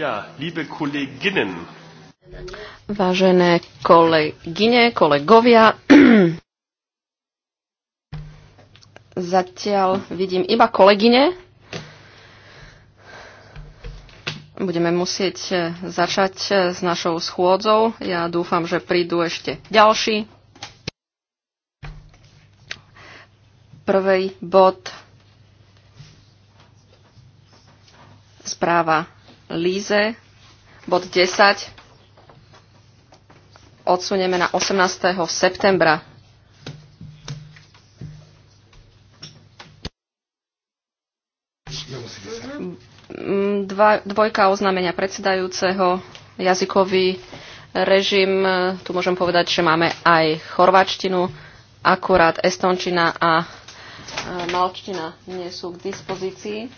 Ja, liebe Vážené kolegyne, kolegovia, zatiaľ vidím iba kolegyne. Budeme musieť eh, začať eh, s našou schôdzou. Ja dúfam, že prídu ešte ďalší. Prvý bod správa Líze, bod 10, odsunieme na 18. septembra. Mm, dva, dvojka oznámenia predsedajúceho, jazykový režim, tu môžem povedať, že máme aj chorváčtinu, akurát estončina a e, malčtina nie sú k dispozícii.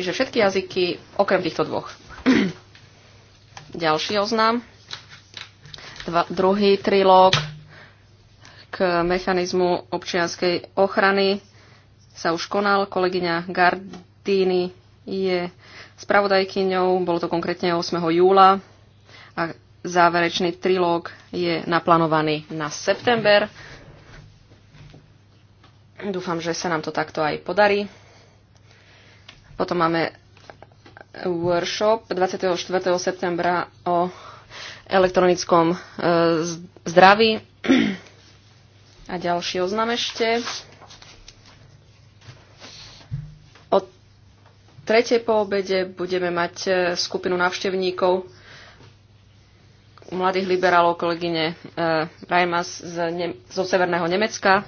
Čiže všetky jazyky okrem týchto dvoch. Ďalší oznám. Dva, druhý trilóg k mechanizmu občianskej ochrany sa už konal. Kolegyňa Gardini je spravodajkyňou, bolo to konkrétne 8. júla a záverečný trilóg je naplánovaný na september. Dúfam, že sa nám to takto aj podarí. Potom máme workshop 24. septembra o elektronickom e, zdraví. A ďalší oznam ešte. O tretej po obede budeme mať e, skupinu návštevníkov mladých liberálov kolegyne e, Reimas z ne- zo Severného Nemecka.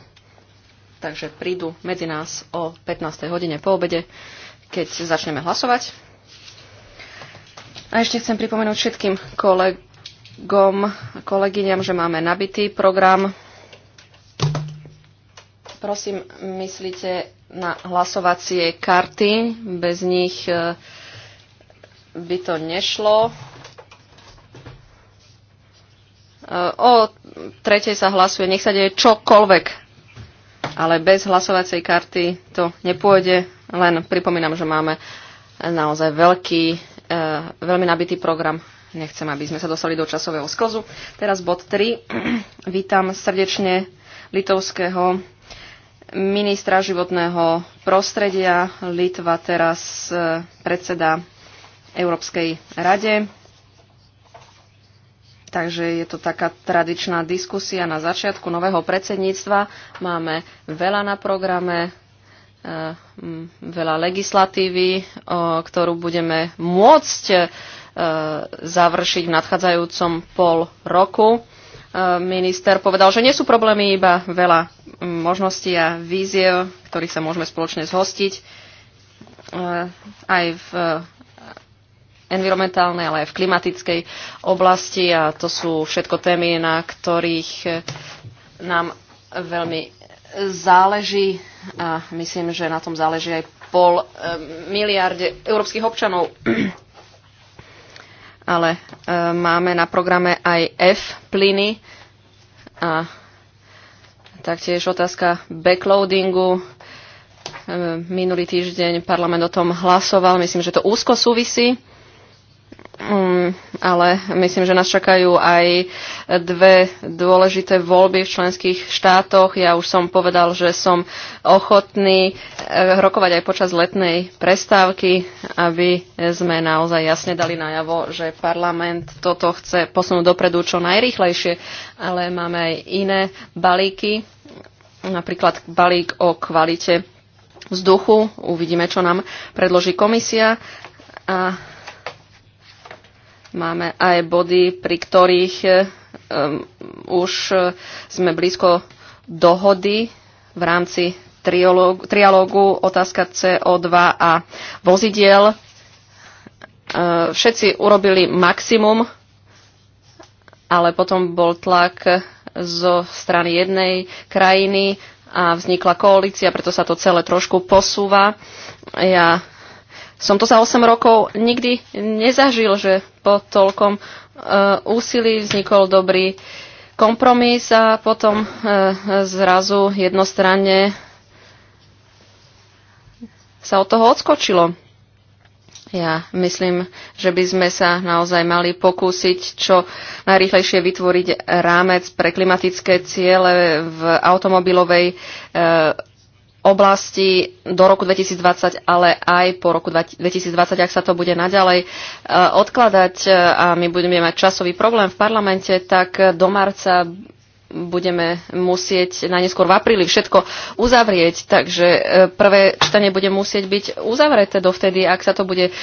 Takže prídu medzi nás o 15. hodine po obede keď začneme hlasovať. A ešte chcem pripomenúť všetkým kolegom a kolegyňam, že máme nabitý program. Prosím, myslíte na hlasovacie karty. Bez nich e, by to nešlo. E, o tretej sa hlasuje, nech sa deje čokoľvek ale bez hlasovacej karty to nepôjde. Len pripomínam, že máme naozaj veľký, e, veľmi nabitý program. Nechcem, aby sme sa dostali do časového sklzu. Teraz bod 3. Vítam srdečne litovského ministra životného prostredia. Litva teraz e, predseda Európskej rade. Takže je to taká tradičná diskusia na začiatku nového predsedníctva. Máme veľa na programe, eh, mm, veľa legislatívy, ktorú budeme môcť eh, završiť v nadchádzajúcom pol roku. Eh, minister povedal, že nie sú problémy, iba veľa mm, možností a víziev, ktorých sa môžeme spoločne zhostiť aj v environmentálnej, ale aj v klimatickej oblasti a to sú všetko témy, na ktorých eh, nám veľmi záleží a myslím, že na tom záleží aj pol eh, miliarde európskych občanov. Ale eh, máme na programe aj F plyny a taktiež otázka backloadingu. Minulý týždeň parlament o tom hlasoval, myslím, že to úzko súvisí Mm, ale myslím, že nás čakajú aj dve dôležité voľby v členských štátoch. Ja už som povedal, že som ochotný eh, rokovať aj počas letnej prestávky, aby sme naozaj jasne dali najavo, že parlament toto chce posunúť dopredu čo najrychlejšie, ale máme aj iné balíky, napríklad balík o kvalite vzduchu. Uvidíme, čo nám predloží komisia. A Máme aj body, pri ktorých um, už eh, sme blízko dohody v rámci trialógu, trialógu otázka CO2 a vozidiel. Eh, všetci urobili maximum, ale potom bol tlak zo strany jednej krajiny a vznikla koalícia, preto sa to celé trošku posúva. Ja som to za 8 rokov nikdy nezažil, že po toľkom eh, úsilí vznikol dobrý kompromis a potom eh, zrazu jednostranne sa od toho odskočilo. Ja myslím, že by sme sa naozaj mali pokúsiť čo najrýchlejšie vytvoriť rámec pre klimatické ciele v automobilovej eh, oblasti do roku 2020, ale aj po roku 2020, ak sa to bude naďalej e, odkladať e, a my budeme mať časový problém v parlamente, tak do marca budeme musieť na neskôr v apríli všetko uzavrieť, takže e, prvé čtanie bude musieť byť uzavreté dovtedy, ak sa to bude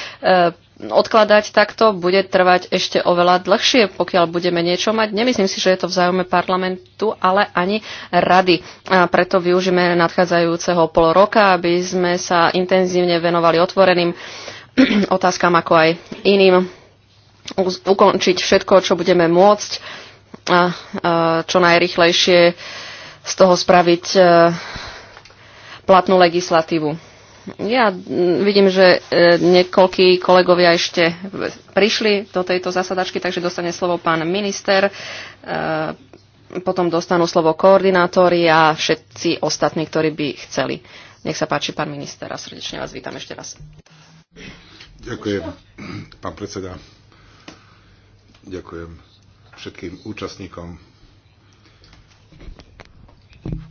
odkladať takto, bude trvať ešte oveľa dlhšie, pokiaľ budeme niečo mať. Nemyslím si, že je to v záujme parlamentu, ale ani rady. A preto využíme nadchádzajúceho pol roka, aby sme sa intenzívne venovali otvoreným otázkam, ako aj iným. Ukončiť všetko, čo budeme môcť a, čo najrychlejšie z toho spraviť e, platnú legislatívu. Ja mm, vidím, že e, niekoľkí kolegovia ešte prišli do tejto zasadačky, takže dostane slovo pán minister, e, potom dostanú slovo koordinátori a všetci ostatní, ktorí by chceli. Nech sa páči, pán minister, a srdečne vás vítam ešte raz. Ďakujem, pán predseda. Ďakujem všetkým účastníkom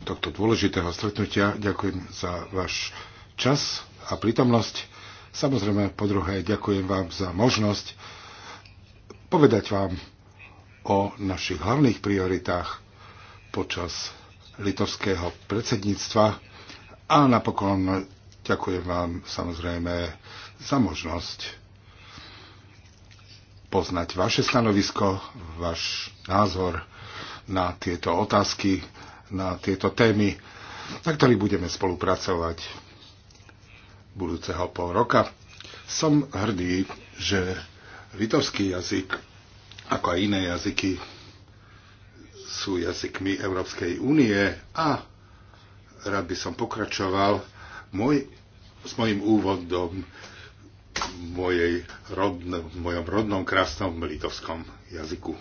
tohto dôležitého stretnutia. Ďakujem za váš čas a prítomnosť. Samozrejme, po druhé, ďakujem vám za možnosť povedať vám o našich hlavných prioritách počas litovského predsedníctva a napokon ďakujem vám samozrejme za možnosť poznať vaše stanovisko, váš názor na tieto otázky, na tieto témy, na ktorých budeme spolupracovať budúceho pol roka. Som hrdý, že litovský jazyk, ako aj iné jazyky, sú jazykmi Európskej únie a rád by som pokračoval môj, s mojim úvodom mojej v mojom rodnom krásnom litovskom jazyku.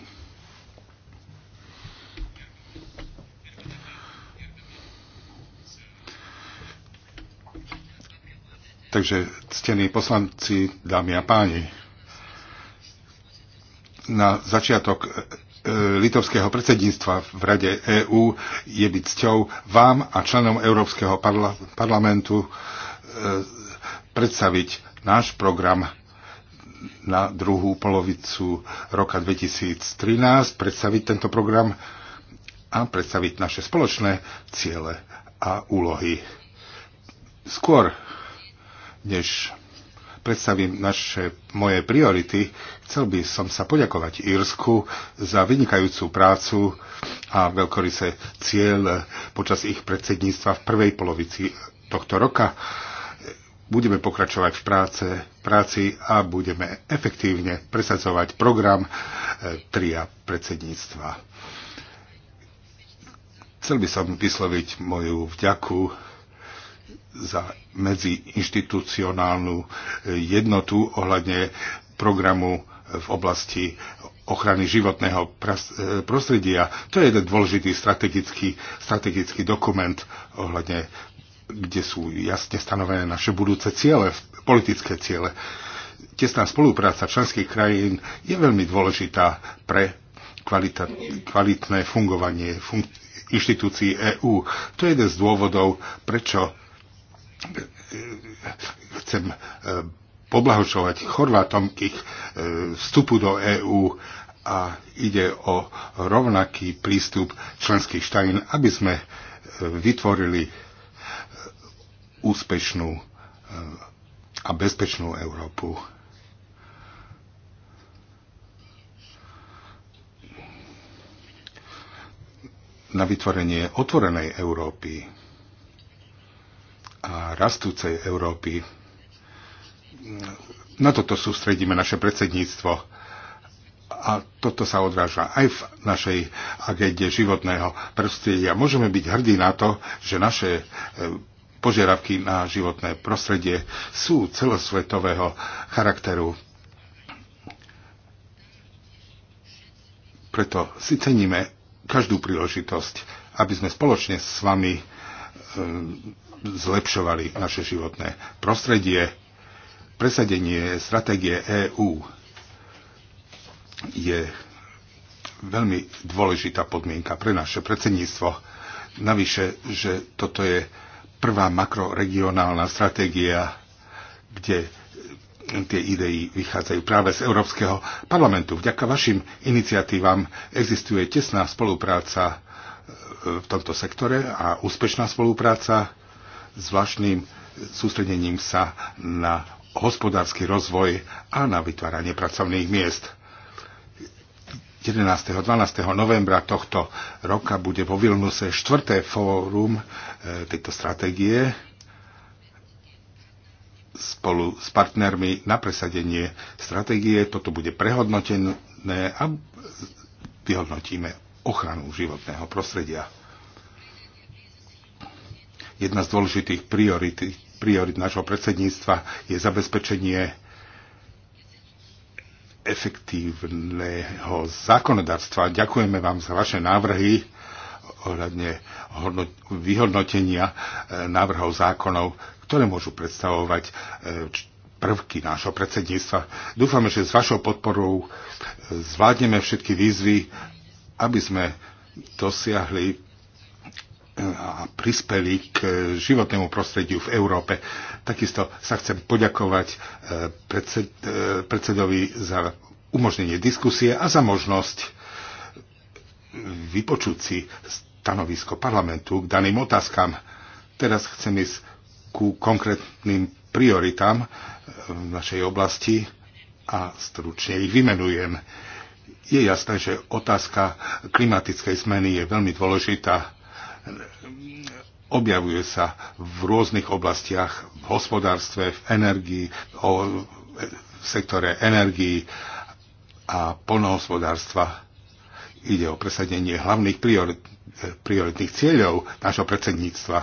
Takže, ctení poslanci, dámy a páni, na začiatok e, litovského predsedníctva v Rade EÚ je byť cťou vám a členom Európskeho parla- parlamentu e, predstaviť náš program na druhú polovicu roka 2013, predstaviť tento program a predstaviť naše spoločné ciele a úlohy. Skôr než predstavím naše moje priority, chcel by som sa poďakovať Írsku za vynikajúcu prácu a veľkoryse cieľ počas ich predsedníctva v prvej polovici tohto roka. Budeme pokračovať v práce, práci a budeme efektívne presadzovať program e, tria predsedníctva. Chcel by som vysloviť moju vďaku za medziinštitucionálnu eh, jednotu ohľadne programu eh, v oblasti ochrany životného eh, prostredia. To je jeden dôležitý strategický, strategický dokument ohľadne, kde sú jasne stanovené naše budúce ciele, politické ciele. Tesná spolupráca členských krajín je veľmi dôležitá pre kvalita, kvalitné fungovanie fun- inštitúcií EÚ. To je jeden z dôvodov, prečo chcem e, poblahočovať Chorvátom k ich e, vstupu do EÚ a ide o rovnaký prístup členských štajín, aby sme e, vytvorili úspešnú a bezpečnú Európu. na vytvorenie otvorenej Európy, a rastúcej Európy. Na toto sústredíme naše predsedníctvo a toto sa odráža aj v našej agende životného prostredia. Môžeme byť hrdí na to, že naše e, požiadavky na životné prostredie sú celosvetového charakteru. Preto si ceníme každú príležitosť, aby sme spoločne s vami e, zlepšovali naše životné prostredie. Presadenie stratégie EÚ je veľmi dôležitá podmienka pre naše predsedníctvo. Navyše, že toto je prvá makroregionálna stratégia, kde tie idei vychádzajú práve z Európskeho parlamentu. Vďaka vašim iniciatívam existuje tesná spolupráca e, v tomto sektore a úspešná spolupráca zvláštnym sústredením sa na hospodársky rozvoj a na vytváranie pracovných miest. 11. 12. novembra tohto roka bude vo Vilnuse štvrté fórum e, tejto stratégie spolu s partnermi na presadenie stratégie. Toto bude prehodnotené a vyhodnotíme ochranu životného prostredia. Jedna z dôležitých priorit, priorit nášho predsedníctva je zabezpečenie efektívneho zákonodárstva. Ďakujeme vám za vaše návrhy ohľadne vyhodnotenia e, návrhov zákonov, ktoré môžu predstavovať e, prvky nášho predsedníctva. Dúfame, že s vašou podporou e, zvládneme všetky výzvy, aby sme dosiahli a prispeli k eh, životnému prostrediu v Európe. Takisto sa chcem poďakovať eh, predsed, eh, predsedovi za umožnenie diskusie a za možnosť vypočuť si stanovisko parlamentu k daným otázkam. Teraz chcem ísť ku konkrétnym prioritám v našej oblasti a stručne ich vymenujem. Je jasné, že otázka klimatickej zmeny je veľmi dôležitá Objavuje sa v rôznych oblastiach, v hospodárstve, v energii, o, v sektore energii a polnohospodárstva. Ide o presadenie hlavných priorit, prioritných cieľov nášho predsedníctva.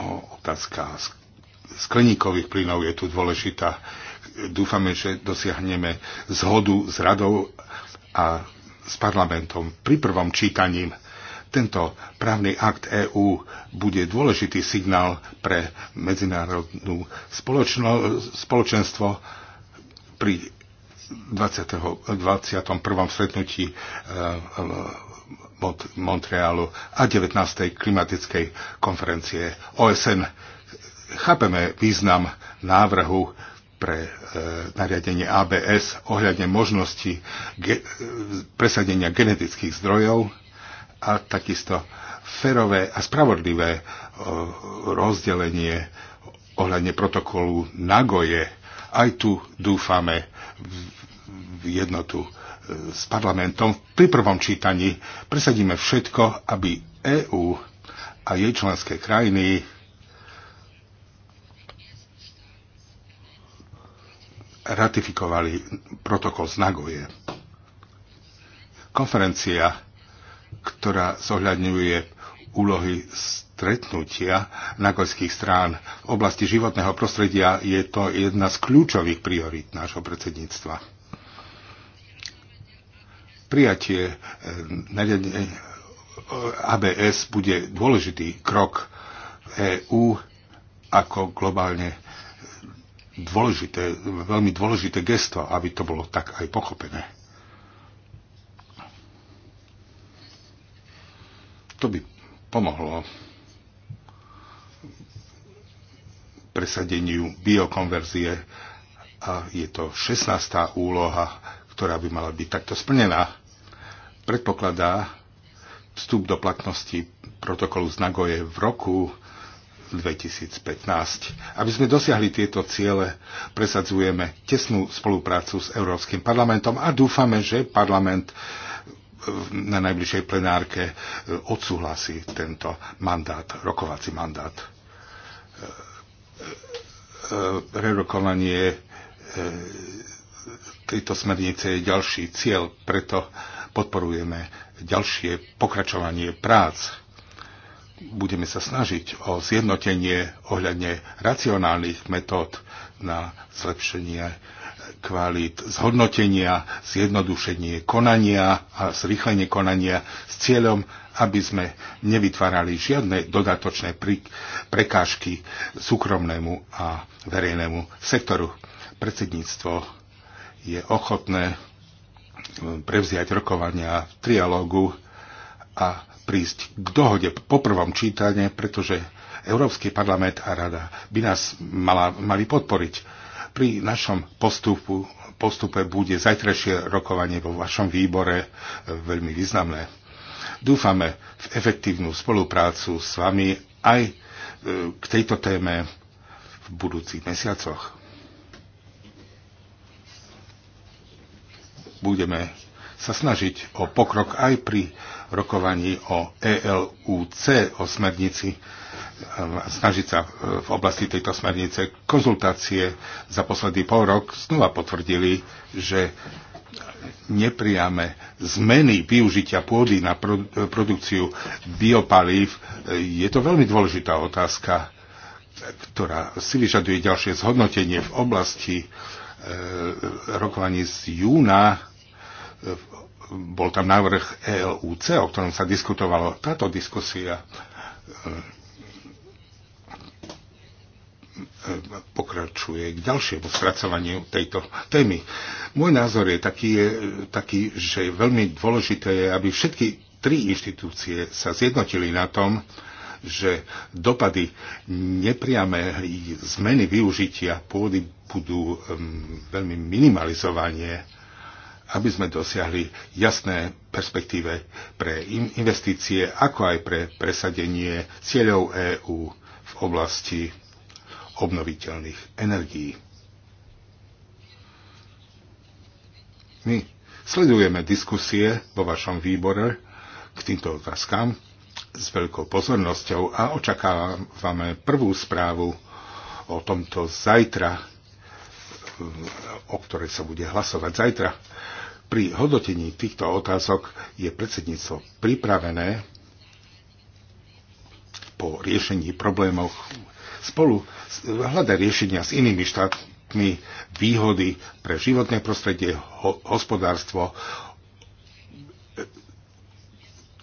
O, otázka skleníkových plynov je tu dôležitá. Dúfame, že dosiahneme zhodu s radou a s parlamentom pri prvom čítaním. Tento právny akt EÚ bude dôležitý signál pre medzinárodnú spoločno, spoločenstvo pri 20. 21. stretnutí od eh, Montrealu a 19. klimatickej konferencie OSN. Chápeme význam návrhu pre e, nariadenie ABS ohľadne možnosti ge- e, presadenia genetických zdrojov a takisto férové a spravodlivé e, rozdelenie ohľadne protokolu Nagoje. Aj tu dúfame v jednotu e, s parlamentom. Pri prvom čítaní presadíme všetko, aby EÚ a jej členské krajiny ratifikovali protokol z Nagoje. Konferencia, ktorá zohľadňuje úlohy stretnutia nagojských strán v oblasti životného prostredia je to jedna z kľúčových priorít nášho predsedníctva. Prijatie eh, ABS eh, bude dôležitý krok EÚ ako globálne dôležité, veľmi dôležité gesto, aby to bolo tak aj pochopené. To by pomohlo presadeniu biokonverzie a je to 16. úloha, ktorá by mala byť takto splnená. Predpokladá vstup do platnosti protokolu z Nagoje v roku 2015. Aby sme dosiahli tieto ciele, presadzujeme tesnú spoluprácu s Európskym parlamentom a dúfame, že parlament e, na najbližšej plenárke e, odsúhlasí tento mandát, rokovací mandát. E, prerokovanie tejto smernice je ďalší cieľ, preto podporujeme ďalšie pokračovanie prác budeme sa snažiť o zjednotenie ohľadne racionálnych metód na zlepšenie kvalít zhodnotenia, zjednodušenie konania a zrýchlenie konania s cieľom, aby sme nevytvárali žiadne dodatočné prekážky súkromnému a verejnému sektoru. Predsedníctvo je ochotné mm, prevziať rokovania v trialógu a prísť k dohode po prvom čítane, pretože Európsky parlament a rada by nás mala, mali podporiť. Pri našom postupu, postupe bude zajtrajšie rokovanie vo vašom výbore e, veľmi významné. Dúfame v efektívnu spoluprácu s vami aj e, k tejto téme v budúcich mesiacoch. Budeme sa snažiť o pokrok aj pri rokovaní o ELUC, o smernici, e, snažiť sa e, v oblasti tejto smernice. Konzultácie za posledný pol rok znova potvrdili, že nepriame zmeny využitia pôdy na e, produkciu biopalív je to veľmi dôležitá otázka, ktorá si vyžaduje ďalšie zhodnotenie v oblasti rokovaní z júna bol tam návrh ELUC, o ktorom sa diskutovalo. Táto diskusia e, e, pokračuje k ďalšiemu spracovaniu tejto témy. Môj názor je taký, taký že je veľmi dôležité je, aby všetky tri inštitúcie sa zjednotili na tom, že dopady nepriame zmeny využitia pôdy budú um, veľmi minimalizovanie aby sme dosiahli jasné perspektíve pre investície, ako aj pre presadenie cieľov EÚ v oblasti obnoviteľných energií. My sledujeme diskusie vo vašom výbore k týmto otázkam s veľkou pozornosťou a očakávame prvú správu o tomto zajtra, o ktorej sa bude hlasovať zajtra pri hodnotení týchto otázok je predsedníctvo pripravené po riešení problémov spolu hľadať riešenia s inými štátmi výhody pre životné prostredie, ho, hospodárstvo,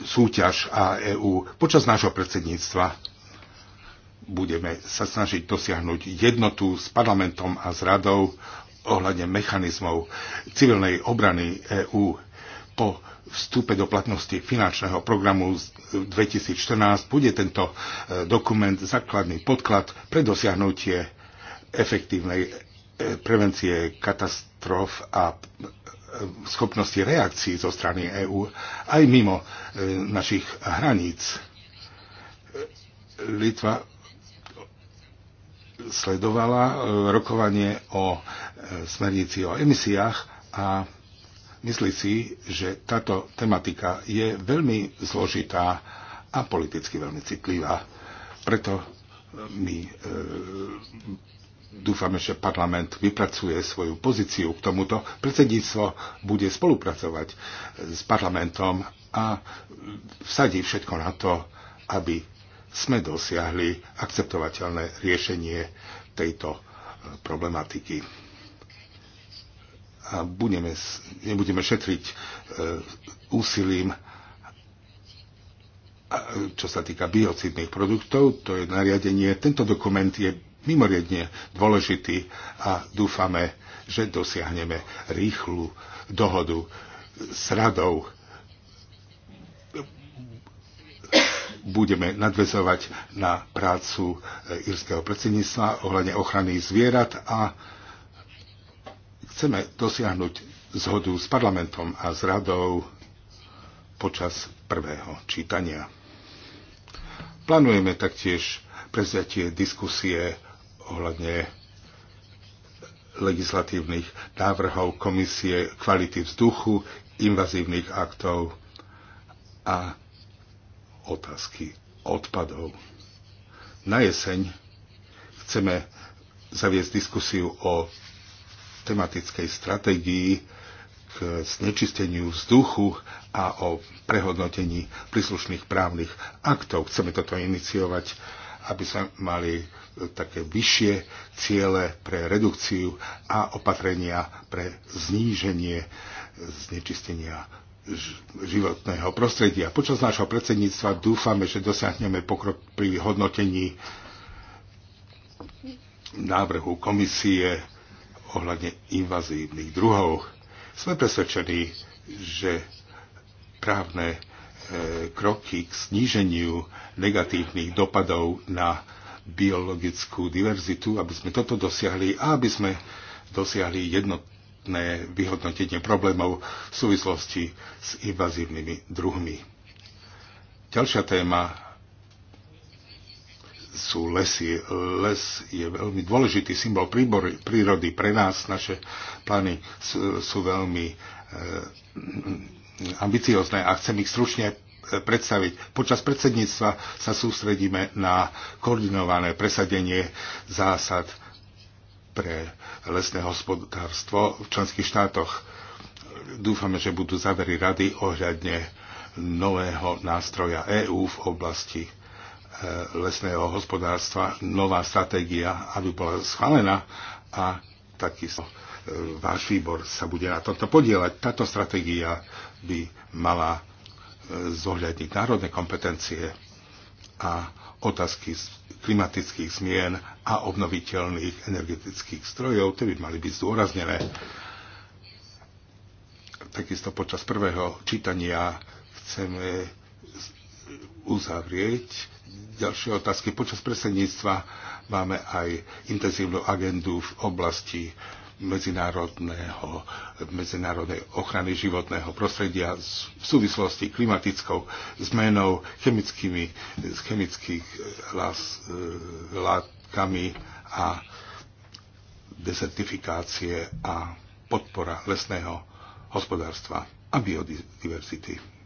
súťaž a EÚ. Počas nášho predsedníctva budeme sa snažiť dosiahnuť jednotu s parlamentom a s radou ohľadne mechanizmov civilnej obrany EÚ po vstúpe do platnosti finančného programu z 2014 bude tento e, dokument základný podklad pre dosiahnutie efektívnej e, prevencie katastrof a e, schopnosti reakcií zo strany EÚ aj mimo našich hraníc. Litva sledovala rokovanie o smernici o emisiách a myslí si, že táto tematika je veľmi zložitá a politicky veľmi citlivá. Preto e, my e, dúfame, že parlament vypracuje svoju pozíciu k tomuto. Predsedníctvo bude spolupracovať s parlamentom a vsadí všetko na to, aby sme dosiahli akceptovateľné riešenie tejto e, problematiky a budeme, nebudeme šetriť e, úsilím, čo sa týka biocidných produktov, to je nariadenie. Tento dokument je mimoriadne dôležitý a dúfame, že dosiahneme rýchlu dohodu s radou. Budeme nadvezovať na prácu e, írskeho predsedníctva ohľadne ochrany zvierat a chceme dosiahnuť zhodu s parlamentom a s radou počas prvého čítania. Plánujeme taktiež prezviatie diskusie ohľadne legislatívnych návrhov komisie kvality vzduchu, invazívnych aktov a otázky odpadov. Na jeseň chceme zaviesť diskusiu o tematickej stratégii k znečisteniu vzduchu a o prehodnotení príslušných právnych aktov. Chceme toto iniciovať, aby sme mali také vyššie ciele pre redukciu a opatrenia pre zníženie znečistenia životného prostredia. Počas nášho predsedníctva dúfame, že dosiahneme pokrok pri hodnotení návrhu komisie ohľadne invazívnych druhov. Sme presvedčení, že právne e, kroky k sníženiu negatívnych dopadov na biologickú diverzitu, aby sme toto dosiahli a aby sme dosiahli jednotné vyhodnotenie problémov v súvislosti s invazívnymi druhmi. Ďalšia téma sú lesy. Les je veľmi dôležitý symbol príbory, prírody pre nás. Naše plány sú, sú veľmi e, ambiciozne a chcem ich stručne eh, predstaviť. Počas predsedníctva sa sústredíme na koordinované presadenie zásad pre lesné hospodárstvo v členských štátoch. Dúfame, že budú závery rady ohľadne nového nástroja EÚ v oblasti E, lesného hospodárstva nová stratégia, aby bola schválená a takisto e, váš výbor sa bude na tomto podielať. Táto stratégia by mala e, zohľadniť národné kompetencie a otázky klimatických zmien a obnoviteľných energetických strojov, ktoré by mali byť zdôraznené. Takisto počas prvého čítania chceme uzavrieť ďalšie otázky. Počas predsedníctva máme aj intenzívnu agendu v oblasti medzinárodného, medzinárodnej ochrany životného prostredia v súvislosti klimatickou zmenou, chemickými, chemických lás, e, látkami a desertifikácie a podpora lesného hospodárstva a biodiverzity.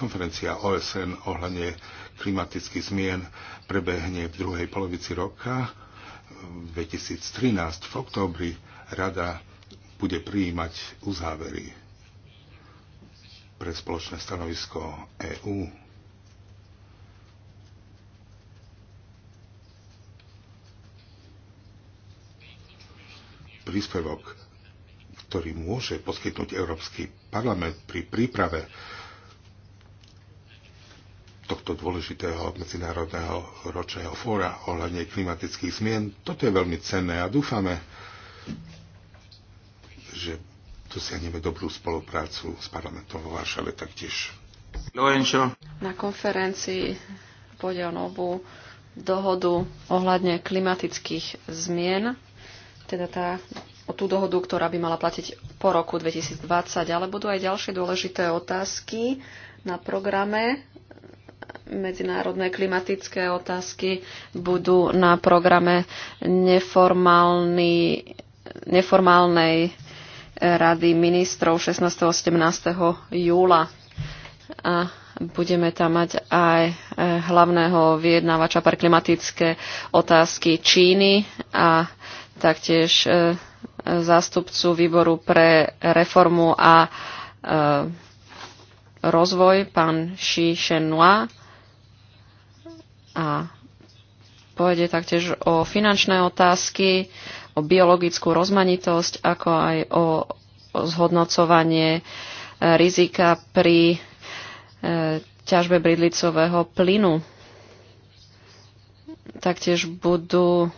konferencia OSN ohľadne klimatických zmien prebehne v druhej polovici roka 2013. V októbri rada bude prijímať uzávery pre spoločné stanovisko EÚ. Príspevok, ktorý môže poskytnúť Európsky parlament pri príprave tohto dôležitého medzinárodného ročného fóra ohľadne klimatických zmien. Toto je veľmi cenné a dúfame, že dosiahneme dobrú spoluprácu s parlamentom vo Varšave taktiež. Na konferencii pôjde o novú dohodu ohľadne klimatických zmien, teda tá, o tú dohodu, ktorá by mala platiť po roku 2020, ale budú aj ďalšie dôležité otázky na programe medzinárodné klimatické otázky budú na programe neformálnej rady ministrov 16. a 17. júla. A budeme tam mať aj e, hlavného vyjednávača pre klimatické otázky Číny a taktiež e, zástupcu výboru pre reformu a e, rozvoj, pán Xi Shenhua a pôjde taktiež o finančné otázky, o biologickú rozmanitosť, ako aj o, zhodnocovanie e, rizika pri e, ťažbe bridlicového plynu. Taktiež budú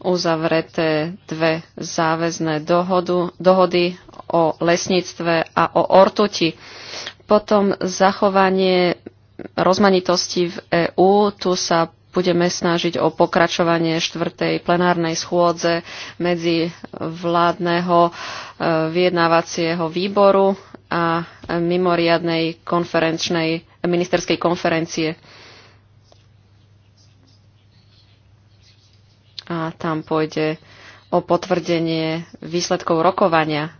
uzavreté dve záväzné dohodu, dohody o lesníctve a o ortuti. Potom zachovanie rozmanitosti v EÚ. Tu sa budeme snažiť o pokračovanie štvrtej plenárnej schôdze medzi vládneho e, vyjednávacieho výboru a mimoriadnej konferenčnej, ministerskej konferencie. A tam pôjde o potvrdenie výsledkov rokovania.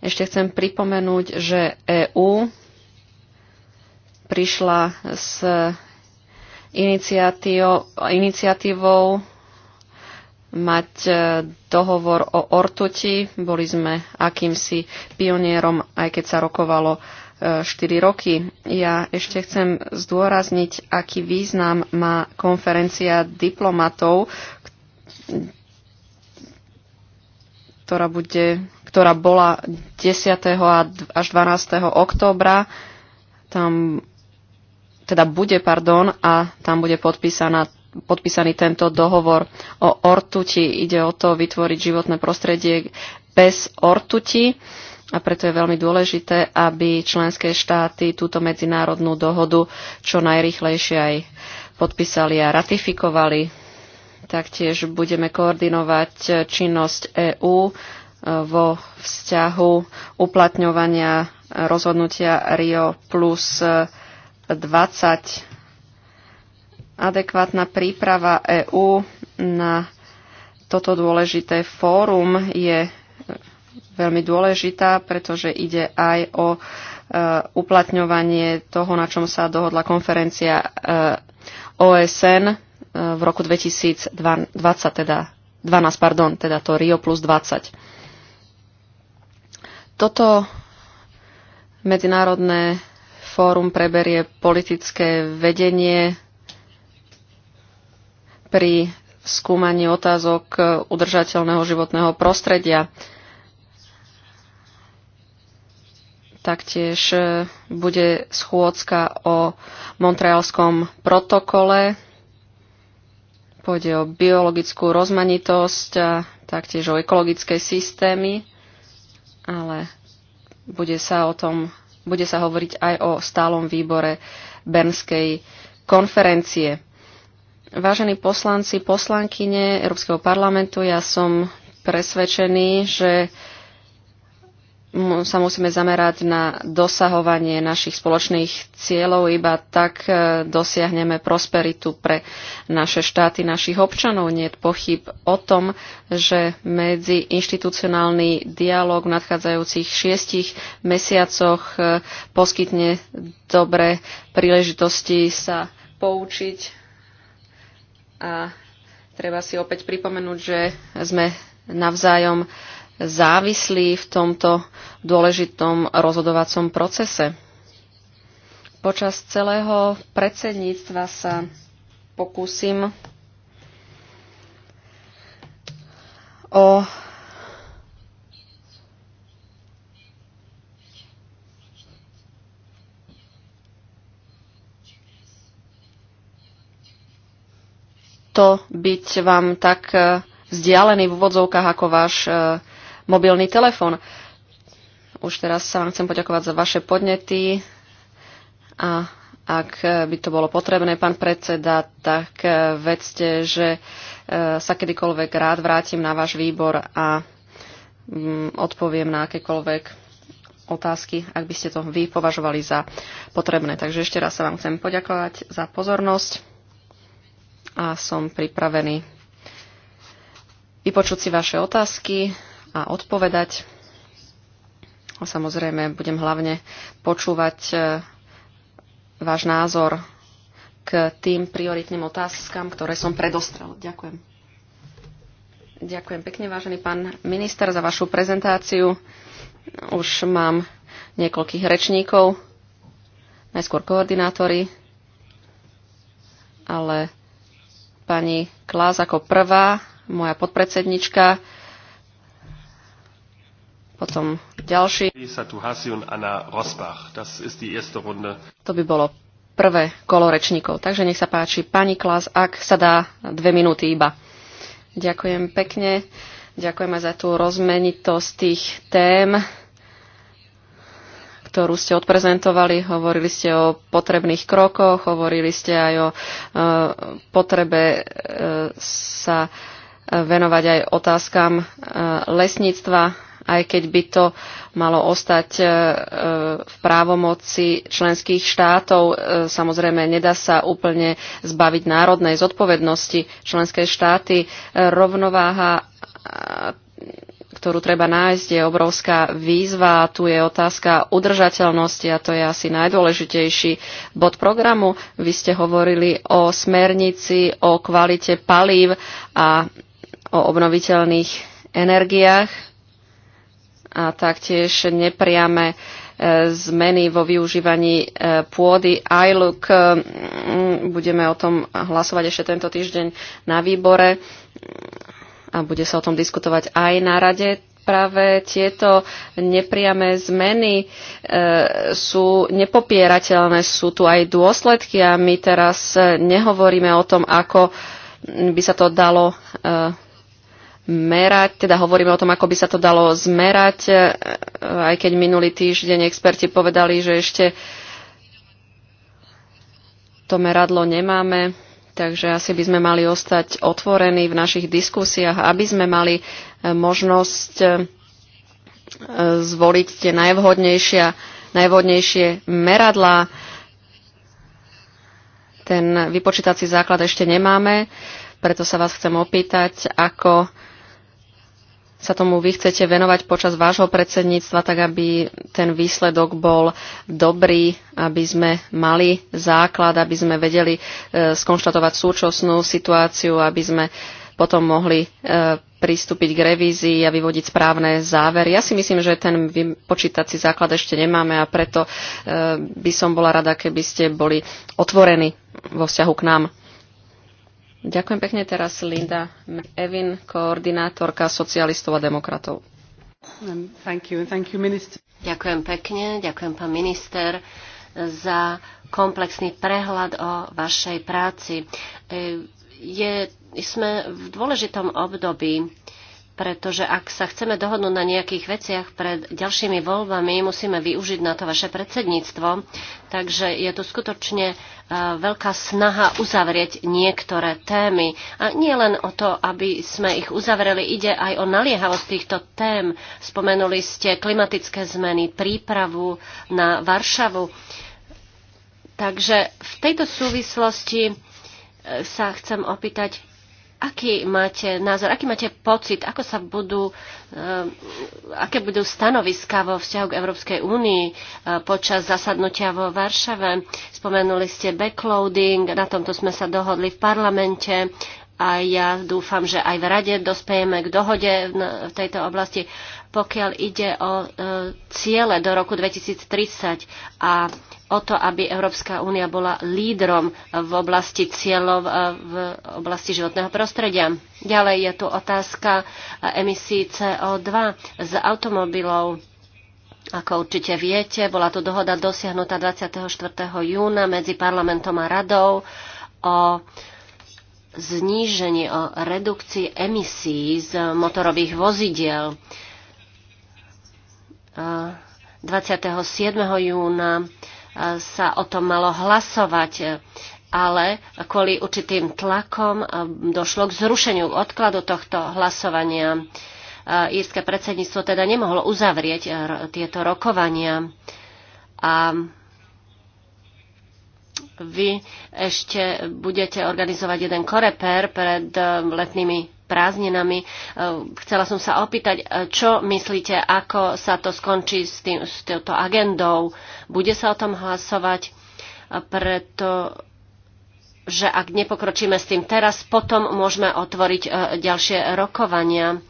Ešte chcem pripomenúť, že EÚ prišla s iniciatívou mať e, dohovor o ortuti. Boli sme akýmsi pionierom, aj keď sa rokovalo 4 e, roky. Ja ešte chcem zdôrazniť, aký význam má konferencia diplomatov, ktorá, bude, ktorá bola 10. až 12. októbra. Tam teda bude, pardon, a tam bude podpísaná podpísaný tento dohovor o ortuti. Ide o to vytvoriť životné prostredie bez ortuti a preto je veľmi dôležité, aby členské štáty túto medzinárodnú dohodu čo najrychlejšie aj podpísali a ratifikovali. Taktiež budeme koordinovať činnosť EÚ e, vo vzťahu uplatňovania rozhodnutia Rio plus e, 2020 adekvátna príprava EÚ na toto dôležité fórum je veľmi dôležitá, pretože ide aj o e, uplatňovanie toho, na čom sa dohodla konferencia e, OSN e, v roku 2020, teda 12, pardon, teda to Rio plus 20. Toto medzinárodné fórum preberie politické vedenie pri skúmaní otázok udržateľného životného prostredia. Taktiež e, bude schôdzka o Montrealskom protokole. Pôjde o biologickú rozmanitosť a taktiež o ekologické systémy, ale bude sa o tom bude sa hovoriť aj o stálom výbore Bernskej konferencie. Vážení poslanci, poslankyne Európskeho parlamentu, ja som presvedčený, že sa musíme zamerať na dosahovanie našich spoločných cieľov, iba tak e, dosiahneme prosperitu pre naše štáty, našich občanov. Nie je pochyb o tom, že medzi inštitucionálny dialog v nadchádzajúcich šiestich mesiacoch e, poskytne dobré príležitosti sa poučiť a treba si opäť pripomenúť, že sme navzájom uh, závislí v tomto dôležitom rozhodovacom procese. Počas celého predsedníctva sa pokúsim o to byť vám tak vzdialený v úvodzovkách ako váš eh, mobilný telefón. Už teraz sa vám chcem poďakovať za vaše podnety a ak by to bolo potrebné, pán predseda, tak eh, vedzte, že eh, sa kedykoľvek rád vrátim na váš výbor a mm, odpoviem na akékoľvek otázky, ak by ste to vy považovali za potrebné. Takže ešte raz sa vám chcem poďakovať za pozornosť a som pripravený vypočuť si vaše otázky a odpovedať. Samozrejme, budem hlavne počúvať e, váš názor k tým prioritným otázkam, ktoré som predostrel. Ďakujem. Ďakujem pekne, vážený pán minister, za vašu prezentáciu. Už mám niekoľkých rečníkov, najskôr koordinátori, ale pani Klás ako prvá, moja podpredsednička, potom ďalší. To by bolo prvé kolo rečníkov. Takže nech sa páči, pani Klas, ak sa dá dve minúty iba. Ďakujem pekne. Ďakujem aj za tú rozmenitosť tých tém, ktorú ste odprezentovali. Hovorili ste o potrebných krokoch, hovorili ste aj o e, potrebe e, sa venovať aj otázkam e, lesníctva aj keď by to malo ostať e, e, v právomoci členských štátov. E, samozrejme, nedá sa úplne zbaviť národnej zodpovednosti členské štáty. Rovnováha ktorú treba nájsť, je obrovská výzva. Tu je otázka udržateľnosti a to je asi najdôležitejší bod programu. Vy ste hovorili o smernici, o kvalite palív a o obnoviteľných energiách a taktiež nepriame e, zmeny vo využívaní e, pôdy. ILUK, e, budeme o tom hlasovať ešte tento týždeň na výbore a bude sa o tom diskutovať aj na rade. Práve tieto nepriame zmeny e, sú nepopierateľné, sú tu aj dôsledky a my teraz nehovoríme o tom, ako by sa to dalo e, merať, teda hovoríme o tom, ako by sa to dalo zmerať, e, aj keď minulý týždeň experti povedali, že ešte to meradlo nemáme, takže asi by sme mali ostať otvorení v našich diskusiách, aby sme mali e, možnosť e, zvoliť tie najvhodnejšie meradlá. Ten vypočítací základ ešte nemáme, preto sa vás chcem opýtať, ako sa tomu vy chcete venovať počas vášho predsedníctva, tak aby ten výsledok bol dobrý, aby sme mali základ, aby sme vedeli e, skonštatovať súčasnú situáciu, aby sme potom mohli e, pristúpiť k revízii a vyvodiť správne závery. Ja si myslím, že ten počítací základ ešte nemáme a preto e, by som bola rada, keby ste boli otvorení vo vzťahu k nám. Ďakujem pekne teraz Linda Evin, koordinátorka socialistov a demokratov. Um, thank you, thank you, ďakujem pekne, ďakujem pán minister za komplexný prehľad o vašej práci. E, je, sme v dôležitom období pretože ak sa chceme dohodnúť na nejakých veciach pred ďalšími voľbami, musíme využiť na to vaše predsedníctvo. Takže je tu skutočne e, veľká snaha uzavrieť niektoré témy. A nie len o to, aby sme ich uzavreli, ide aj o naliehavosť týchto tém. Spomenuli ste klimatické zmeny, prípravu na Varšavu. Takže v tejto súvislosti e, sa chcem opýtať, Aký máte názor, aký máte pocit, ako sa budú, eh, aké budú stanoviska vo vzťahu k Európskej únii eh, počas zasadnutia vo Varšave? Spomenuli ste backloading, na tomto sme sa dohodli v parlamente a ja dúfam, že aj v rade dospejeme k dohode v tejto oblasti pokiaľ ide o e, ciele do roku 2030 a o to, aby Európska únia bola lídrom v oblasti cieľov e, v oblasti životného prostredia. Ďalej je tu otázka e, emisí CO2 z automobilov. Ako určite viete, bola tu dohoda dosiahnutá 24. júna medzi parlamentom a radou o znížení, o redukcii emisí z motorových vozidiel. 27. júna sa o tom malo hlasovať, e, ale kvôli určitým tlakom došlo k zrušeniu odkladu tohto hlasovania. Írske predsedníctvo teda nemohlo uzavrieť e, tieto rokovania. A vy ešte budete organizovať jeden koreper pred e, letnými prázdninami. E, chcela som sa opýtať, e, čo myslíte, ako sa to skončí s, tým, s touto agendou? Bude sa o tom hlasovať? E, preto že ak nepokročíme s tým teraz, potom môžeme otvoriť ďalšie rokovania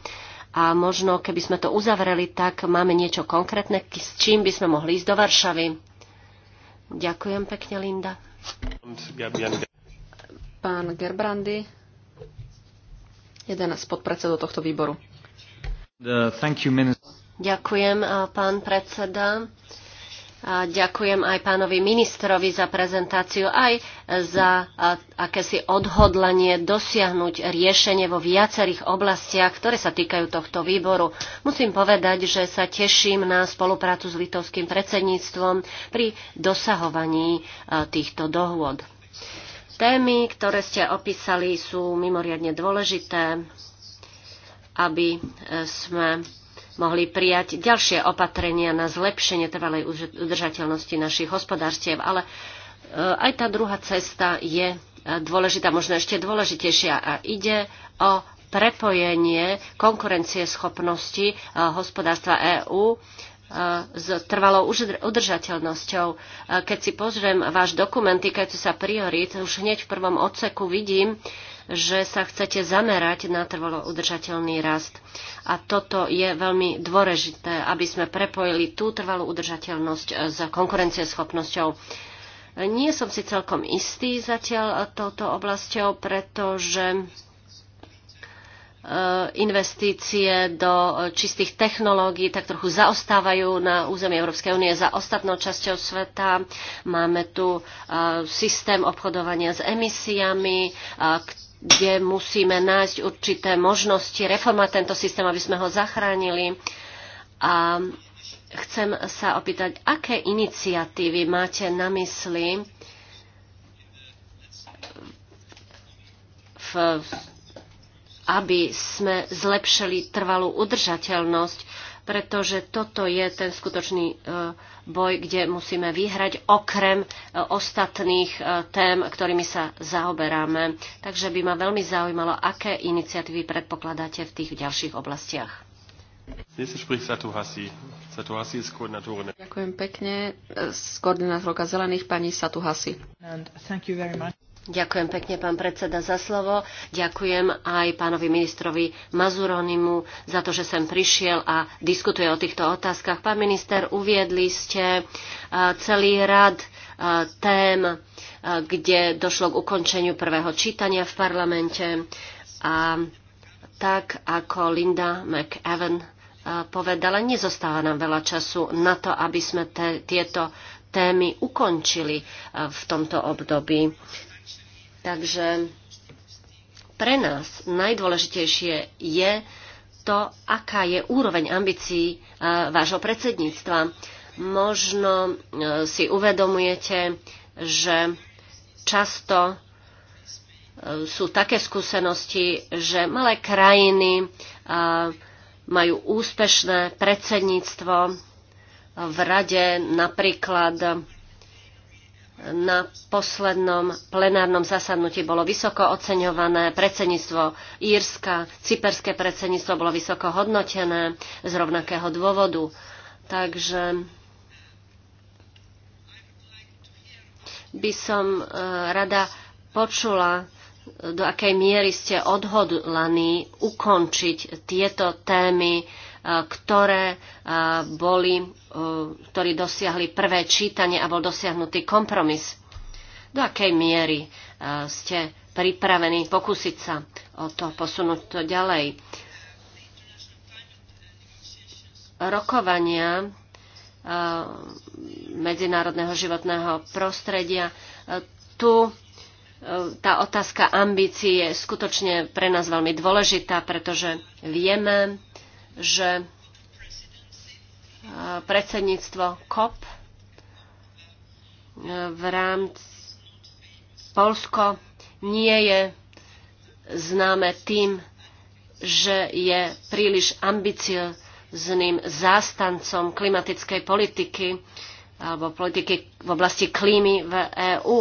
a možno keby sme to uzavreli, tak máme niečo konkrétne, s čím by sme mohli ísť do Varšavy. Ďakujem pekne, Linda. Pán Gerbrandy jeden z podpredsedov tohto výboru. Ďakujem, pán predseda. A ďakujem aj pánovi ministrovi za prezentáciu, aj za akési odhodlanie dosiahnuť riešenie vo viacerých oblastiach, ktoré sa týkajú tohto výboru. Musím povedať, že sa teším na spoluprácu s litovským predsedníctvom pri dosahovaní týchto dohôd. Témy, ktoré ste opísali, sú mimoriadne dôležité, aby e, sme mohli prijať ďalšie opatrenia na zlepšenie trvalej udržateľnosti našich hospodárstiev. Ale e, aj tá druhá cesta je e, dôležitá, možno ešte dôležitejšia a ide o prepojenie konkurencieschopnosti hospodárstva EÚ s trvalou udržateľnosťou. Keď si pozriem váš dokument týkajúci sa priorit, už hneď v prvom odseku vidím, že sa chcete zamerať na trvalo udržateľný rast. A toto je veľmi dôležité, aby sme prepojili tú trvalú udržateľnosť s konkurencieschopnosťou. Nie som si celkom istý zatiaľ touto oblasťou, pretože Eh, investície do čistých technológií tak trochu zaostávajú na území Európskej únie za ostatnou časťou sveta. Máme tu eh, systém obchodovania s emisiami, eh, kde musíme nájsť určité možnosti reformovať tento systém, aby sme ho zachránili. A chcem sa opýtať, aké iniciatívy máte na mysli v aby sme zlepšili trvalú udržateľnosť, pretože toto je ten skutočný e, boj, kde musíme vyhrať okrem e, ostatných e, tém, ktorými sa zaoberáme. Takže by ma veľmi zaujímalo, aké iniciatívy predpokladáte v tých ďalších oblastiach. Ďakujem pekne. Z koordinátorka zelených pani Satuhasi. Ďakujem pekne, pán predseda, za slovo. Ďakujem aj pánovi ministrovi Mazuronimu za to, že sem prišiel a diskutuje o týchto otázkach. Pán minister, uviedli ste e, celý rad e, tém, e, kde došlo k ukončeniu prvého čítania v parlamente a tak ako Linda McEwen povedala, nezostáva nám veľa času na to, aby sme te, tieto témy ukončili v tomto období. Takže pre nás najdôležitejšie je to, aká je úroveň ambícií e, vášho predsedníctva. Možno e, si uvedomujete, že často e, sú také skúsenosti, že malé krajiny majú úspešné predsedníctvo v rade napríklad na poslednom plenárnom zasadnutí bolo vysoko oceňované, predsedníctvo Írska, cyperské predsedníctvo bolo vysoko hodnotené z rovnakého dôvodu. Takže by som e, rada počula, e, do akej miery ste odhodlaní ukončiť tieto témy ktoré boli, e, ktorí dosiahli prvé čítanie a bol dosiahnutý kompromis. Do akej miery e, ste pripravení pokúsiť sa o to, posunúť to ďalej? Rokovania e, medzinárodného životného prostredia. Tu tá otázka ambície je skutočne pre nás veľmi dôležitá, pretože vieme, že e, predsedníctvo COP e, v rámci Polsko nie je známe tým, že je príliš ambiciozným zástancom klimatickej politiky alebo politiky v oblasti klímy v EÚ.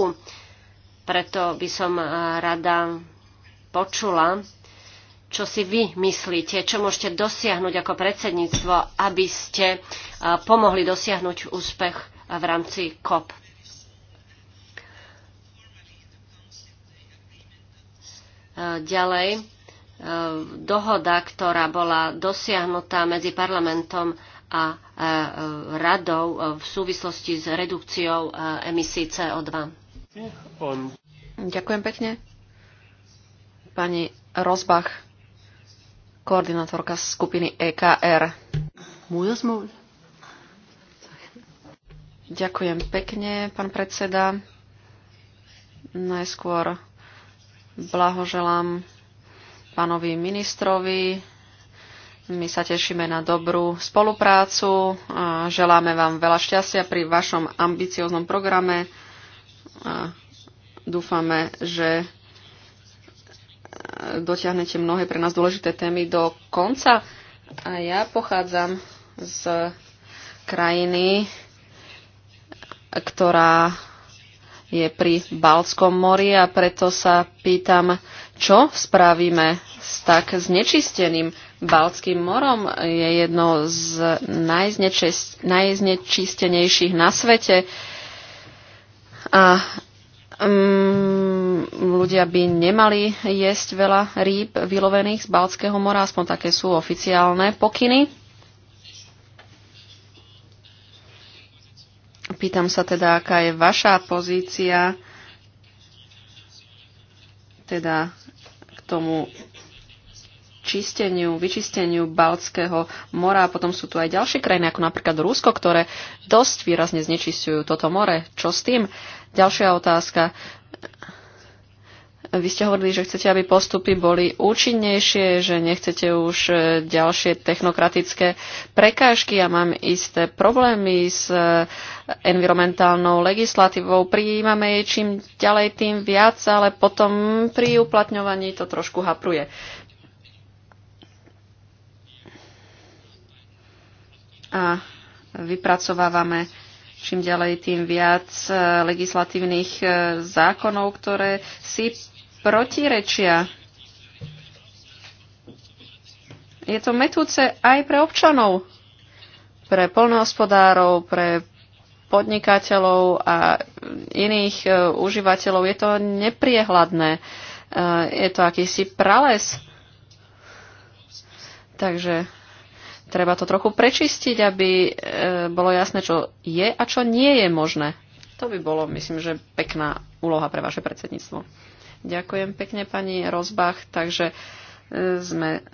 Preto by som e, rada počula čo si vy myslíte, čo môžete dosiahnuť ako predsedníctvo, aby ste pomohli dosiahnuť úspech v rámci COP. Ďalej, dohoda, ktorá bola dosiahnutá medzi parlamentom a radou v súvislosti s redukciou emisí CO2. Ďakujem pekne. Pani Rozbach koordinátorka skupiny EKR. Ďakujem pekne, pán predseda. Najskôr blahoželám pánovi ministrovi. My sa tešíme na dobrú spoluprácu. A želáme vám veľa šťastia pri vašom ambicioznom programe. A dúfame, že dotiahnete mnohé pre nás dôležité témy do konca. A ja pochádzam z krajiny, ktorá je pri Balskom mori a preto sa pýtam, čo spravíme s tak znečisteným Balckým morom. Je jedno z najznečistenejších na svete a um, ľudia by nemali jesť veľa rýb vylovených z Balckého mora, aspoň také sú oficiálne pokyny. Pýtam sa teda, aká je vaša pozícia teda k tomu čisteniu, vyčisteniu Baltského mora. A potom sú tu aj ďalšie krajiny, ako napríklad Rusko, ktoré dosť výrazne znečistujú toto more. Čo s tým? Ďalšia otázka. Vy ste hovorili, že chcete, aby postupy boli účinnejšie, že nechcete už e, ďalšie technokratické prekážky a ja mám isté problémy s e, environmentálnou legislatívou. Prijímame jej čím ďalej, tým viac, ale potom pri uplatňovaní to trošku hapruje. A vypracovávame čím ďalej, tým viac e, legislatívnych zákonov, ktoré si protirečia. Je to metúce aj pre občanov, pre polnohospodárov, pre podnikateľov a iných uh, užívateľov. Je to nepriehľadné. Uh, je to akýsi prales. Takže treba to trochu prečistiť, aby e, bolo jasné, čo je a čo nie je možné. To by bolo, myslím, že pekná úloha pre vaše predsedníctvo. Ďakujem pekne pani Rozbach, takže e, sme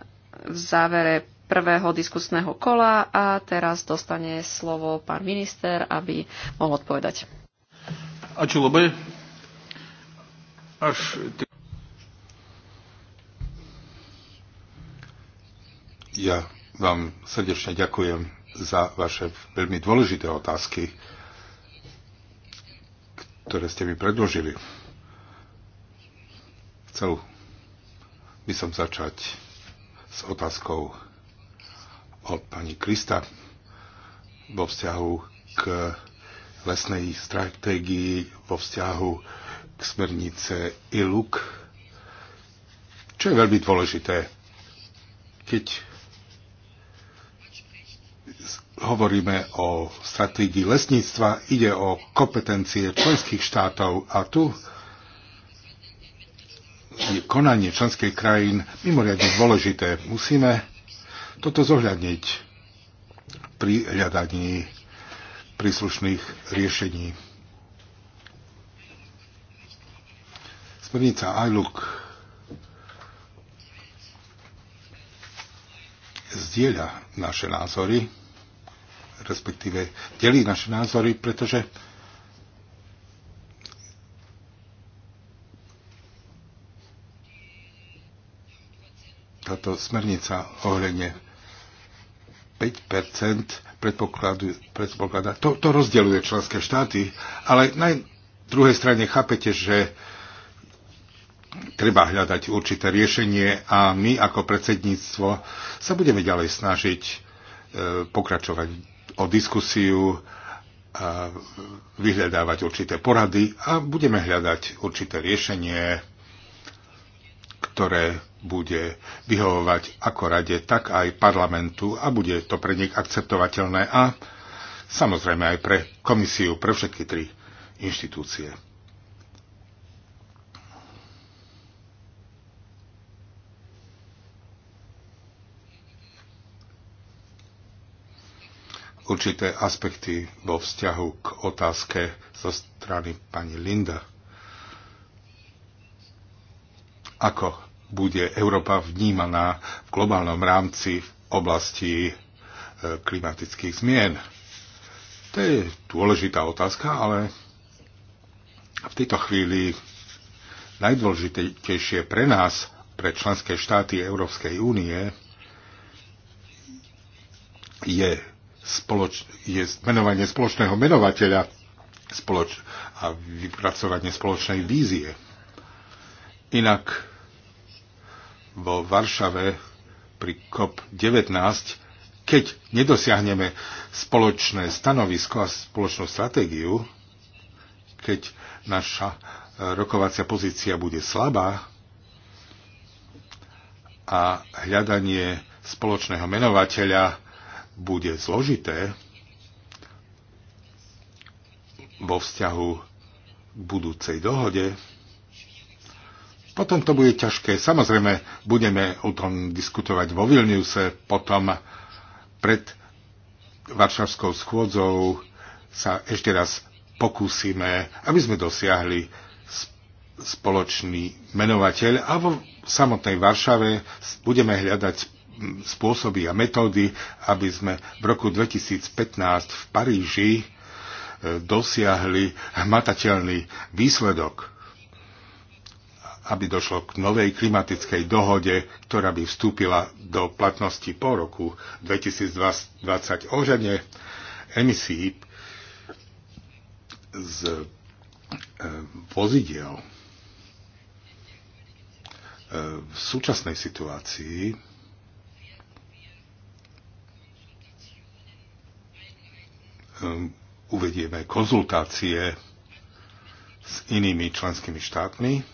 v závere prvého diskusného kola a teraz dostane slovo pán minister, aby mohol odpovedať. Ačiū labai. Aš... Ja vám srdečne ďakujem za vaše veľmi dôležité otázky, ktoré ste mi predložili. Chcel by som začať s otázkou od pani Krista vo vzťahu k lesnej stratégii, vo vzťahu k smernice ILUK, čo je veľmi dôležité. Keď hovoríme o stratégii lesníctva, ide o kompetencie členských štátov a tu konanie členských krajín mimoriadne dôležité. Musíme toto zohľadniť pri hľadaní príslušných riešení. Smernica ILUK zdieľa naše názory, respektíve delí naše názory, pretože táto smernica ohľadne 5 predpokladá. To, to rozdeľuje členské štáty, ale na druhej strane chápete, že treba hľadať určité riešenie a my ako predsedníctvo sa budeme ďalej snažiť e, pokračovať o diskusiu, a vyhľadávať určité porady a budeme hľadať určité riešenie ktoré bude vyhovovať ako rade, tak aj parlamentu a bude to pre nich akceptovateľné a samozrejme aj pre komisiu, pre všetky tri inštitúcie. určité aspekty vo vzťahu k otázke zo strany pani Linda. Ako bude Európa vnímaná v globálnom rámci v oblasti e, klimatických zmien. To je dôležitá otázka, ale v tejto chvíli najdôležitejšie pre nás, pre členské štáty Európskej únie, je, spoloč, je menovanie spoločného menovateľa spoloč, a vypracovanie spoločnej vízie. Inak vo Varšave pri COP19, keď nedosiahneme spoločné stanovisko a spoločnú stratégiu, keď naša e, rokovacia pozícia bude slabá a hľadanie spoločného menovateľa bude zložité vo vzťahu k budúcej dohode, potom to bude ťažké. Samozrejme, budeme o tom diskutovať vo Vilniuse, potom pred Varšavskou schôdzou sa ešte raz pokúsime, aby sme dosiahli spoločný menovateľ a vo samotnej Varšave budeme hľadať spôsoby a metódy, aby sme v roku 2015 v Paríži e, dosiahli hmatateľný výsledok aby došlo k novej klimatickej dohode, ktorá by vstúpila do platnosti po roku 2020 oženie emisí z e, vozidiel. E, v súčasnej situácii e, uvedieme konzultácie s inými členskými štátmi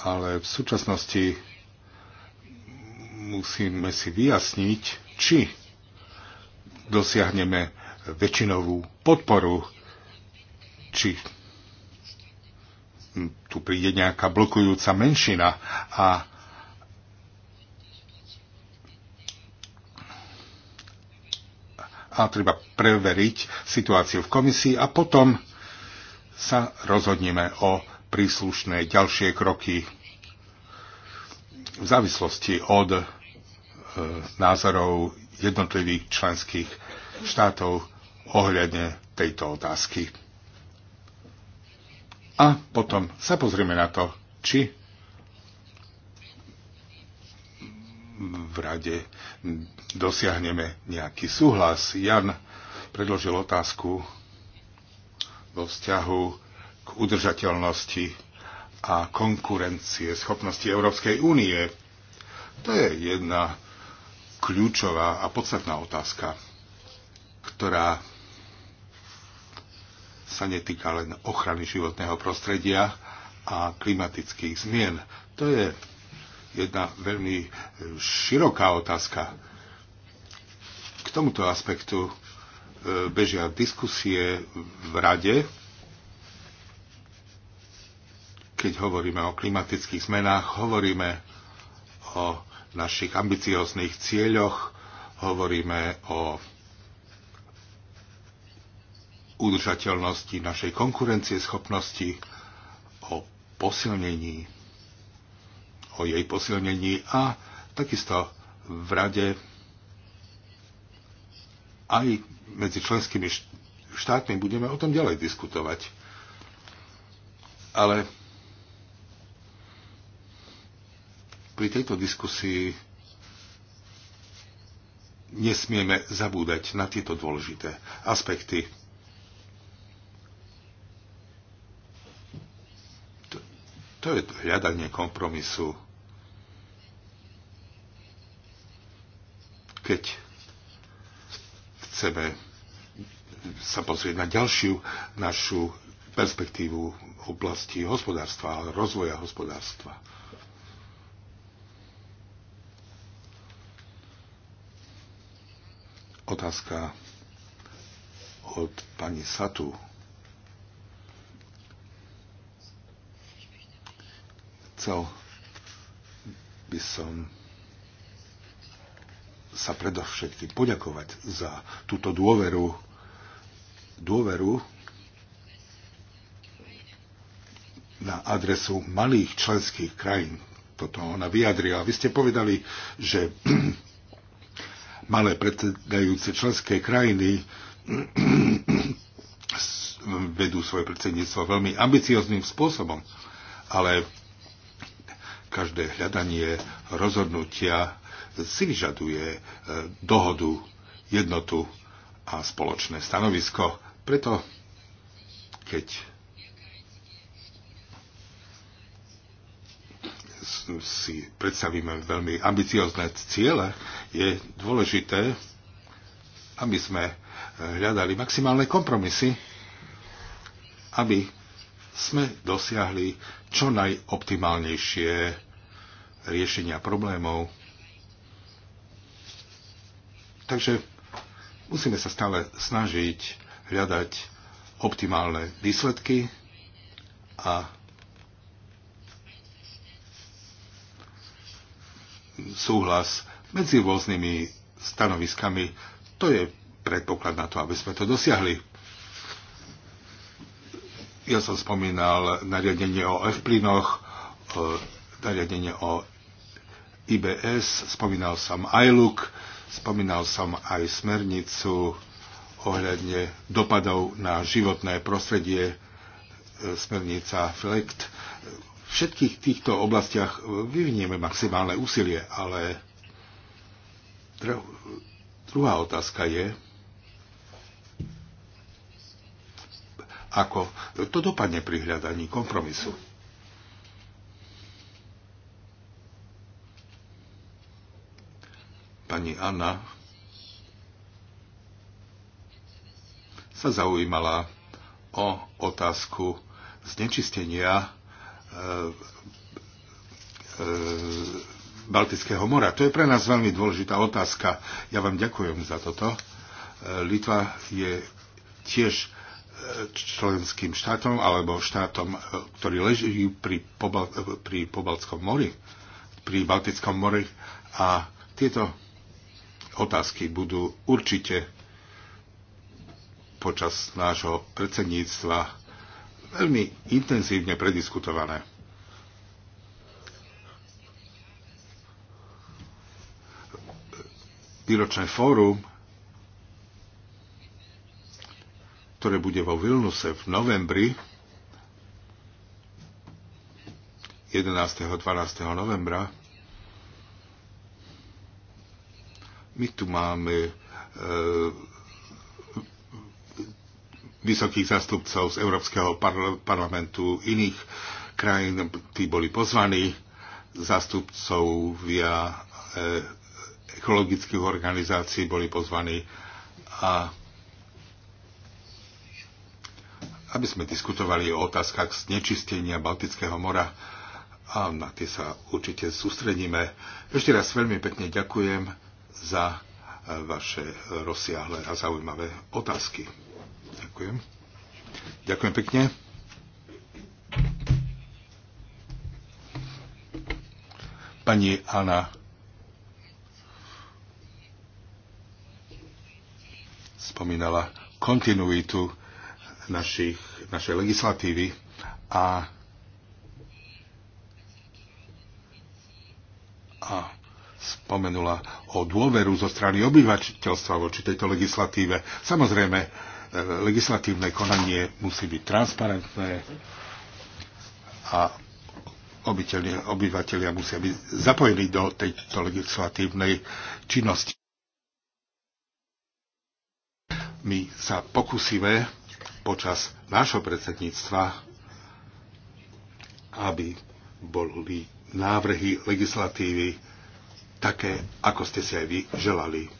ale v súčasnosti musíme si vyjasniť, či dosiahneme väčšinovú podporu, či tu príde nejaká blokujúca menšina a a treba preveriť situáciu v komisii a potom sa rozhodneme o príslušné ďalšie kroky v závislosti od e, názorov jednotlivých členských štátov ohľadne tejto otázky. A potom sa pozrieme na to, či v rade dosiahneme nejaký súhlas. Jan predložil otázku vo vzťahu udržateľnosti a konkurencie schopnosti Európskej únie? To je jedna kľúčová a podstatná otázka, ktorá sa netýka len ochrany životného prostredia a klimatických zmien. To je jedna veľmi široká otázka. K tomuto aspektu e, bežia diskusie v rade keď hovoríme o klimatických zmenách, hovoríme o našich ambicióznych cieľoch, hovoríme o udržateľnosti našej konkurencieschopnosti, o posilnení, o jej posilnení a takisto v rade aj medzi členskými štátmi budeme o tom ďalej diskutovať. Ale pri tejto diskusii nesmieme zabúdať na tieto dôležité aspekty. To, to je hľadanie kompromisu. Keď chceme sa pozrieť na ďalšiu našu perspektívu oblasti hospodárstva a rozvoja hospodárstva. Otázka od pani Satu. Chcel by som sa predovšetkým poďakovať za túto dôveru, dôveru na adresu malých členských krajín. Toto ona vyjadrila. Vy ste povedali, že malé predsedajúce členské krajiny vedú svoje predsedníctvo veľmi ambiciozným spôsobom, ale každé hľadanie rozhodnutia si vyžaduje e, dohodu, jednotu a spoločné stanovisko. Preto, keď si predstavíme veľmi ambiciozne ciele, je dôležité, aby sme eh, hľadali maximálne kompromisy, aby sme dosiahli čo najoptimálnejšie riešenia problémov. Takže musíme sa stále snažiť hľadať optimálne výsledky a súhlas medzi rôznymi stanoviskami. To je predpoklad na to, aby sme to dosiahli. Ja som spomínal nariadenie o F-plynoch, e, nariadenie o IBS, spomínal som ILUK, spomínal som aj smernicu ohľadne dopadov na životné prostredie, e, smernica FLECT všetkých týchto oblastiach e, vyvinieme maximálne úsilie, ale druhá otázka je, ako to dopadne pri hľadaní kompromisu. Pani Anna sa zaujímala o otázku znečistenia E, e, Baltického mora. To je pre nás veľmi dôležitá otázka. Ja vám ďakujem za toto. E, Litva je tiež členským štátom alebo štátom, ktorý leží pri, Pobal- pri Pobaltskom mori, pri Baltickom mori a tieto otázky budú určite počas nášho predsedníctva veľmi intenzívne prediskutované. Výročné fórum, ktoré bude vo Vilnuse v novembri, 11. a 12. novembra, my tu máme e, vysokých zastupcov z Európskeho parlamentu iných krajín, tí boli pozvaní, zastupcov via e, ekologických organizácií boli pozvaní a aby sme diskutovali o otázkach znečistenia Baltického mora a na tie sa určite sústredíme. Ešte raz veľmi pekne ďakujem za e, vaše rozsiahle a zaujímavé otázky. Ďakujem. Ďakujem pekne. Pani Anna spomínala kontinuitu našich, našej legislatívy a, a spomenula o dôveru zo strany obyvateľstva voči tejto legislatíve. Samozrejme, legislatívne konanie musí byť transparentné a obyvateľia musia byť zapojení do tejto legislatívnej činnosti. My sa pokúsime počas nášho predsedníctva, aby boli návrhy legislatívy také, ako ste si aj vy želali.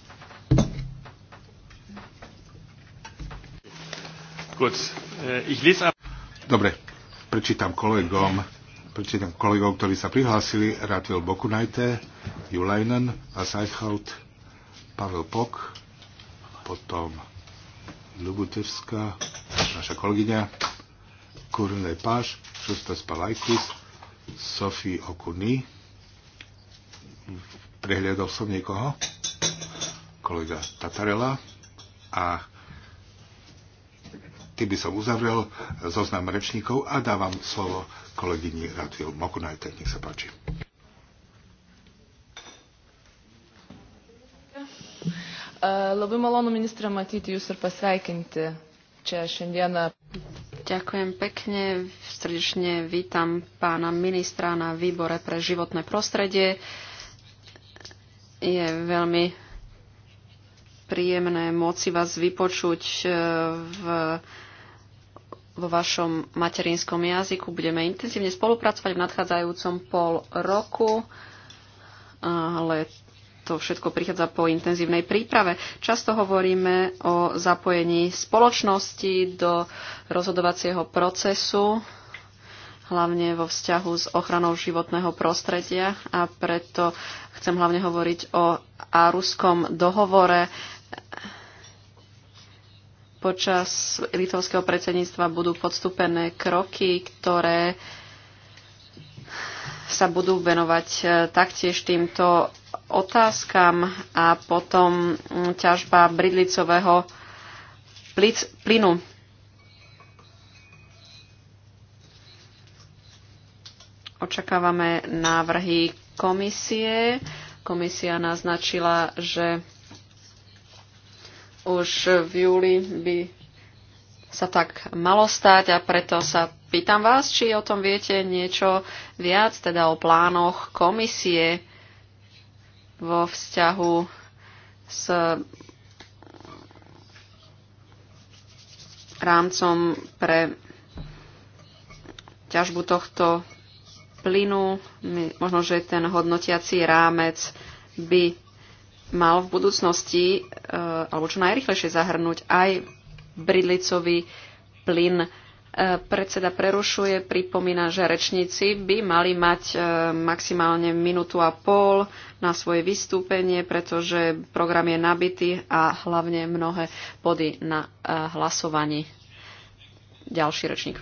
Eh, Dobre, prečítam kolegom, prečítam kolegov, ktorí sa prihlásili. Ratvil Bokunajte, Julajnen, a Pavel Pok, potom Lubutevská, naša kolegyňa, Kurin Páš, Šusta Spalajkis, Sofie Okuny. Prehliadol som niekoho, kolega Tatarela a tým by som uzavrel zoznam rečníkov a dávam slovo kolegyni Radvil Mokunajte. Nech sa páči. Labai malonu ministrą matyti jūs ir pasveikinti čia šiandieną. Ďakujem pekne. Srdečne vítam pána ministra na výbore pre životné prostredie. Je veľmi príjemné moci vás vypočuť eh, v vo vašom materinskom jazyku. Budeme intenzívne spolupracovať v nadchádzajúcom pol roku, ale to všetko prichádza po intenzívnej príprave. Často hovoríme o zapojení spoločnosti do rozhodovacieho procesu, hlavne vo vzťahu s ochranou životného prostredia a preto chcem hlavne hovoriť o Aruskom dohovore, Počas litovského predsedníctva budú podstúpené kroky, ktoré sa budú venovať e, taktiež týmto otázkam a potom mm, ťažba bridlicového plynu. Očakávame návrhy komisie. Komisia naznačila, že už v júli by sa tak malo stať a preto sa pýtam vás, či o tom viete niečo viac, teda o plánoch komisie vo vzťahu s rámcom pre ťažbu tohto plynu. Možno, že ten hodnotiací rámec by mal v budúcnosti e, alebo čo najrychlejšie zahrnúť aj bridlicový plyn. E, predseda prerušuje, pripomína, že rečníci by mali mať e, maximálne minútu a pol na svoje vystúpenie, pretože program je nabitý a hlavne mnohé body na hlasovaní. Ďalší rečník.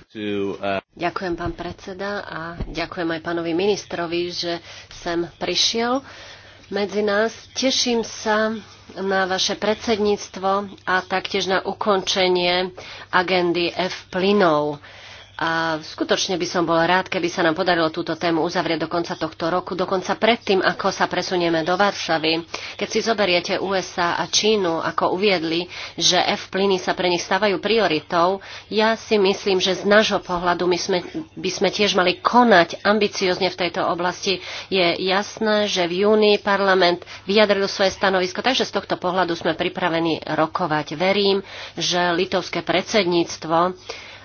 Ďakujem, pán predseda, a ďakujem aj pánovi ministrovi, že sem prišiel medzi nás. Teším sa na vaše predsedníctvo a taktiež na ukončenie agendy F plynov. A skutočne by som bol rád, keby sa nám podarilo túto tému uzavrieť do konca tohto roku, dokonca predtým, ako sa presunieme do Varšavy. Keď si zoberiete USA a Čínu, ako uviedli, že F plyny sa pre nich stávajú prioritou, ja si myslím, že z nášho pohľadu my sme, by sme tiež mali konať ambiciozne v tejto oblasti. Je jasné, že v júni parlament vyjadril svoje stanovisko, takže z tohto pohľadu sme pripravení rokovať. Verím, že litovské predsedníctvo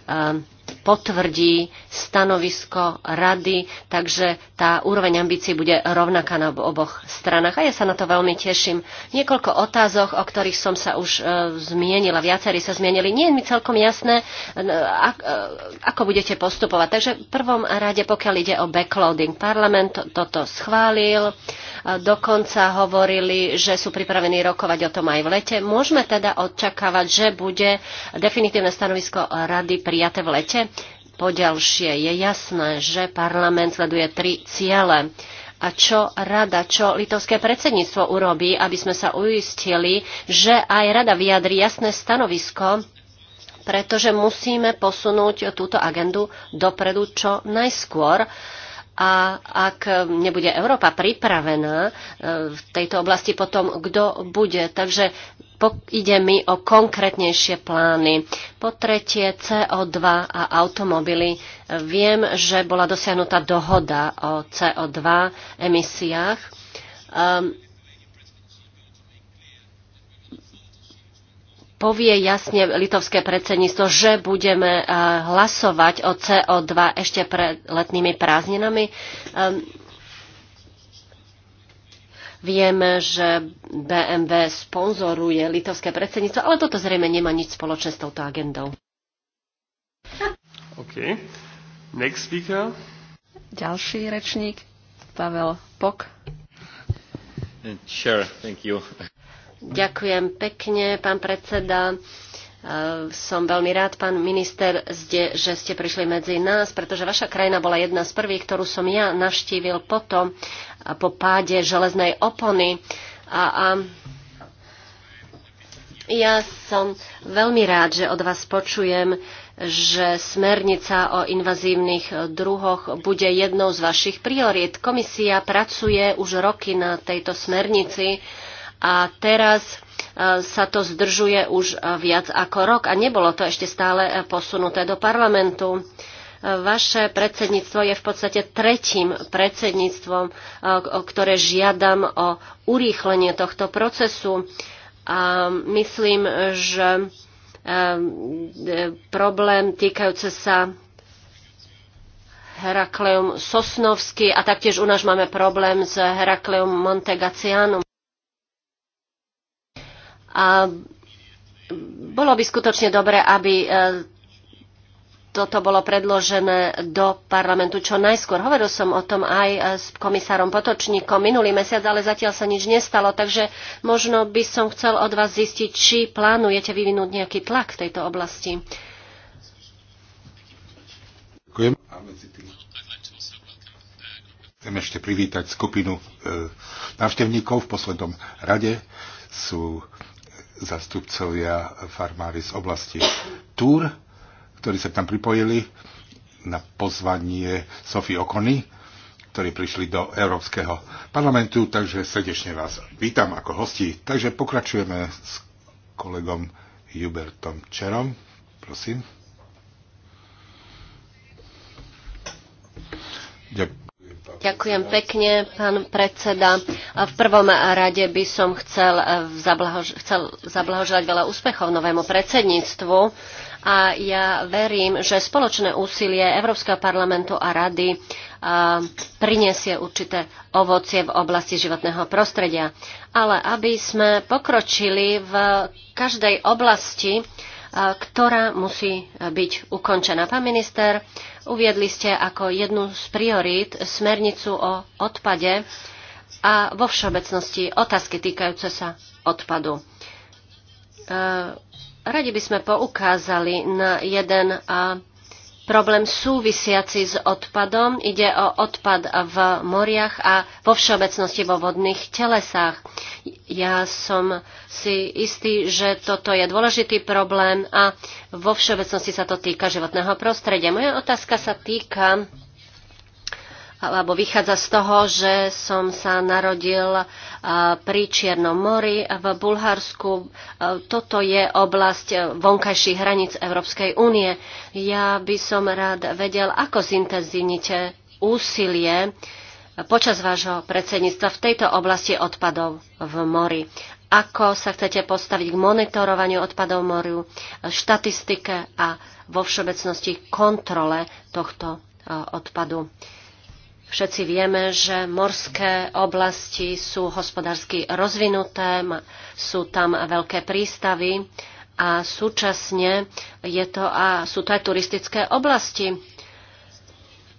um, potvrdí stanovisko rady, takže tá úroveň ambícií bude rovnaká na oboch stranách. A ja sa na to veľmi teším. Niekoľko otázok, o ktorých som sa už e, zmienila, viacerí sa zmienili. Nie je mi celkom jasné, a, e, ako budete postupovať. Takže v prvom rade, pokiaľ ide o backloading, parlament to, toto schválil, e, dokonca hovorili, že sú pripravení rokovať o tom aj v lete. Môžeme teda očakávať, že bude definitívne stanovisko rady prijaté v lete? Ďalšie, poďalšie, je jasné, že parlament sleduje tri ciele. A čo rada, čo litovské predsedníctvo urobí, aby sme sa uistili, že aj rada vyjadri jasné stanovisko, pretože musíme posunúť túto agendu dopredu čo najskôr. A ak nebude Európa pripravená eh, v tejto oblasti, potom kto bude? Takže ide mi o konkrétnejšie plány. Po tretie CO2 a automobily. Viem, že bola dosiahnutá dohoda o CO2 emisiách. Um, povie jasne litovské predsedníctvo, že budeme eh, hlasovať o CO2 ešte pred letnými prázdninami. Um, Vieme, že BMW sponzoruje litovské predsedníctvo, ale toto zrejme nemá nič spoločné s touto agendou. OK. Next speaker. Ďalší rečník, Pavel Pok. Sure, thank you. Ďakujem pekne, pán predseda. Ehm, som veľmi rád, pán minister, zde, že ste prišli medzi nás, pretože vaša krajina bola jedna z prvých, ktorú som ja navštívil potom, po páde železnej opony. A, a ja som veľmi rád, že od vás počujem, že smernica o invazívnych druhoch bude jednou z vašich priorít. Komisia pracuje už roky na tejto smernici a teraz sa to zdržuje už viac ako rok a nebolo to ešte stále posunuté do parlamentu. Vaše predsedníctvo je v podstate tretím predsedníctvom, ktoré žiadam o urýchlenie tohto procesu. A myslím, že e, problém týkajúce sa Herakleum Sosnovský a taktiež u nás máme problém s Herakleum Montegacianum. A bolo by skutočne dobre, aby e, toto bolo predložené do parlamentu čo najskôr. Hovoril som o tom aj e, s komisárom Potočníkom minulý mesiac, ale zatiaľ sa nič nestalo, takže možno by som chcel od vás zistiť, či plánujete vyvinúť nejaký tlak v tejto oblasti. Ďakujem. A medzi tým chcem ešte privítať skupinu e, návštevníkov v poslednom rade. Sú zastupcovia farmári z oblasti Túr, ktorí sa tam pripojili na pozvanie Sofie Okony, ktorí prišli do Európskeho parlamentu, takže srdečne vás vítam ako hosti. Takže pokračujeme s kolegom Hubertom Čerom. Prosím. Ďakujem Ďakujem pekne, pán predseda. V prvom rade by som chcel, eh, zablahož- chcel zablahoželať veľa úspechov novému predsedníctvu a ja verím, že spoločné úsilie Európskeho parlamentu a rady eh, prinesie určité ovocie v oblasti životného prostredia. Ale aby sme pokročili v každej oblasti, ktorá musí byť ukončená. Pán minister, uviedli ste ako jednu z priorít smernicu o odpade a vo všeobecnosti otázky týkajúce sa odpadu. E, radi by sme poukázali na jeden problém súvisiaci s odpadom. Ide o odpad v moriach a vo všeobecnosti vo vodných telesách. Ja som si istý, že toto je dôležitý problém a vo všeobecnosti sa to týka životného prostredia. Moja otázka sa týka alebo vychádza z toho, že som sa narodil pri Čiernom mori v Bulharsku. Toto je oblasť e, vonkajších hraníc Európskej únie. Ja by som rád vedel, ako zintenzívnite úsilie počas vášho predsedníctva v tejto oblasti odpadov v mori. Ako sa chcete postaviť k monitorovaniu odpadov moriu, štatistike a vo všeobecnosti kontrole tohto e, odpadu. Všetci vieme, že morské oblasti sú hospodársky rozvinuté, sú tam veľké prístavy a súčasne je to a sú to aj turistické oblasti.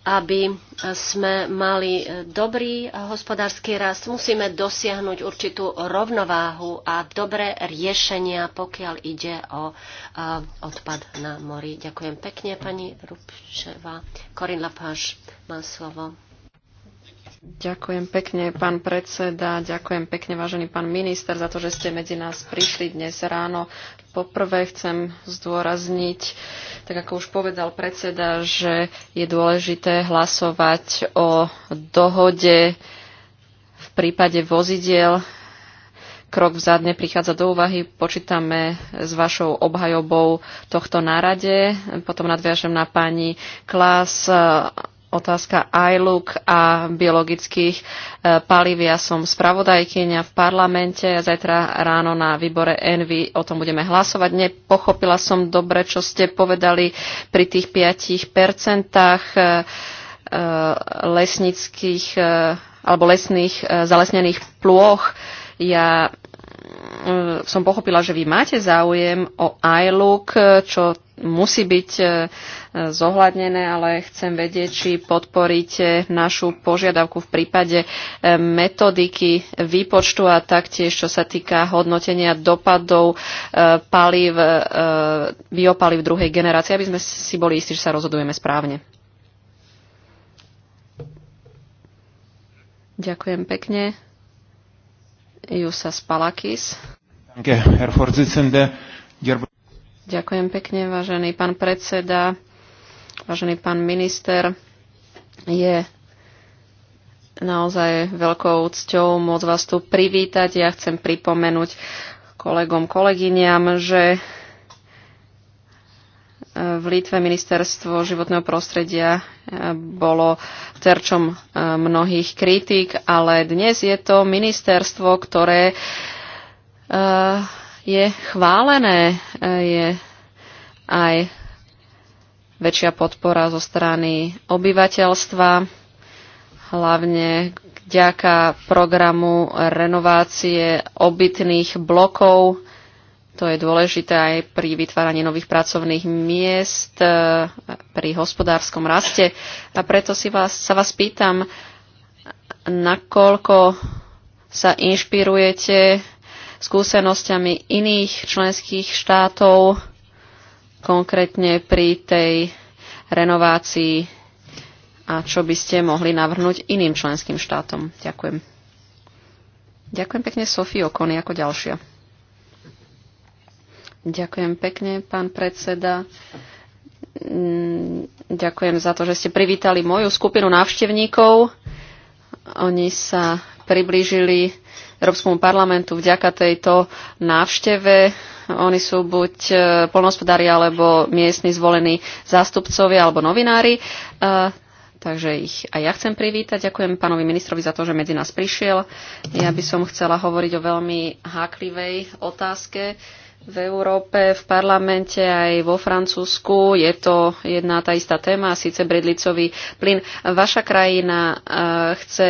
Aby sme mali dobrý hospodársky rast, musíme dosiahnuť určitú rovnováhu a dobré riešenia, pokiaľ ide o odpad na mori. Ďakujem pekne, pani Rupševa. Korin Lapáš má slovo. Ďakujem pekne, pán predseda, ďakujem pekne, vážený pán minister, za to, že ste medzi nás prišli dnes ráno. Poprvé chcem zdôrazniť, tak ako už povedal predseda, že je dôležité hlasovať o dohode v prípade vozidiel. Krok vzad prichádza do úvahy, počítame s vašou obhajobou tohto nárade. Potom nadviažem na pani Klas otázka iLook a biologických e, palív. Ja som spravodajkyňa v parlamente a zajtra ráno na výbore Envy o tom budeme hlasovať. Nepochopila som dobre, čo ste povedali pri tých 5 percentách e, e, lesnických alebo lesných zalesnených plôch. Ja E, som pochopila, že vy máte záujem o iLook, e, čo musí byť e, zohľadnené, ale chcem vedieť, či podporíte našu požiadavku v prípade metodiky výpočtu a taktiež, čo sa týka hodnotenia dopadov palív, biopalív druhej generácie, aby sme si boli istí, že sa rozhodujeme správne. Ďakujem pekne. Jusas Palakis. Ďakujem pekne, vážený pán predseda, vážený pán minister. Je naozaj veľkou úcťou môcť vás tu privítať. Ja chcem pripomenúť kolegom, kolegyňam, že v Litve ministerstvo životného prostredia e, bolo terčom e, mnohých kritík, ale dnes je to ministerstvo, ktoré e, je chválené, je aj väčšia podpora zo strany obyvateľstva, hlavne vďaka programu renovácie obytných blokov, to je dôležité aj pri vytváraní nových pracovných miest, e, pri hospodárskom raste. A preto si vás, sa vás pýtam, nakoľko sa inšpirujete skúsenosťami iných členských štátov, konkrétne pri tej renovácii a čo by ste mohli navrhnúť iným členským štátom. Ďakujem. Ďakujem pekne Sofii Okony ako ďalšia. Ďakujem pekne, pán predseda. Mm, ďakujem za to, že ste privítali moju skupinu návštevníkov. Oni sa priblížili Európskemu parlamentu vďaka tejto návšteve. Oni sú buď e, polnospodári alebo miestni zvolení zástupcovia alebo novinári. E, takže ich aj ja chcem privítať. Ďakujem pánovi ministrovi za to, že medzi nás prišiel. Ja by som chcela hovoriť o veľmi háklivej otázke v Európe, v parlamente, aj vo Francúzsku. Je to jedna tá istá téma, síce bredlicový plyn. Vaša krajina eh, chce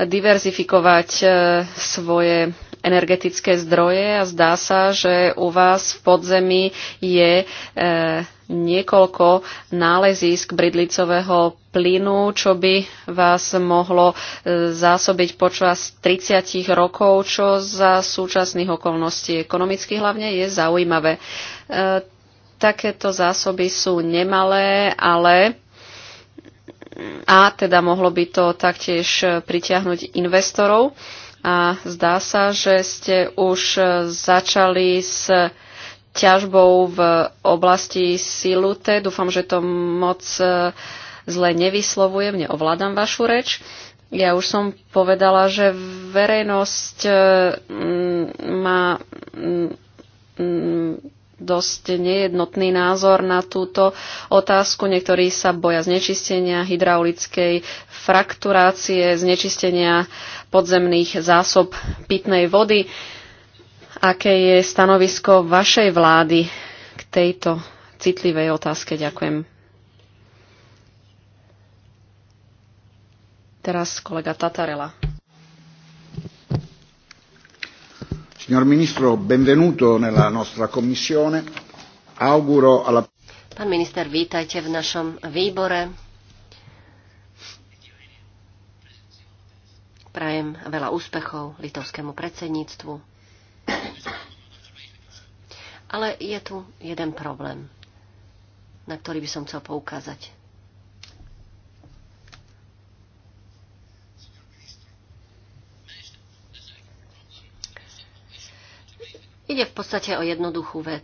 diverzifikovať eh, svoje energetické zdroje a zdá sa, že u vás v podzemí je e, niekoľko nálezísk bridlicového plynu, čo by vás mohlo e, zásobiť počas 30 rokov, čo za súčasných okolností ekonomicky hlavne je zaujímavé. E, takéto zásoby sú nemalé, ale a teda mohlo by to taktiež e, pritiahnuť investorov a zdá sa, že ste už e, začali s ťažbou v oblasti Silute. Dúfam, že to moc e, zle nevyslovujem, neovládam vašu reč. Ja už som povedala, že verejnosť e, má dosť nejednotný názor na túto otázku. Niektorí sa boja znečistenia hydraulickej frakturácie, znečistenia podzemných zásob pitnej vody. Aké je stanovisko vašej vlády k tejto citlivej otázke? Ďakujem. Teraz kolega Tatarela. Signor Ministro, benvenuto nella nostra Commissione. Auguro alla... Pán minister, vítajte v našom výbore. Prajem veľa úspechov litovskému predsedníctvu. Ale je tu jeden problém, na ktorý by som chcel poukázať. Ide v podstate o jednoduchú vec.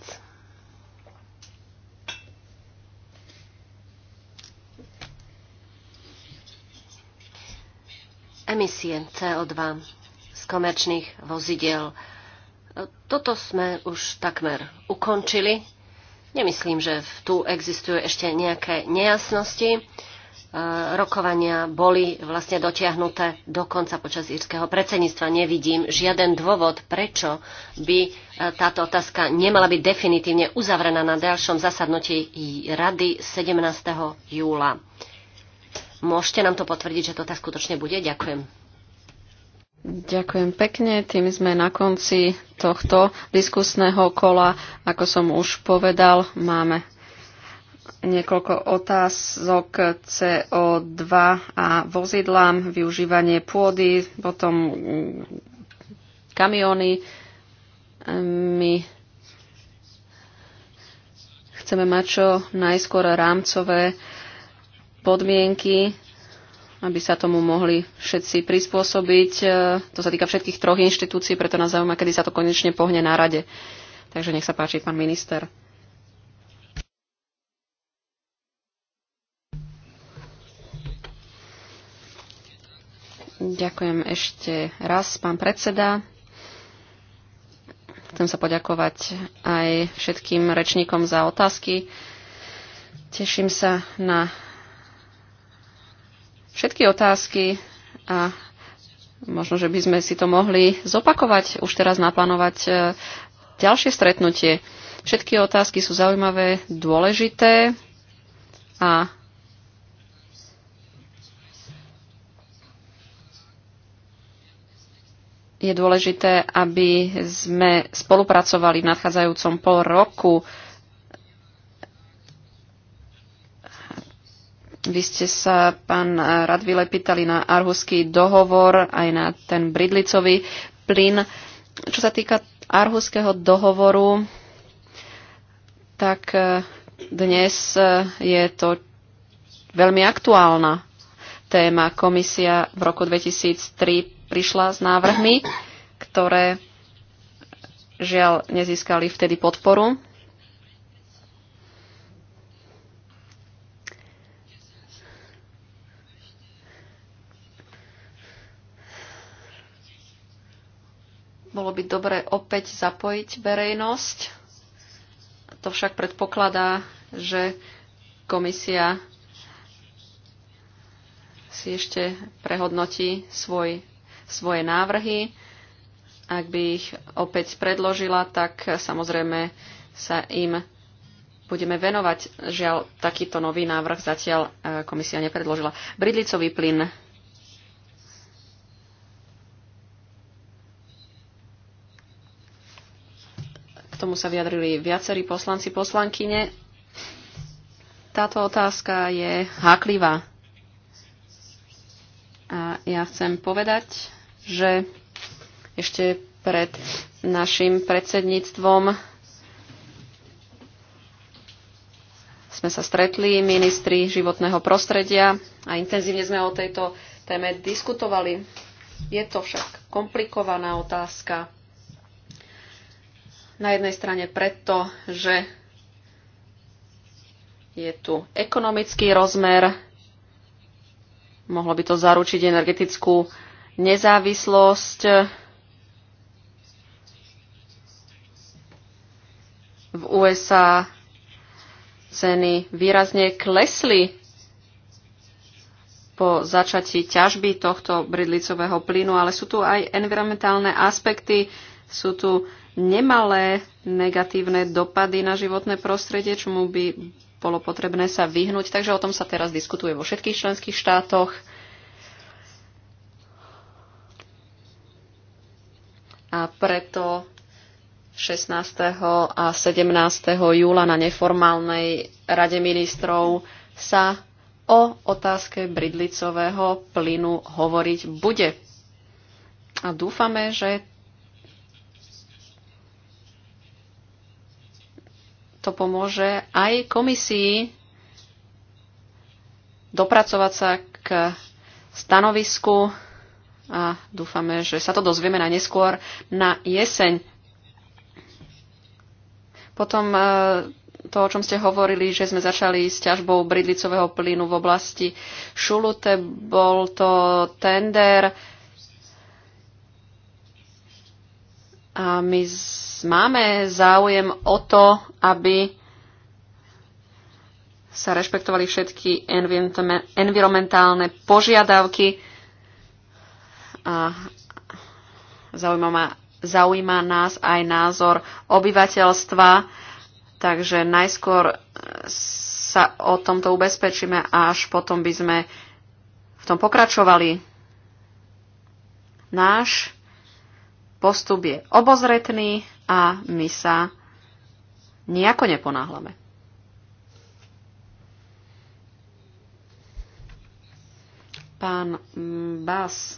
Emisie CO2 z komerčných vozidiel. Toto sme už takmer ukončili. Nemyslím, že tu existujú ešte nejaké nejasnosti rokovania boli vlastne dotiahnuté do konca počas írskeho predsedníctva. Nevidím žiaden dôvod, prečo by e, táto otázka nemala byť definitívne uzavrená na ďalšom zasadnutí rady 17. júla. Môžete nám to potvrdiť, že to tak skutočne bude? Ďakujem. Ďakujem pekne. Tým sme na konci tohto diskusného kola. Ako som už povedal, máme niekoľko otázok CO2 a vozidlám, využívanie pôdy, potom mm, kamiony. My chceme mať čo najskôr rámcové podmienky, aby sa tomu mohli všetci prispôsobiť. To sa týka všetkých troch inštitúcií, preto nás zaujíma, kedy sa to konečne pohne na rade. Takže nech sa páči, pán minister. Ďakujem ešte raz, pán predseda. Chcem sa poďakovať aj všetkým rečníkom za otázky. Teším sa na všetky otázky a možno, že by sme si to mohli zopakovať, už teraz naplánovať e, ďalšie stretnutie. Všetky otázky sú zaujímavé, dôležité a je dôležité, aby sme spolupracovali v nadchádzajúcom pol roku. Vy ste sa, pán Radvile, pýtali na Arhuský dohovor, aj na ten bridlicový plyn. Čo sa týka Arhuského dohovoru, tak eh, dnes eh, je to veľmi aktuálna téma. Komisia v roku 2003 prišla s návrhmi, ktoré žiaľ nezískali vtedy podporu. Bolo by dobre opäť zapojiť verejnosť. To však predpokladá, že komisia si ešte prehodnotí svoj svoje návrhy. Ak by ich opäť predložila, tak samozrejme sa im budeme venovať. Žiaľ, takýto nový návrh zatiaľ e, komisia nepredložila. Bridlicový plyn K tomu sa vyjadrili viacerí poslanci, poslankyne. Táto otázka je háklivá. A ja chcem povedať, že ešte pred našim predsedníctvom sme sa stretli ministri životného prostredia a intenzívne sme o tejto téme diskutovali. Je to však komplikovaná otázka. Na jednej strane preto, že je tu ekonomický rozmer, mohlo by to zaručiť energetickú nezávislosť v USA ceny výrazne klesli po začatí ťažby tohto bridlicového plynu, ale sú tu aj environmentálne aspekty, sú tu nemalé negatívne dopady na životné prostredie, čomu by bolo potrebné sa vyhnúť. Takže o tom sa teraz diskutuje vo všetkých členských štátoch. a preto 16. a 17. júla na neformálnej Rade ministrov sa o otázke bridlicového plynu hovoriť bude. A dúfame, že to pomôže aj komisii dopracovať sa k stanovisku a dúfame, že sa to dozvieme na neskôr na jeseň. Potom e, to, o čom ste hovorili, že sme začali s ťažbou bridlicového plynu v oblasti Šulute, bol to tender a my máme záujem o to, aby sa rešpektovali všetky environmentálne požiadavky zaujíma, ma, zaujíma nás aj názor obyvateľstva, takže najskôr e, sa o tomto ubezpečíme a až potom by sme v tom pokračovali. Náš postup je obozretný a my sa nejako neponáhlame. Pán Bas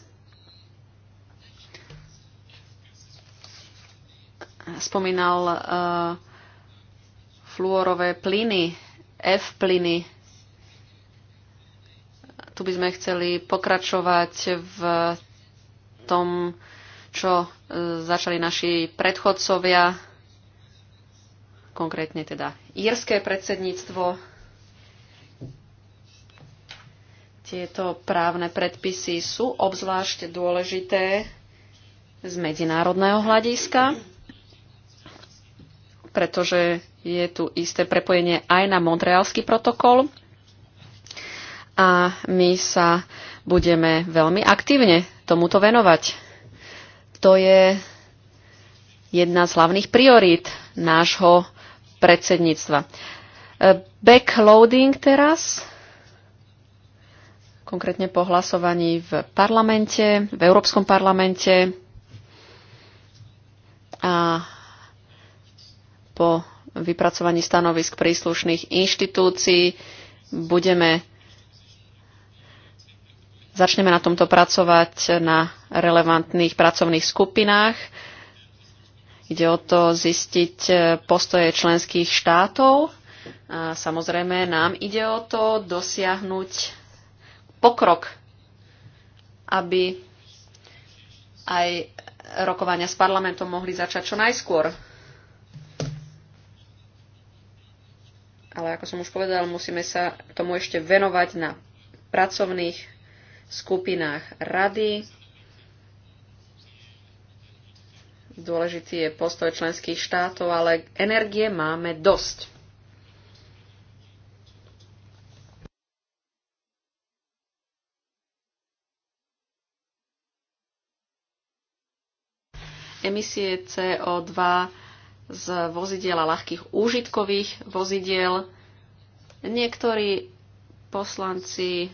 spomínal uh, fluorové plyny, F-plyny. Tu by sme chceli pokračovať v tom, čo eh, začali naši predchodcovia, konkrétne teda írske predsedníctvo. Tieto právne predpisy sú obzvlášť dôležité z medzinárodného hľadiska pretože je tu isté prepojenie aj na Montrealský protokol a my sa budeme veľmi aktívne tomuto venovať. To je jedna z hlavných priorít nášho predsedníctva. E, backloading teraz, konkrétne po hlasovaní v parlamente, v Európskom parlamente a po vypracovaní stanovisk príslušných inštitúcií budeme začneme na tomto pracovať na relevantných pracovných skupinách. Ide o to zistiť eh, postoje členských štátov. A samozrejme, nám ide o to dosiahnuť pokrok, aby aj rokovania s parlamentom mohli začať čo najskôr. ale ako som už povedal, musíme sa tomu ešte venovať na pracovných skupinách rady. Dôležitý je postoj členských štátov, ale energie máme dosť. Emisie CO2 z vozidiel a ľahkých úžitkových vozidiel. Niektorí poslanci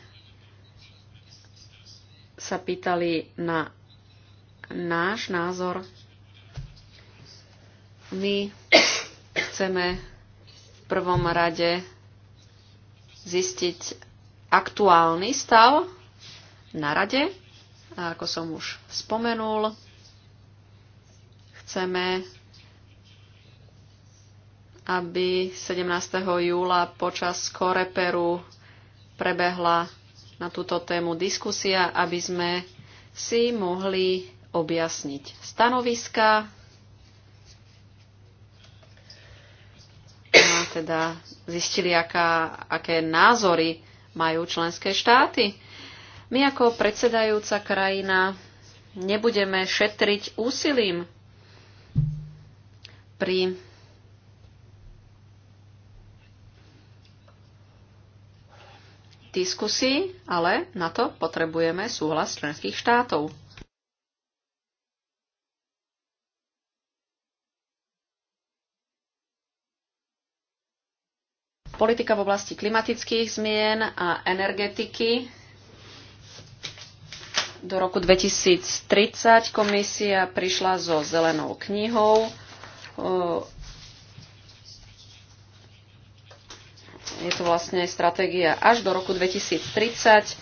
sa pýtali na náš názor. My chceme v prvom rade zistiť aktuálny stav na rade. A ako som už spomenul, chceme aby 17. júla počas Koreperu prebehla na túto tému diskusia, aby sme si mohli objasniť stanoviska a teda zistili, aká, aké názory majú členské štáty. My ako predsedajúca krajina nebudeme šetriť úsilím pri diskusí, ale na to potrebujeme súhlas členských štátov. Politika v oblasti klimatických zmien a energetiky do roku 2030 komisia prišla so zelenou knihou Je to vlastne stratégia až do roku 2030.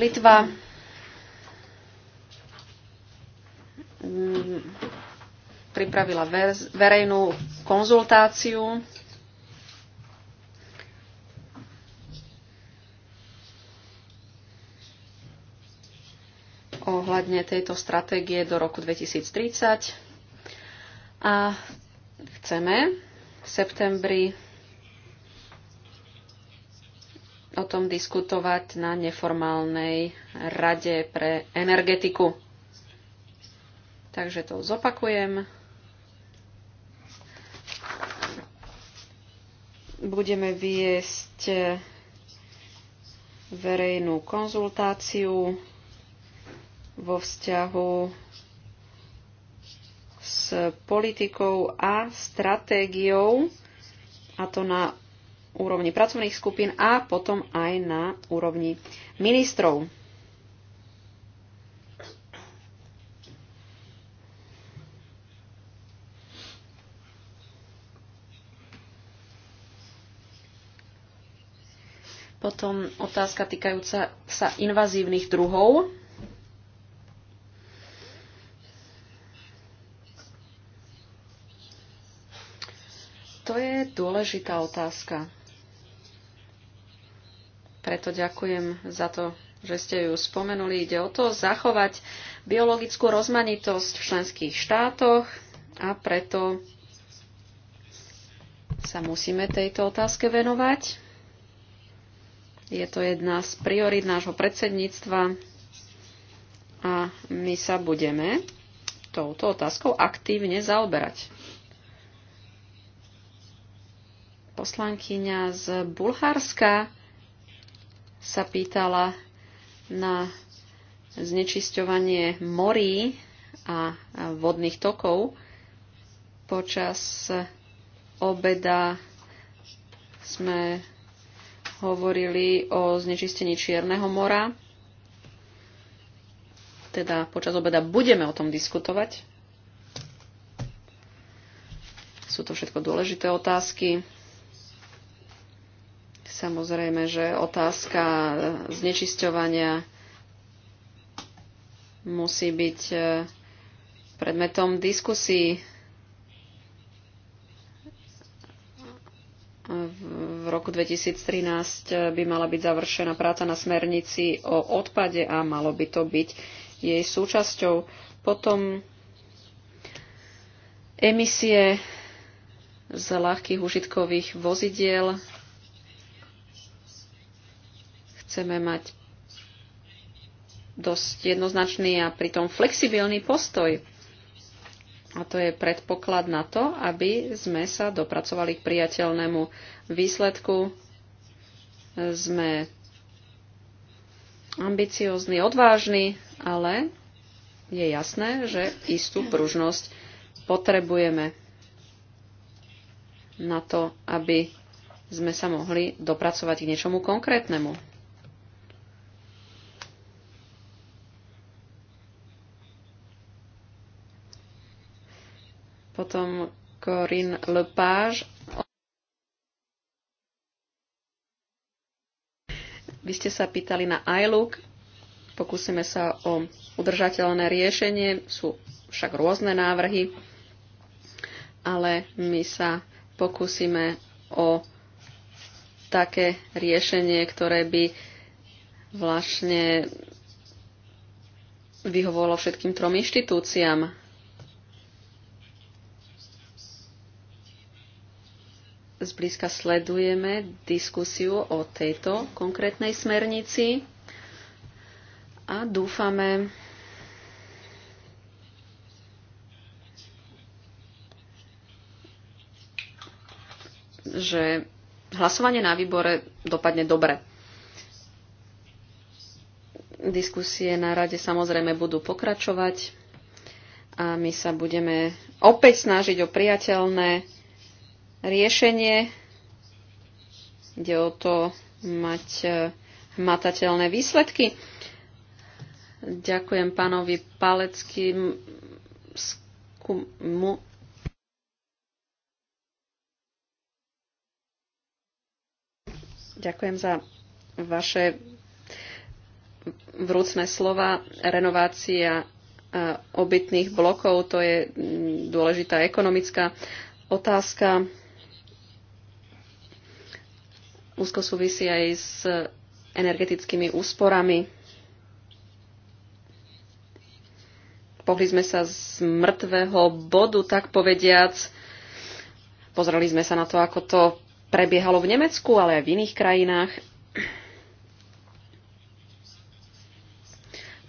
Litva mm, pripravila verejnú konzultáciu ohľadne tejto stratégie do roku 2030. A chceme v septembri o tom diskutovať na neformálnej rade pre energetiku. Takže to zopakujem. Budeme viesť verejnú konzultáciu vo vzťahu s politikou a stratégiou, a to na úrovni pracovných skupín a potom aj na úrovni ministrov. Potom otázka týkajúca sa invazívnych druhov. To je dôležitá otázka. Preto ďakujem za to, že ste ju spomenuli. Ide o to zachovať biologickú rozmanitosť v členských štátoch a preto sa musíme tejto otázke venovať. Je to jedna z priorit nášho predsedníctva a my sa budeme touto otázkou aktívne zaoberať. Poslankyňa z Bulharska sa pýtala na znečisťovanie morí a vodných tokov. Počas obeda sme hovorili o znečistení Čierneho mora. Teda počas obeda budeme o tom diskutovať. Sú to všetko dôležité otázky. Samozrejme, že otázka znečisťovania musí byť e, predmetom diskusí v roku 2013 e, by mala byť završená práca na smernici o odpade a malo by to byť jej súčasťou. Potom emisie z ľahkých užitkových vozidiel Chceme mať dosť jednoznačný a pritom flexibilný postoj. A to je predpoklad na to, aby sme sa dopracovali k priateľnému výsledku. Sme ambiciózni, odvážni, ale je jasné, že istú pružnosť potrebujeme na to, aby sme sa mohli dopracovať k niečomu konkrétnemu. Potom Corinne Lepage. Vy ste sa pýtali na iLook. Pokúsime sa o udržateľné riešenie. Sú však rôzne návrhy, ale my sa pokúsime o také riešenie, ktoré by vlastne vyhovovalo všetkým trom inštitúciám zblízka sledujeme diskusiu o tejto konkrétnej smernici a dúfame, že hlasovanie na výbore dopadne dobre. Diskusie na rade samozrejme budú pokračovať a my sa budeme opäť snažiť o priateľné riešenie. Ide o to mať e, hmatateľné výsledky. Ďakujem pánovi Paleckým Ďakujem za vaše vrúcne slova. Renovácia e, obytných blokov, to je dôležitá ekonomická otázka úzko súvisí aj s energetickými úsporami. Pohli sme sa z mŕtvého bodu, tak povediac. Pozreli sme sa na to, ako to prebiehalo v Nemecku, ale aj v iných krajinách.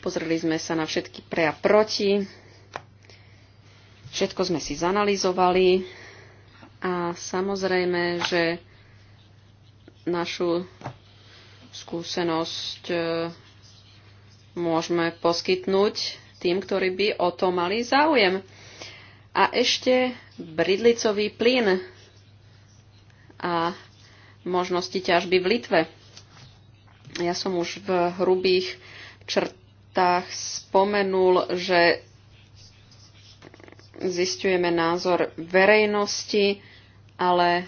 Pozreli sme sa na všetky pre a proti. Všetko sme si zanalizovali. A samozrejme, že našu skúsenosť e, môžeme poskytnúť tým, ktorí by o to mali záujem. A ešte bridlicový plyn a možnosti ťažby v Litve. Ja som už v hrubých črtách spomenul, že zistujeme názor verejnosti, ale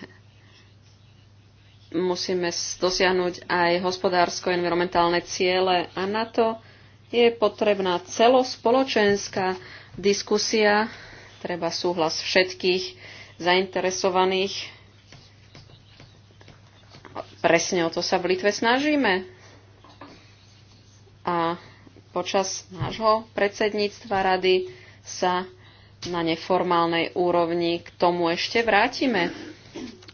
musíme dosiahnuť aj hospodársko-environmentálne ciele a na to je potrebná celospoločenská diskusia, treba súhlas všetkých zainteresovaných. Presne o to sa v Litve snažíme. A počas nášho predsedníctva rady sa na neformálnej úrovni k tomu ešte vrátime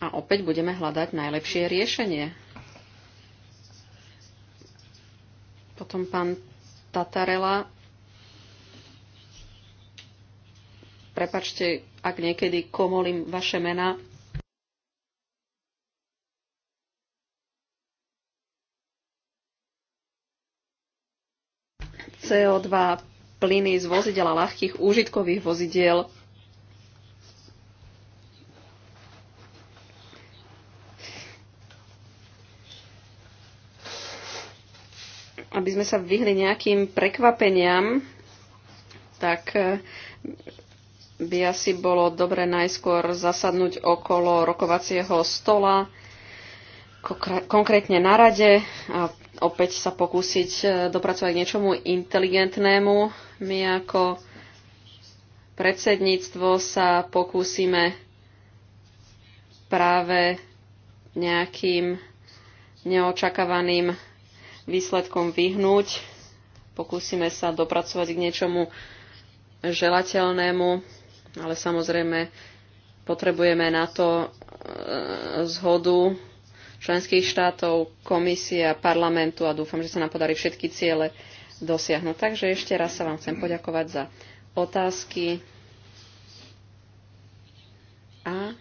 a opäť budeme hľadať najlepšie riešenie. Potom pán Tatarela. Prepačte, ak niekedy komolím vaše mena. CO2 plyny z vozidel a ľahkých úžitkových vozidiel aby sme sa vyhli nejakým prekvapeniam, tak eh, by asi bolo dobre najskôr zasadnúť okolo rokovacieho stola, konkrétne na rade a opäť sa pokúsiť eh, dopracovať k niečomu inteligentnému. My ako predsedníctvo sa pokúsime práve nejakým neočakávaným výsledkom vyhnúť. Pokúsime sa dopracovať k niečomu želateľnému, ale samozrejme potrebujeme na to e, zhodu členských štátov, komisie a parlamentu a dúfam, že sa nám podarí všetky ciele dosiahnuť. Takže ešte raz sa vám chcem poďakovať za otázky a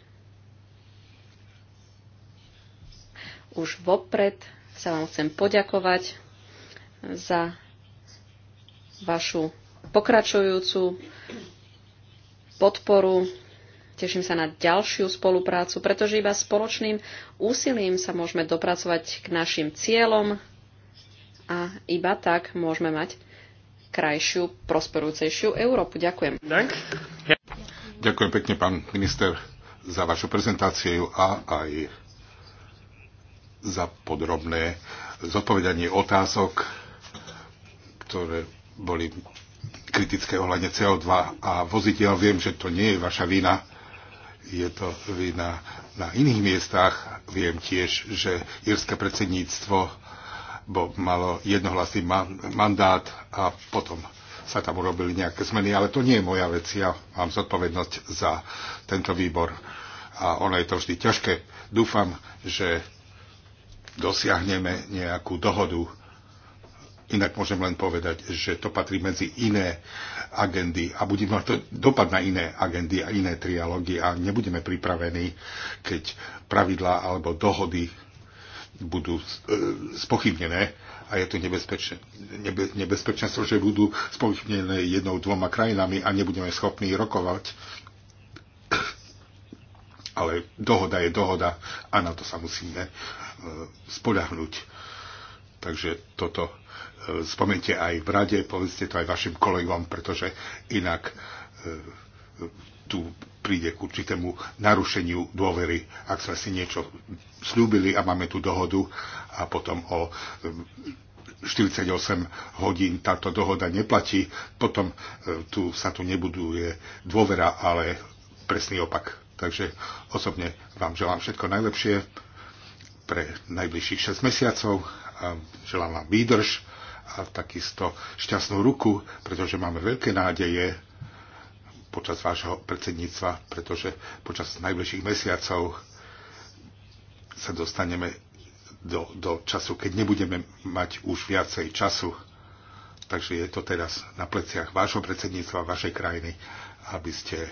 už vopred sa vám chcem poďakovať za vašu pokračujúcu podporu. Teším sa na ďalšiu spoluprácu, pretože iba spoločným úsilím sa môžeme dopracovať k našim cieľom a iba tak môžeme mať krajšiu, prosperujúcejšiu Európu. Ďakujem. Ďakujem pekne, pán minister, za vašu prezentáciu a aj za podrobné zodpovedanie otázok, ktoré boli kritické ohľadne CO2 a voziteľ Viem, že to nie je vaša vina, je to vina na iných miestach. Viem tiež, že írske predsedníctvo bo malo jednohlasný mandát a potom sa tam urobili nejaké zmeny, ale to nie je moja vec. Ja mám zodpovednosť za tento výbor a ono je to vždy ťažké. Dúfam, že dosiahneme nejakú dohodu. Inak môžem len povedať, že to patrí medzi iné agendy a bude mať to dopad na iné agendy a iné trialógy a nebudeme pripravení, keď pravidlá alebo dohody budú e, spochybnené a je to nebezpečné, nebe, nebezpečenstvo, že budú spochybnené jednou, dvoma krajinami a nebudeme schopní rokovať, ale dohoda je dohoda a na to sa musíme e, spoľahnúť. Takže toto e, spomente aj v rade, povedzte to aj vašim kolegom, pretože inak e, tu príde k určitému narušeniu dôvery, ak sme si niečo slúbili a máme tu dohodu a potom o 48 hodín táto dohoda neplatí, potom tu sa tu nebuduje dôvera, ale presný opak. Takže osobne vám želám všetko najlepšie pre najbližších 6 mesiacov. A želám vám výdrž a takisto šťastnú ruku, pretože máme veľké nádeje počas vášho predsedníctva, pretože počas najbližších mesiacov sa dostaneme do, do času, keď nebudeme mať už viacej času. Takže je to teraz na pleciach vášho predsedníctva, vašej krajiny, aby ste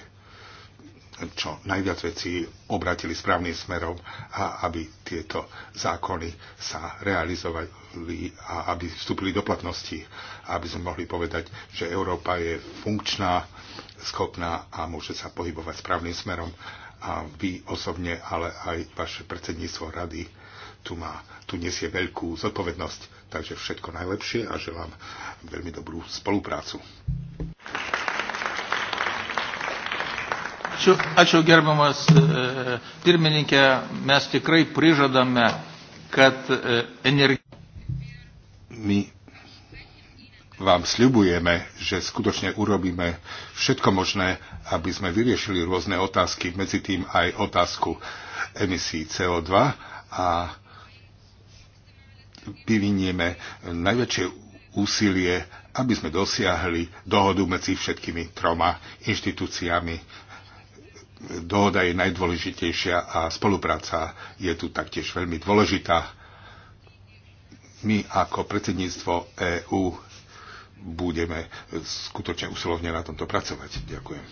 čo najviac vecí obratili správnym smerom a aby tieto zákony sa realizovali a aby vstúpili do platnosti a aby sme mohli povedať, že Európa je funkčná, schopná a môže sa pohybovať správnym smerom a vy osobne, ale aj vaše predsedníctvo rady tu, má, tu nesie veľkú zodpovednosť. Takže všetko najlepšie a želám veľmi dobrú spoluprácu. Ačiū, ačiū gerbiamas e, pirmininkė, mes tikrai prižadame, kad e, energija. My vám sľubujeme, že skutočne urobíme všetko možné, aby sme vyriešili rôzne otázky, medzi tým aj otázku emisí CO2 a vyvinieme najväčšie úsilie, aby sme dosiahli dohodu medzi všetkými troma inštitúciami dohoda je najdôležitejšia a spolupráca je tu taktiež veľmi dôležitá. My ako predsedníctvo EÚ budeme skutočne usilovne na tomto pracovať. Ďakujem.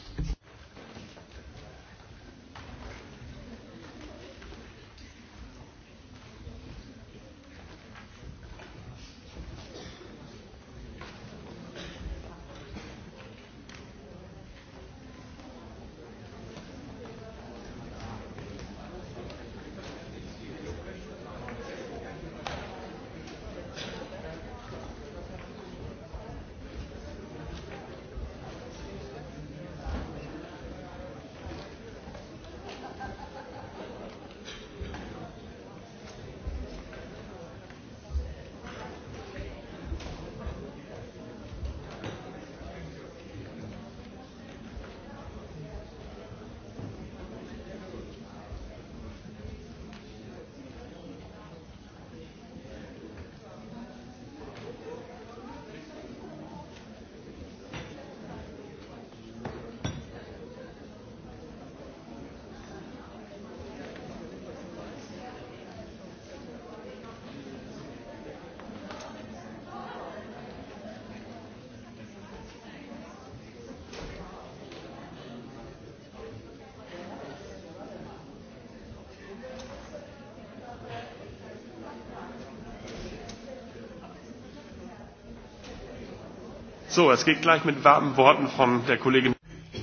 So, es geht gleich mit warmen Worten von der Kollegin.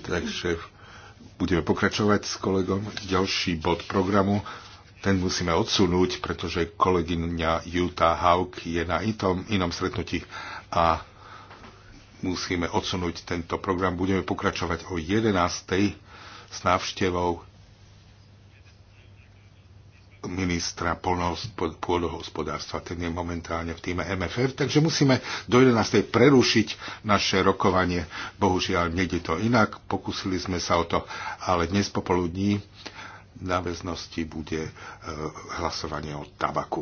Takže budeme pokračovať s kolegom. Ďalší bod programu, ten musíme odsunúť, pretože kolegyňa Juta Haug je na itom inom stretnutí a musíme odsunúť tento program. Budeme pokračovať o 11. s návštevou ministra pôdohospodárstva, ten je momentálne v týme MFR, takže musíme do 11. prerušiť naše rokovanie. Bohužiaľ, nejde to inak, pokúsili sme sa o to, ale dnes popoludní na väznosti bude e, hlasovanie o tabaku.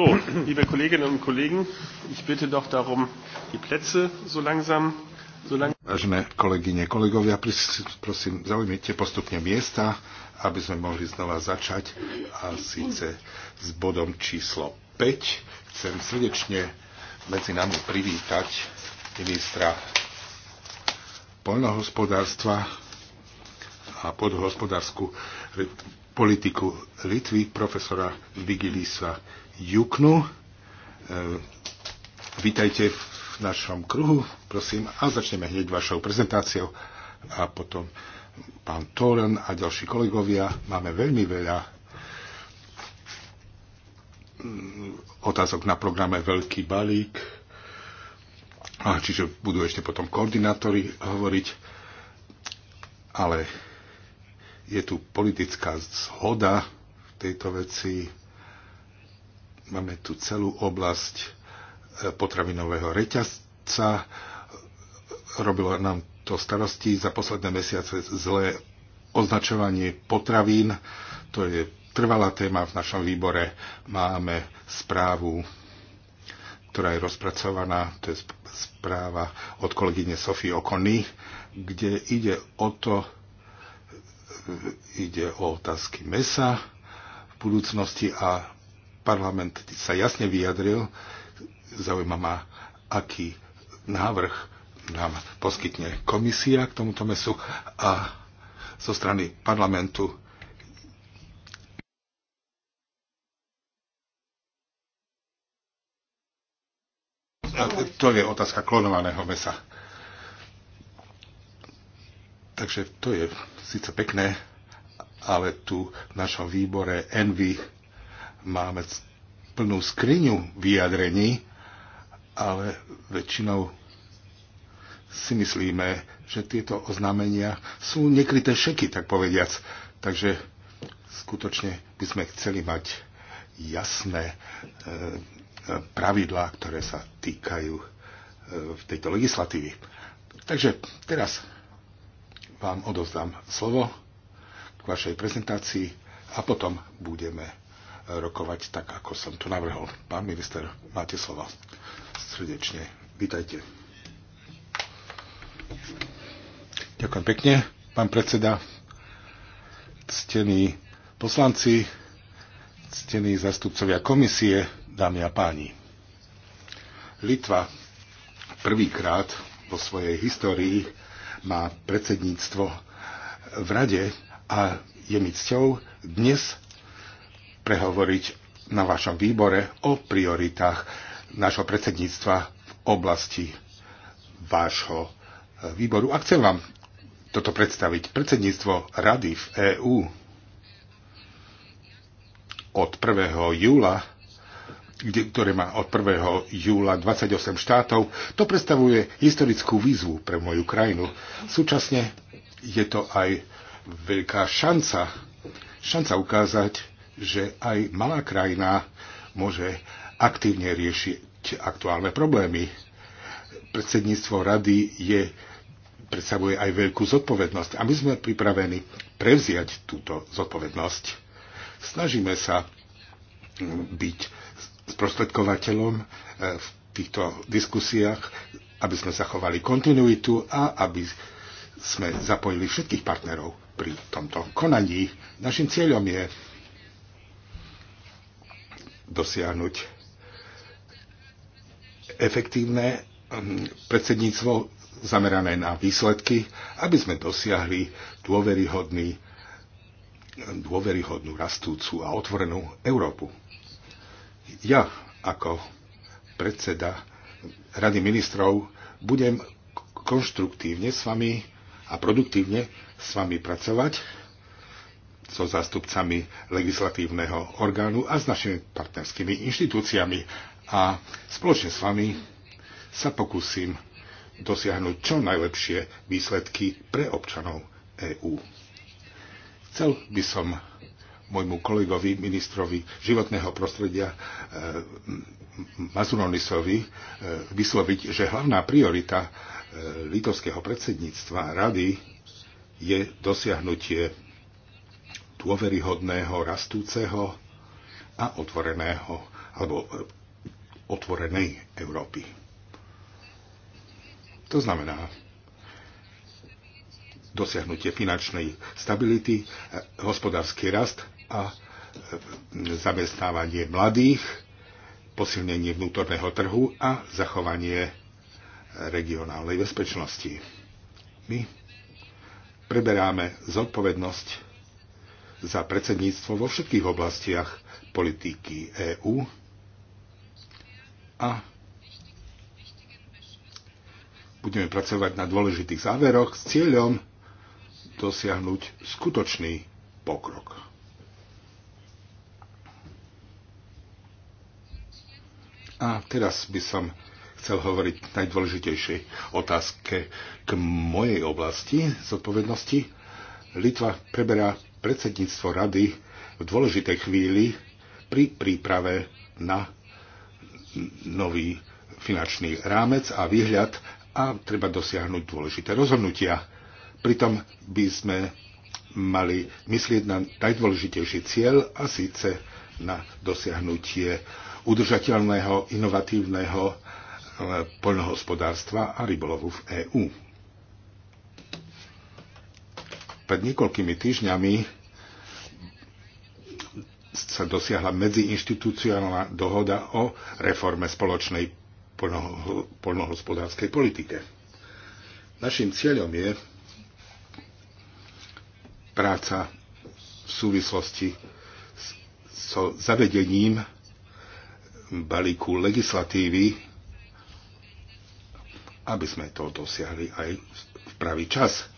So, liebe Kolleginnen und Kollegen, ich bitte doch darum, die Plätze so langsam. So lang... Vážené kolegyne, kolegovia, prosím, zaujmite postupne miesta, aby sme mohli znova začať. A síce s bodom číslo 5 chcem srdečne medzi nami privítať ministra poľnohospodárstva a podhospodárskú politiku Litvy, profesora Vigilisa Juknu. E, vítajte v našom kruhu, prosím, a začneme hneď vašou prezentáciou a potom pán Toren a ďalší kolegovia. Máme veľmi veľa mm, otázok na programe Veľký balík, a čiže budú ešte potom koordinátori hovoriť, ale je tu politická zhoda v tejto veci Máme tu celú oblasť e, potravinového reťazca. Robilo nám to starosti za posledné mesiace zlé označovanie potravín. To je trvalá téma v našom výbore. Máme správu, ktorá je rozpracovaná, to je správa od kolegyne Sofie Okony, kde ide o to, e, ide o otázky mesa v budúcnosti a Parlament sa jasne vyjadril, zaujíma ma, aký návrh nám poskytne komisia k tomuto mesu a zo strany parlamentu to je otázka klonovaného mesa. Takže to je síce pekné, ale tu v našom výbore Envy Máme plnú skriňu vyjadrení, ale väčšinou si myslíme, že tieto oznámenia sú nekryté šeky, tak povediac. Takže skutočne by sme chceli mať jasné e, e, pravidlá, ktoré sa týkajú e, v tejto legislatívy. Takže teraz vám odozdám slovo k vašej prezentácii a potom budeme rokovať tak, ako som tu navrhol. Pán minister, máte slova. Srdečne vítajte. Ďakujem pekne, pán predseda, ctení poslanci, ctení zastupcovia komisie, dámy a páni. Litva prvýkrát vo svojej histórii má predsedníctvo v rade a je mi cťou dnes prehovoriť na vašom výbore o prioritách nášho predsedníctva v oblasti vášho e, výboru. A chcem vám toto predstaviť. Predsedníctvo Rady v EÚ od 1. júla, kde, ktoré má od 1. júla 28 štátov, to predstavuje historickú výzvu pre moju krajinu. Súčasne je to aj veľká šanca, šanca ukázať že aj malá krajina môže aktívne riešiť aktuálne problémy. Predsedníctvo rady je, predstavuje aj veľkú zodpovednosť a my sme pripravení prevziať túto zodpovednosť. Snažíme sa byť sprostredkovateľom eh, v týchto diskusiách, aby sme zachovali kontinuitu a aby sme zapojili všetkých partnerov pri tomto konaní. Našim cieľom je dosiahnuť efektívne mm, predsedníctvo zamerané na výsledky, aby sme dosiahli dôveryhodný, dôveryhodnú rastúcu a otvorenú Európu. Ja ako predseda Rady ministrov budem konštruktívne s vami a produktívne s vami pracovať so zástupcami legislatívneho orgánu a s našimi partnerskými inštitúciami. A spoločne s vami sa pokúsim dosiahnuť čo najlepšie výsledky pre občanov EÚ. Chcel by som môjmu kolegovi, ministrovi životného prostredia e, Mazuronisovi e, vysloviť, že hlavná priorita e, litovského predsedníctva rady je dosiahnutie dôveryhodného, rastúceho a otvoreného alebo e, otvorenej Európy. To znamená dosiahnutie finančnej stability, e, hospodársky rast a e, zamestnávanie mladých, posilnenie vnútorného trhu a zachovanie regionálnej bezpečnosti. My preberáme zodpovednosť za predsedníctvo vo všetkých oblastiach politiky EÚ a budeme pracovať na dôležitých záveroch s cieľom dosiahnuť skutočný pokrok. A teraz by som chcel hovoriť najdôležitejšej otázke k mojej oblasti zodpovednosti. Litva preberá predsedníctvo rady v dôležitej chvíli pri príprave na nový finančný rámec a výhľad a treba dosiahnuť dôležité rozhodnutia. Pritom by sme mali myslieť na najdôležitejší cieľ a síce na dosiahnutie udržateľného, inovatívneho e, poľnohospodárstva a rybolovu v EÚ. Pred niekoľkými týždňami sa dosiahla medziinstitucionálna dohoda o reforme spoločnej poľnohospodárskej politike. Našim cieľom je práca v súvislosti so zavedením balíku legislatívy, aby sme to dosiahli aj v pravý čas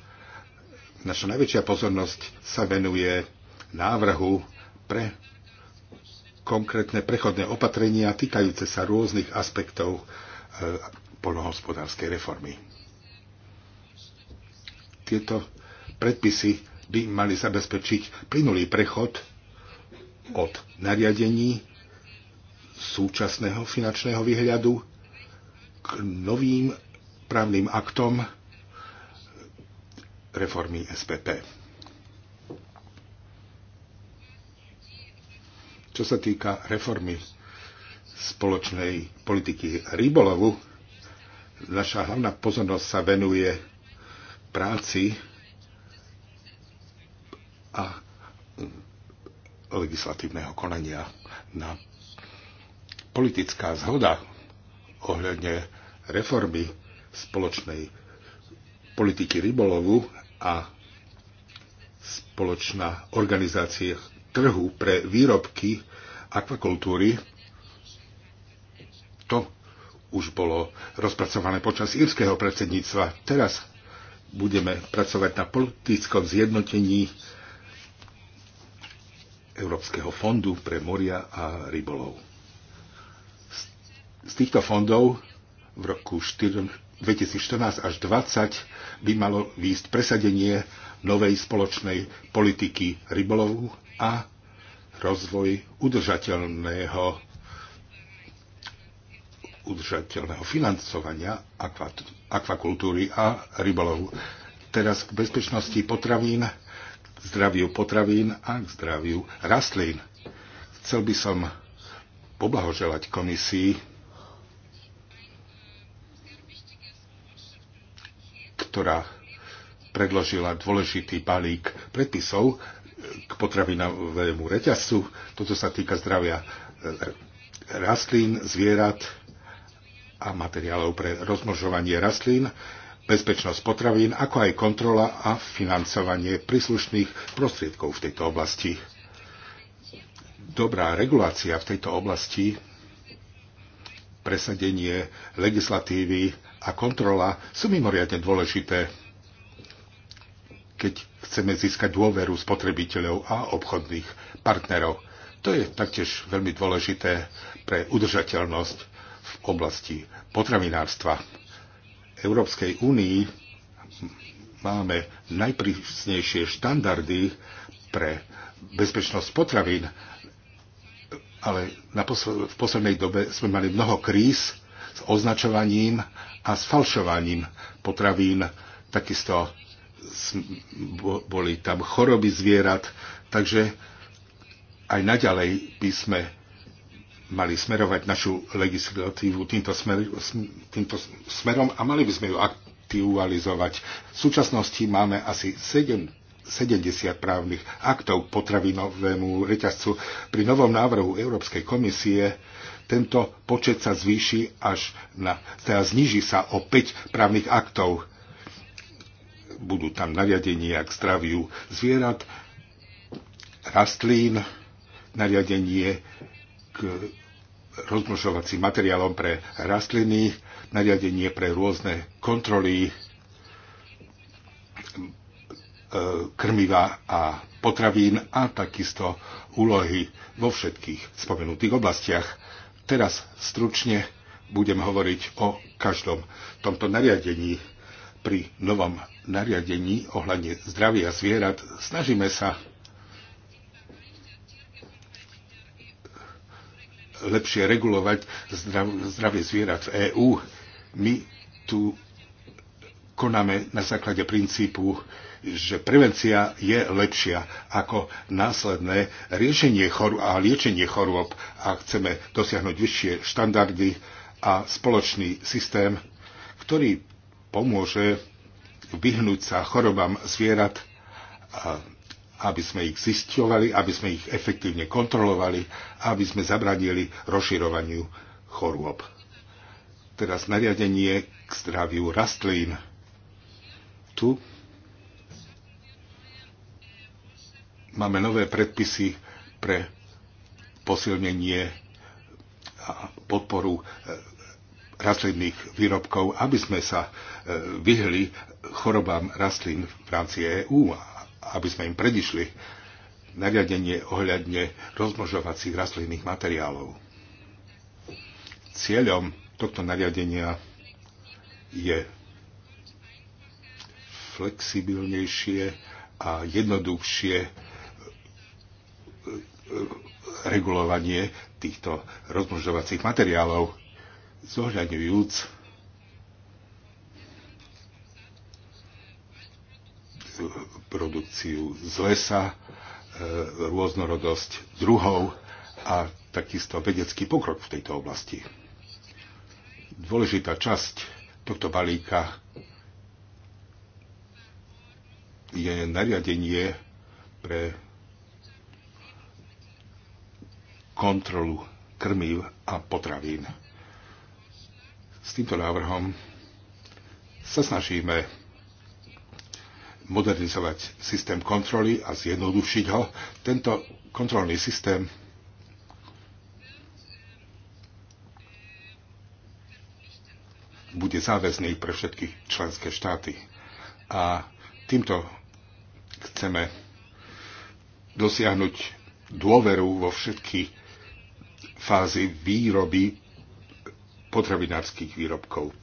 naša najväčšia pozornosť sa venuje návrhu pre konkrétne prechodné opatrenia týkajúce sa rôznych aspektov e, polnohospodárskej reformy. Tieto predpisy by mali zabezpečiť plynulý prechod od nariadení súčasného finančného výhľadu k novým právnym aktom reformy SPP. Čo sa týka reformy spoločnej politiky rybolovu, naša hlavná pozornosť sa venuje práci a legislatívneho konania na politická zhoda ohľadne reformy spoločnej politiky rybolovu a spoločná organizácia trhu pre výrobky akvakultúry. To už bolo rozpracované počas írskeho predsedníctva. Teraz budeme pracovať na politickom zjednotení Európskeho fondu pre moria a rybolov. Z týchto fondov v roku 4, 2014 až 2020 by malo výjsť presadenie novej spoločnej politiky rybolovu a rozvoj udržateľného udržateľného financovania akvakultúry a rybolovu. Teraz k bezpečnosti potravín, k zdraviu potravín a k zdraviu rastlín. Chcel by som poblahoželať komisii ktorá predložila dôležitý balík predpisov k potravinovému reťazcu. Toto sa týka zdravia eh, rastlín, zvierat a materiálov pre rozmnožovanie rastlín, bezpečnosť potravín, ako aj kontrola a financovanie príslušných prostriedkov v tejto oblasti. Dobrá regulácia v tejto oblasti, presadenie legislatívy a kontrola sú mimoriadne dôležité, keď chceme získať dôveru spotrebiteľov a obchodných partnerov. To je taktiež veľmi dôležité pre udržateľnosť v oblasti potravinárstva. V Európskej únii máme najprísnejšie štandardy pre bezpečnosť potravín, ale v poslednej dobe sme mali mnoho kríz s označovaním a s falšovaním potravín. Takisto boli tam choroby zvierat, takže aj naďalej by sme mali smerovať našu legislatívu týmto, smer, týmto smerom a mali by sme ju aktualizovať. V súčasnosti máme asi 7 70 právnych aktov potravinovému reťazcu. Pri novom návrhu Európskej komisie tento počet sa zvýši až na, teda zniží sa o 5 právnych aktov. Budú tam nariadenia k zdraviu zvierat, rastlín, nariadenie k rozmnožovacím materiálom pre rastliny, nariadenie pre rôzne kontroly, e, krmiva a potravín a takisto úlohy vo všetkých spomenutých oblastiach. Teraz stručne budem hovoriť o každom tomto nariadení. Pri novom nariadení ohľadne zdravia zvierat snažíme sa lepšie regulovať zdrav, zdravie zvierat v EÚ. My tu konáme na základe princípu že prevencia je lepšia ako následné riešenie chorú a liečenie chorôb a chceme dosiahnuť vyššie štandardy a spoločný systém, ktorý pomôže vyhnúť sa chorobám zvierat, aby sme ich zistiovali, aby sme ich efektívne kontrolovali, aby sme zabranili rozširovaniu chorôb. Teraz nariadenie k zdraviu rastlín. Tu máme nové predpisy pre posilnenie a podporu e, rastlinných výrobkov, aby sme sa e, vyhli chorobám rastlín v rámci EÚ, aby sme im predišli nariadenie ohľadne rozmnožovacích rastlinných materiálov. Cieľom tohto nariadenia je flexibilnejšie a jednoduchšie regulovanie týchto rozmnožovacích materiálov, zohľadňujúc produkciu z lesa, e, rôznorodosť druhov a takisto vedecký pokrok v tejto oblasti. Dôležitá časť tohto balíka je nariadenie pre kontrolu krmív a potravín. S týmto návrhom sa snažíme modernizovať systém kontroly a zjednodušiť ho. Tento kontrolný systém bude záväzný pre všetky členské štáty. A týmto chceme dosiahnuť dôveru vo všetky fázy výroby potravinárskych výrobkov.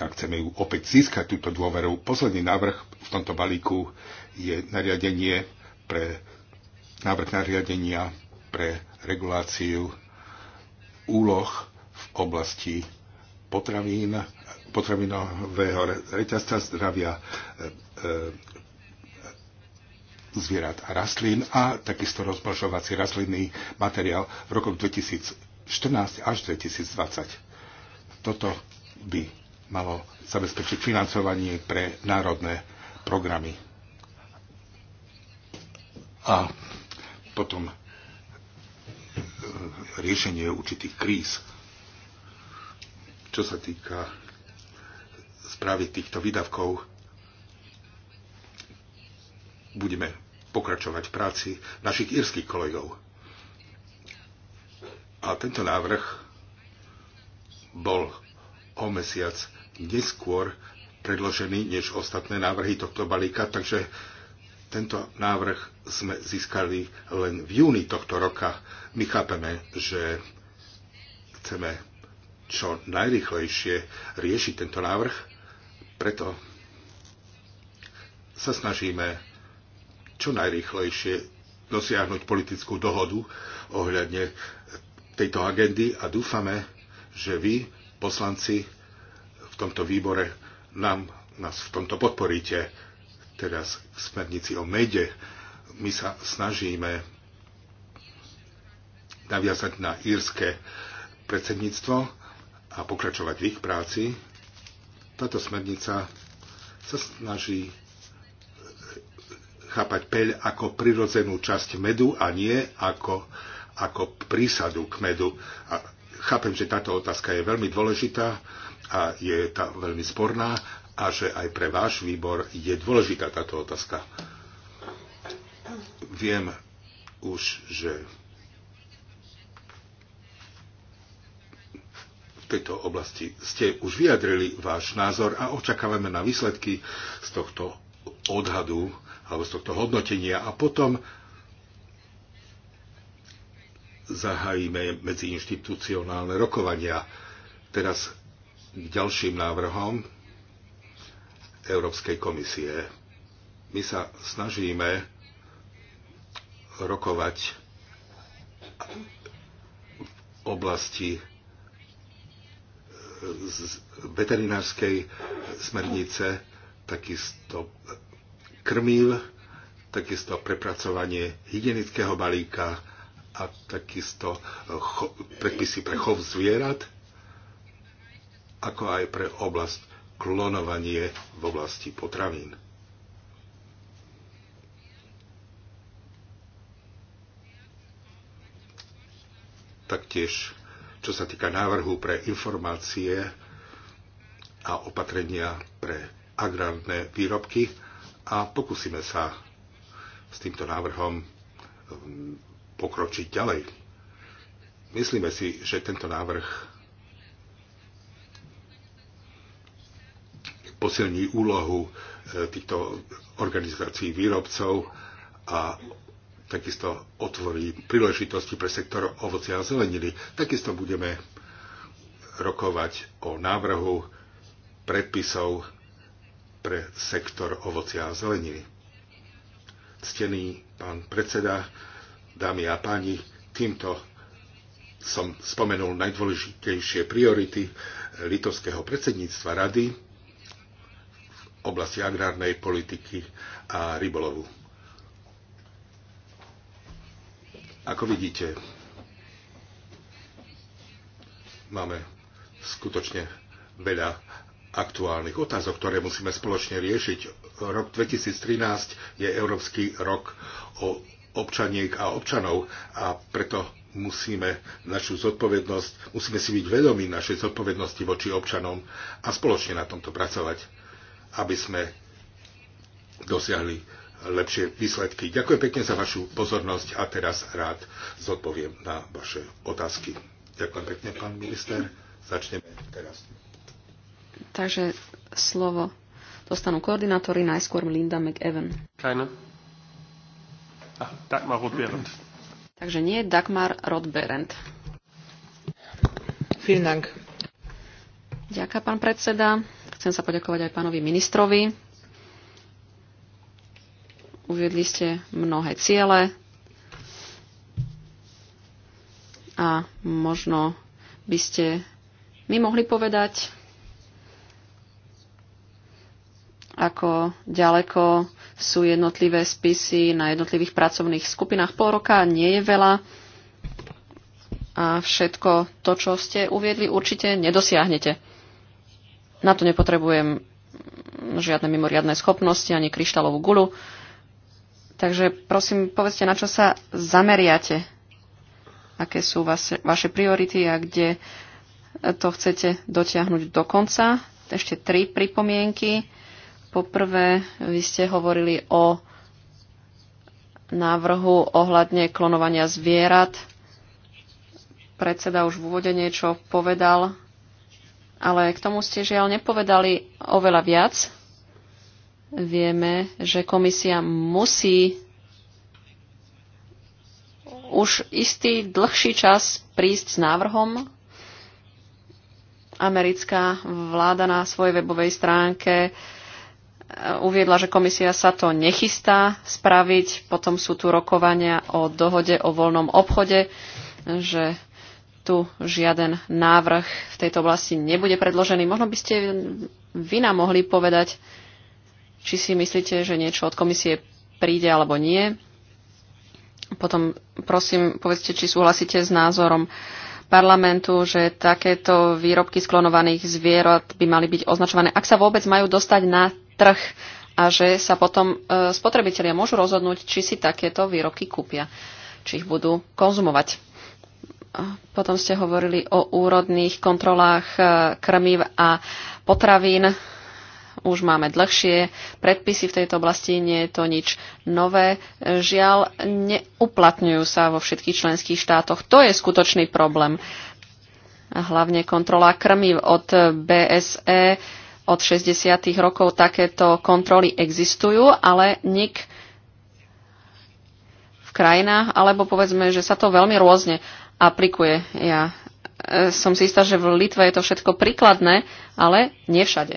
A chceme ju opäť získať túto dôveru. Posledný návrh v tomto balíku je nariadenie pre návrh nariadenia pre reguláciu úloh v oblasti potravín, potravinového reťazca zdravia e, e, zvierat a rastlín a takisto rozmnožovací rastlinný materiál v roku 2014 až 2020. Toto by malo zabezpečiť financovanie pre národné programy. A potom e, riešenie určitých kríz, čo sa týka správy týchto výdavkov, budeme pokračovať v práci našich írskych kolegov. A tento návrh bol o mesiac neskôr predložený než ostatné návrhy tohto balíka, takže tento návrh sme získali len v júni tohto roka. My chápeme, že chceme čo najrychlejšie riešiť tento návrh, preto sa snažíme čo najrýchlejšie dosiahnuť politickú dohodu ohľadne tejto agendy a dúfame, že vy, poslanci v tomto výbore, nám, nás v tomto podporíte. Teraz k smernici o mede. My sa snažíme naviazať na írske predsedníctvo a pokračovať v ich práci. Táto smernica sa snaží chápať peľ ako prirodzenú časť medu a nie ako, ako prísadu k medu. A chápem, že táto otázka je veľmi dôležitá a je tá veľmi sporná a že aj pre váš výbor je dôležitá táto otázka. Viem už, že v tejto oblasti ste už vyjadrili váš názor a očakávame na výsledky z tohto odhadu alebo z tohto hodnotenia a potom zahájime medziinštitucionálne rokovania. Teraz k ďalším návrhom Európskej komisie. My sa snažíme rokovať v oblasti e, z veterinárskej smernice, takisto krmív, takisto prepracovanie hygienického balíka a takisto eh, predpisy pre chov zvierat, ako aj pre oblasť klonovanie v oblasti potravín. Taktiež, čo sa týka návrhu pre informácie a opatrenia pre agrárne výrobky, a pokúsime sa s týmto návrhom um, pokročiť ďalej. Myslíme si, že tento návrh posilní úlohu e, týchto organizácií výrobcov a takisto otvorí príležitosti pre sektor ovocia a zeleniny. Takisto budeme rokovať o návrhu predpisov pre sektor ovocia a zeleniny. Ctený pán predseda, dámy a páni, týmto som spomenul najdôležitejšie priority litovského predsedníctva rady v oblasti agrárnej politiky a rybolovu. Ako vidíte, máme skutočne veľa aktuálnych otázok, ktoré musíme spoločne riešiť. Rok 2013 je Európsky rok o občaniek a občanov a preto musíme našu zodpovednosť, musíme si byť vedomí našej zodpovednosti voči občanom a spoločne na tomto pracovať, aby sme dosiahli lepšie výsledky. Ďakujem pekne za vašu pozornosť a teraz rád zodpoviem na vaše otázky. Ďakujem pekne, pán minister. Začneme teraz. Takže slovo dostanú koordinátori, najskôr Linda McEwen. Keine. Ach, Dagmar Takže nie Dagmar roth Vielen Dank. Ďakujem, pán predseda. Chcem sa poďakovať aj pánovi ministrovi. Uviedli ste mnohé ciele a možno by ste mi mohli povedať, ako ďaleko sú jednotlivé spisy na jednotlivých pracovných skupinách. Pol roka nie je veľa a všetko to, čo ste uviedli, určite nedosiahnete. Na to nepotrebujem žiadne mimoriadné schopnosti ani kryštálovú gulu. Takže prosím, povedzte, na čo sa zameriate, aké sú vaše, vaše priority a kde to chcete dotiahnuť do konca. Ešte tri pripomienky Poprvé, vy ste hovorili o návrhu ohľadne klonovania zvierat. Predseda už v úvode niečo povedal, ale k tomu ste žiaľ nepovedali oveľa viac. Vieme, že komisia musí už istý dlhší čas prísť s návrhom. Americká vláda na svojej webovej stránke uviedla, že komisia sa to nechystá spraviť. Potom sú tu rokovania o dohode o voľnom obchode, že tu žiaden návrh v tejto oblasti nebude predložený. Možno by ste vy nám mohli povedať, či si myslíte, že niečo od komisie príde alebo nie. Potom prosím, povedzte, či súhlasíte s názorom parlamentu, že takéto výrobky sklonovaných zvierat by mali byť označované, ak sa vôbec majú dostať na trh a že sa potom e, spotrebitelia môžu rozhodnúť, či si takéto výroky kúpia, či ich budú konzumovať. Potom ste hovorili o úrodných kontrolách e, krmiv a potravín. Už máme dlhšie predpisy v tejto oblasti, nie je to nič nové. Žiaľ, neuplatňujú sa vo všetkých členských štátoch. To je skutočný problém. A hlavne kontrola krmiv od BSE od 60. rokov takéto kontroly existujú, ale nik v krajinách, alebo povedzme, že sa to veľmi rôzne aplikuje. Ja e, som si istá, že v Litve je to všetko príkladné, ale nie všade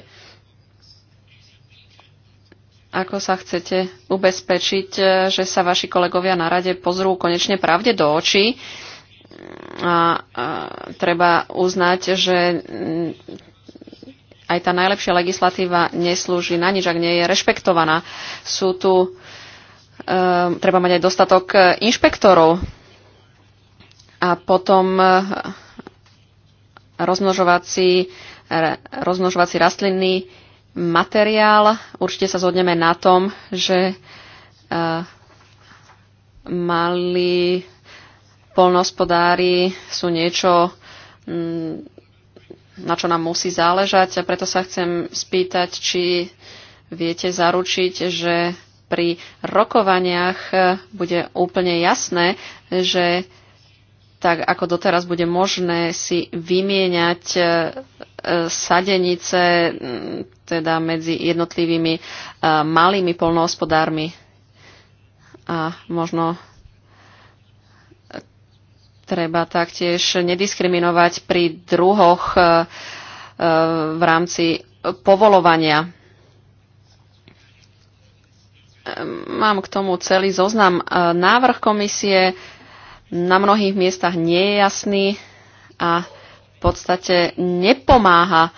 ako sa chcete ubezpečiť, e, že sa vaši kolegovia na rade pozrú konečne pravde do očí. A, a treba uznať, že aj tá najlepšia legislatíva neslúži na nič, ak nie je rešpektovaná. Sú tu, e, treba mať aj dostatok e, inšpektorov a potom e, rozmnožovací, e, rozmnožovací rastlinný materiál. Určite sa zhodneme na tom, že e, mali polnospodári sú niečo na čo nám musí záležať. A preto sa chcem spýtať, či viete zaručiť, že pri rokovaniach bude úplne jasné, že tak ako doteraz bude možné si vymieňať e, sadenice teda medzi jednotlivými e, malými polnohospodármi. A možno Treba taktiež nediskriminovať pri druhoch e, e, v rámci povolovania. Ehm, mám k tomu celý zoznam. E, návrh komisie na mnohých miestach nie je jasný a v podstate nepomáha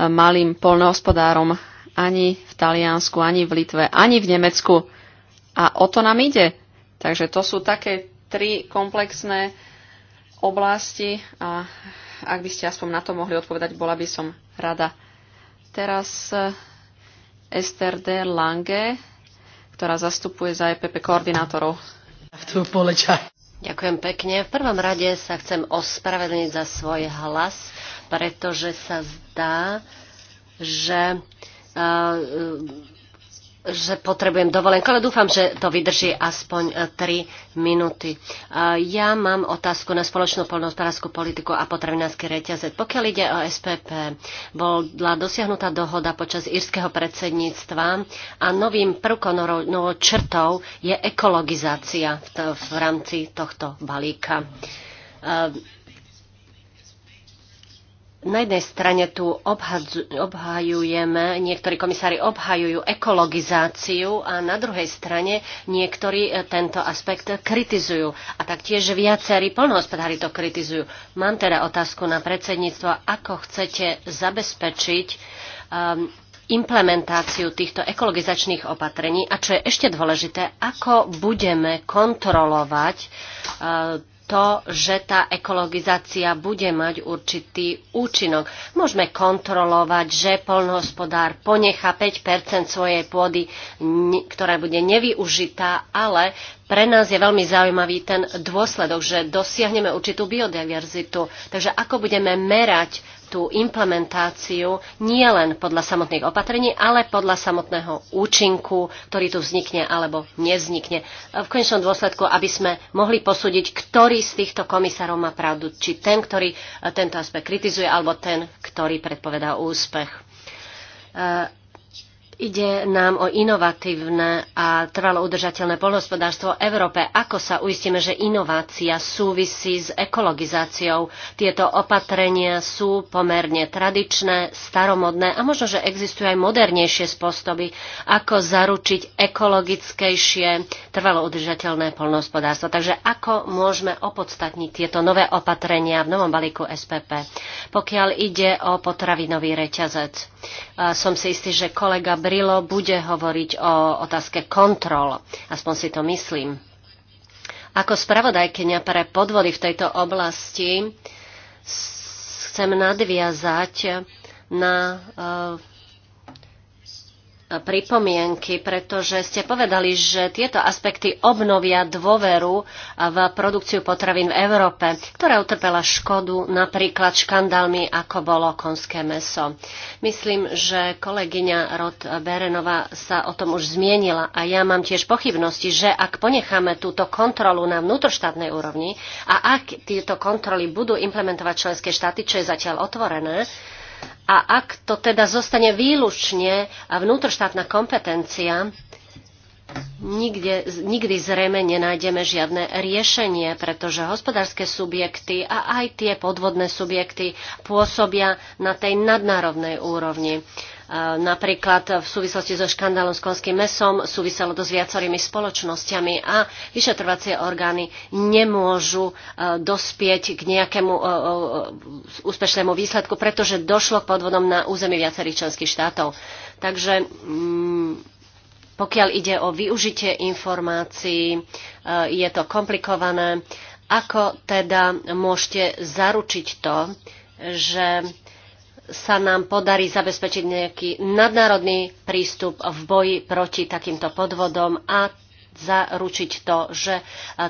malým polnohospodárom ani v Taliansku, ani v Litve, ani v Nemecku. A o to nám ide. Takže to sú také tri komplexné oblasti a ak by ste aspoň na to mohli odpovedať, bola by som rada. Teraz eh, Esther D. Lange, ktorá zastupuje za EPP koordinátorov. Ďakujem pekne. V prvom rade sa chcem ospravedlniť za svoj hlas, pretože sa zdá, že uh, že potrebujem dovolenku, ale dúfam, že to vydrží aspoň 3 e, minúty. E, ja mám otázku na spoločnú polnohospodárskú politiku a potravinársky reťazec. Pokiaľ ide o SPP, bola dosiahnutá dohoda počas írskeho predsedníctva a novým prvkom, novou črtou je ekologizácia v, v rámci tohto balíka e, na jednej strane tu obhajujeme, niektorí komisári obhajujú ekologizáciu a na druhej strane niektorí e, tento aspekt kritizujú. A taktiež viacerí polnohospodári to kritizujú. Mám teda otázku na predsedníctvo, ako chcete zabezpečiť um, implementáciu týchto ekologizačných opatrení a čo je ešte dôležité, ako budeme kontrolovať uh, to, že tá ekologizácia bude mať určitý účinok. Môžeme kontrolovať, že polnohospodár ponecha 5 svojej pôdy, ktorá bude nevyužitá, ale pre nás je veľmi zaujímavý ten dôsledok, že dosiahneme určitú biodiverzitu. Takže ako budeme merať tú implementáciu nie len podľa samotných opatrení, ale podľa samotného účinku, ktorý tu vznikne alebo nevznikne. V konečnom dôsledku, aby sme mohli posúdiť, ktorý z týchto komisárov má pravdu, či ten, ktorý eh, tento aspekt kritizuje, alebo ten, ktorý predpovedá úspech. Eh, Ide nám o inovatívne a trvalo udržateľné polnospodárstvo v Európe. Ako sa uistíme, že inovácia súvisí s ekologizáciou? Tieto opatrenia sú pomerne tradičné, staromodné a možno, že existujú aj modernejšie spôsoby, ako zaručiť ekologickejšie trvalo udržateľné polnospodárstvo. Takže ako môžeme opodstatniť tieto nové opatrenia v novom balíku SPP, pokiaľ ide o potravinový reťazec? som si istý, že kolega Brilo bude hovoriť o otázke kontrol. Aspoň si to myslím. Ako spravodajkynia pre podvody v tejto oblasti chcem nadviazať na eh, pripomienky, pretože ste povedali, že tieto aspekty obnovia dôveru v produkciu potravín v Európe, ktorá utrpela škodu napríklad škandálmi, ako bolo konské meso. Myslím, že kolegyňa Rod Berenova sa o tom už zmienila a ja mám tiež pochybnosti, že ak ponecháme túto kontrolu na vnútroštátnej úrovni a ak tieto kontroly budú implementovať členské štáty, čo je zatiaľ otvorené, a ak to teda zostane výlučne a vnútroštátna kompetencia, nikde, nikdy zrejme nenájdeme žiadne riešenie, pretože hospodárske subjekty a aj tie podvodné subjekty pôsobia na tej nadnárodnej úrovni. Eh, napríklad v súvislosti so škandálom s konským mesom súviselo to s viacerými spoločnosťami a vyšetrovacie orgány nemôžu eh, dospieť k nejakému eh, úspešnému výsledku, pretože došlo k podvodom na území viacerých členských štátov. Takže mm, pokiaľ ide o využitie informácií, je to komplikované. Ako teda môžete zaručiť to, že sa nám podarí zabezpečiť nejaký nadnárodný prístup v boji proti takýmto podvodom a zaručiť to, že e,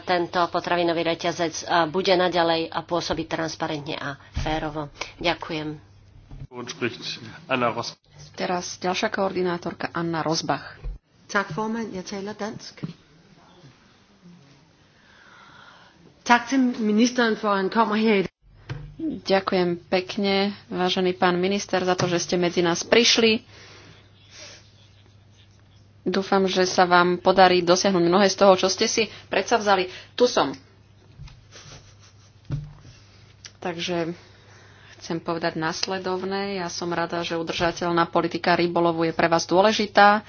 tento potravinový reťazec e, bude naďalej pôsobiť transparentne a férovo. Ďakujem. Teraz ďalšia koordinátorka Anna Rozbach. Tak, formand. ja taler dansk. Tak til ministeren for, at han kommer her i Ďakujem pekne, vážený pán minister, za to, že ste medzi nás prišli. Dúfam, že sa vám podarí dosiahnuť mnohé z toho, čo ste si predsa vzali. Tu som. Takže chcem povedať nasledovné. Ja som rada, že udržateľná politika rybolovu je pre vás dôležitá.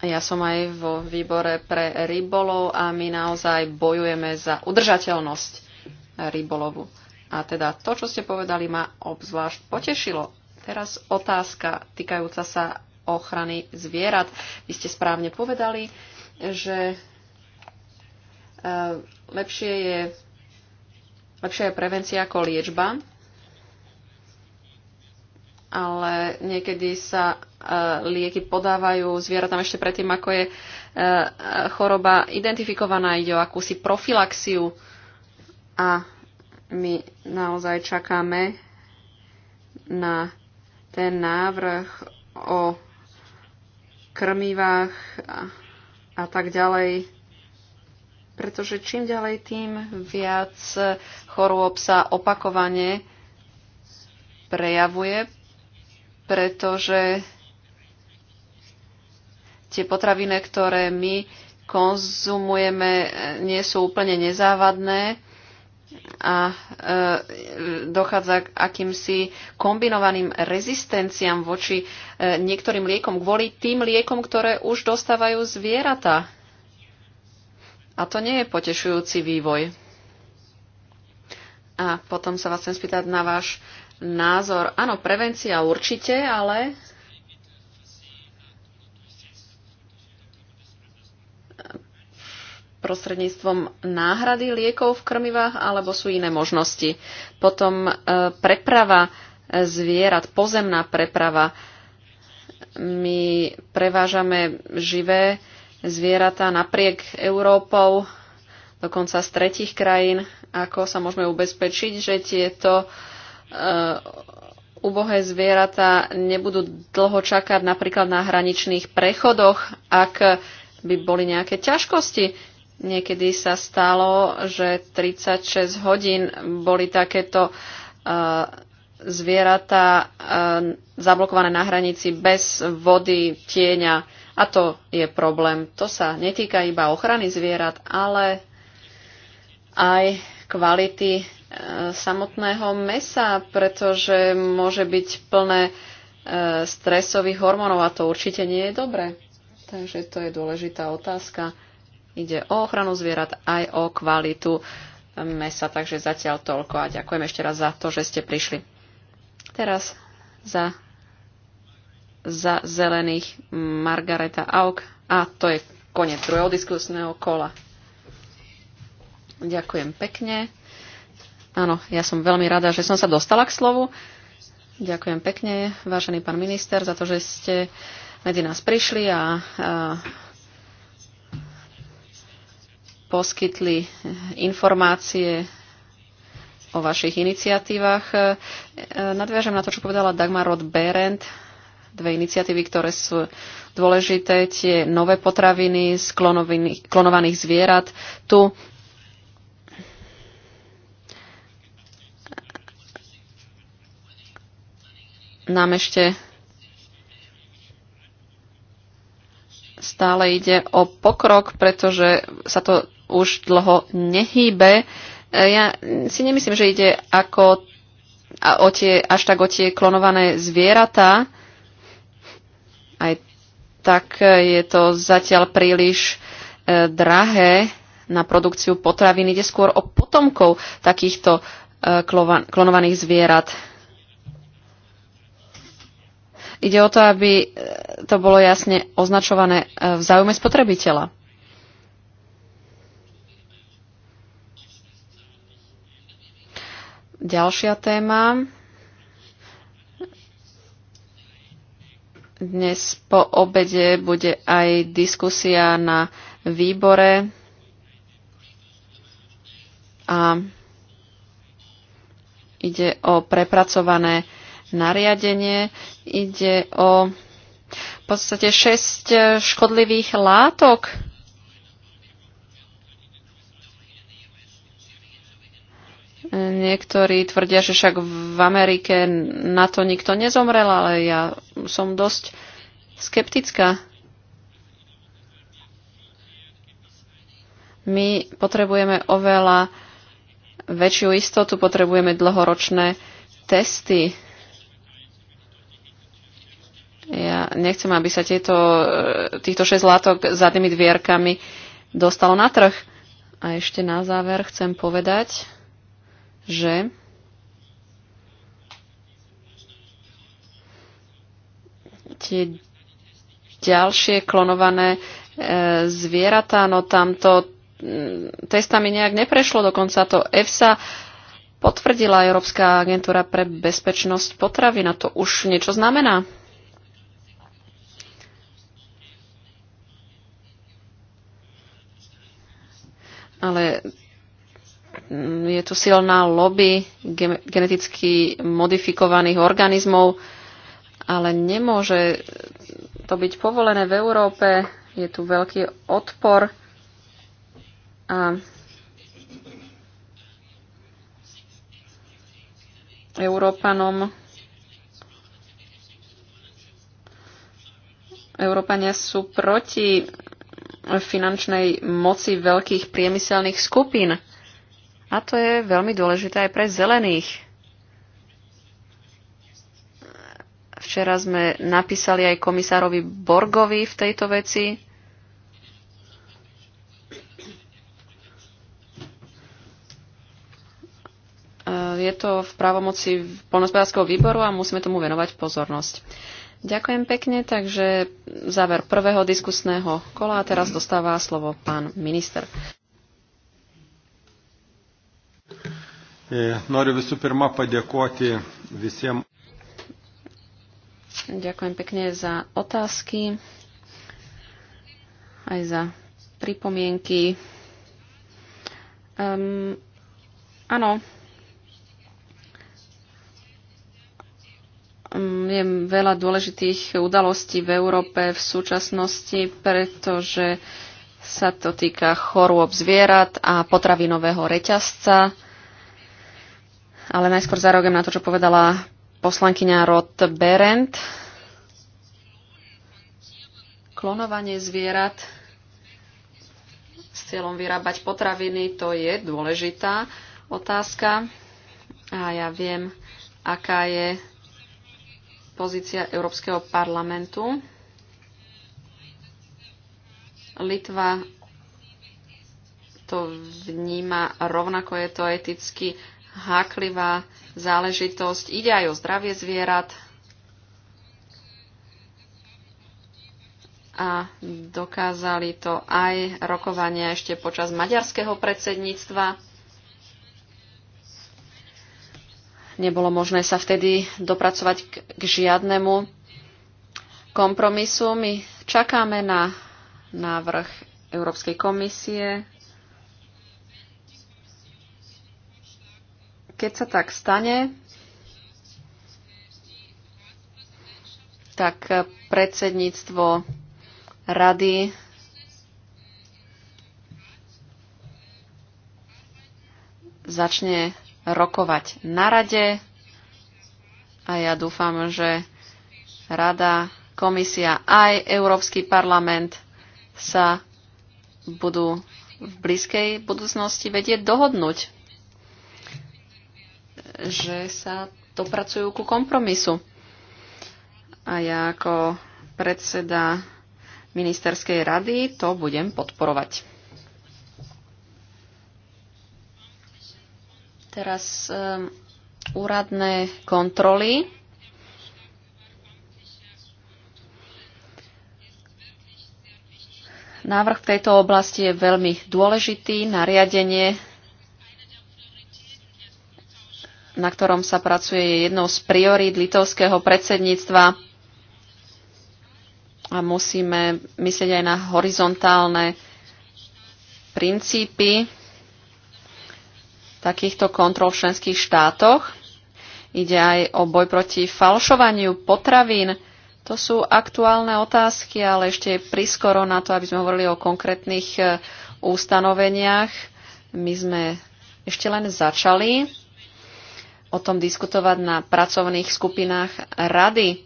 Ja som aj vo výbore pre rybolov a my naozaj bojujeme za udržateľnosť rybolovu. A teda to, čo ste povedali, ma obzvlášť potešilo. Teraz otázka týkajúca sa ochrany zvierat. Vy ste správne povedali, že e, lepšie je, lepšia je prevencia ako liečba, ale niekedy sa e, lieky podávajú zvieratám ešte predtým, ako je e, choroba identifikovaná, ide o akúsi profilaxiu a my naozaj čakáme na ten návrh o krmivách a, a tak ďalej. Pretože čím ďalej, tým viac chorôb sa opakovane prejavuje, pretože tie potraviny, ktoré my konzumujeme, nie sú úplne nezávadné a e, dochádza k akýmsi kombinovaným rezistenciám voči e, niektorým liekom kvôli tým liekom, ktoré už dostávajú zvieratá. A to nie je potešujúci vývoj. A potom sa vás chcem spýtať na váš názor. Áno, prevencia určite, ale prostredníctvom náhrady liekov v krmivách, alebo sú iné možnosti. Potom e, preprava e, zvierat, pozemná preprava. My prevážame živé zvieratá napriek Európou, dokonca z tretich krajín. Ako sa môžeme ubezpečiť, že tieto e, ubohé zvieratá nebudú dlho čakať napríklad na hraničných prechodoch, ak by boli nejaké ťažkosti Niekedy sa stalo, že 36 hodín boli takéto e, zvieratá e, zablokované na hranici bez vody, tieňa. A to je problém. To sa netýka iba ochrany zvierat, ale aj kvality e, samotného mesa, pretože môže byť plné stresových hormónov a to určite nie je dobré, Takže to je dôležitá otázka. Ide o ochranu zvierat aj o kvalitu mesa, takže zatiaľ toľko a ďakujem ešte raz za to, že ste prišli. Teraz za, za zelených Margareta Auk a to je koniec druhého diskusného kola. Ďakujem pekne. Áno, ja som veľmi rada, že som sa dostala k slovu. Ďakujem pekne, vážený pán minister, za to, že ste medzi nás prišli a, a poskytli informácie o vašich iniciatívach. E, nadviažem na to, čo povedala Dagmar Rod Berend, dve iniciatívy, ktoré sú dôležité, tie nové potraviny z klonovaných zvierat. Tu nám ešte stále ide o pokrok, pretože sa to už dlho nehýbe. E, ja si nemyslím, že ide ako o tie, až tak o tie klonované zvieratá. Aj tak je to zatiaľ príliš e, drahé na produkciu potravín. Ide skôr o potomkov takýchto e, klonovaných zvierat. Ide o to, aby to bolo jasne označované v záujme spotrebiteľa. Ďalšia téma. Dnes po obede bude aj diskusia na výbore a ide o prepracované nariadenie, ide o v podstate 6 škodlivých látok Niektorí tvrdia, že však v Amerike na to nikto nezomrel, ale ja som dosť skeptická. My potrebujeme oveľa väčšiu istotu, potrebujeme dlhoročné testy. Ja nechcem, aby sa tieto, týchto 6 látok zadnými dvierkami dostalo na trh. A ešte na záver chcem povedať, že tie ďalšie klonované e, zvieratá, no tamto mm, testami nejak neprešlo, dokonca to EFSA potvrdila Európska agentúra pre bezpečnosť potravy. a to už niečo znamená. Ale je tu silná lobby geneticky modifikovaných organizmov, ale nemôže to byť povolené v Európe. Je tu veľký odpor a Európanom Európania sú proti finančnej moci veľkých priemyselných skupín. A to je veľmi dôležité aj pre zelených. Včera sme napísali aj komisárovi Borgovi v tejto veci. E, je to v právomoci polnospodárskeho výboru a musíme tomu venovať pozornosť. Ďakujem pekne, takže záver prvého diskusného kola a teraz dostáva slovo pán minister. E, noriu visų pirma padėkoti visiems. Ďakujem pekne za otázky, aj za pripomienky. Um, áno, je veľa dôležitých udalostí v Európe v súčasnosti, pretože sa to týka chorôb zvierat a potravinového reťazca ale najskôr zareagujem na to, čo povedala poslankyňa Rod Berend. Klonovanie zvierat s cieľom vyrábať potraviny, to je dôležitá otázka. A ja viem, aká je pozícia Európskeho parlamentu. Litva to vníma rovnako, je to eticky háklivá záležitosť. Ide aj o zdravie zvierat. A dokázali to aj rokovania ešte počas maďarského predsedníctva. Nebolo možné sa vtedy dopracovať k žiadnemu kompromisu. My čakáme na návrh Európskej komisie Keď sa tak stane, tak predsedníctvo rady začne rokovať na rade a ja dúfam, že rada, komisia aj Európsky parlament sa budú v blízkej budúcnosti vedieť dohodnúť že sa dopracujú ku kompromisu. A ja ako predseda ministerskej rady to budem podporovať. Teraz um, úradné kontroly. Návrh v tejto oblasti je veľmi dôležitý. Nariadenie na ktorom sa pracuje, je jednou z priorít litovského predsedníctva a musíme myslieť aj na horizontálne princípy takýchto kontrol v členských štátoch. Ide aj o boj proti falšovaniu potravín. To sú aktuálne otázky, ale ešte je priskoro na to, aby sme hovorili o konkrétnych e, ustanoveniach. My sme ešte len začali o tom diskutovať na pracovných skupinách rady.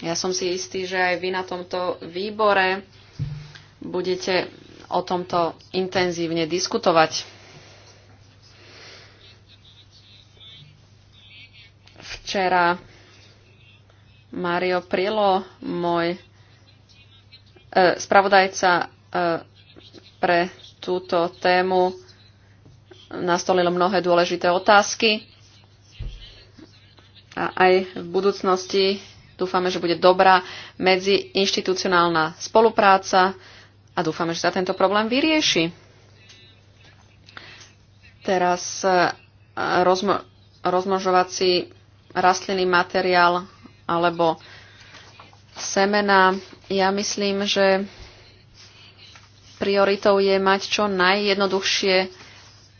Ja som si istý, že aj vy na tomto výbore budete o tomto intenzívne diskutovať. Včera Mario Prilo, môj e, spravodajca e, pre túto tému, nastolil mnohé dôležité otázky a aj v budúcnosti dúfame, že bude dobrá medziinštitucionálna spolupráca a dúfame, že sa tento problém vyrieši. Teraz e, rozmo- rozmnožovací rastlinný materiál alebo semena. Ja myslím, že prioritou je mať čo najjednoduchšie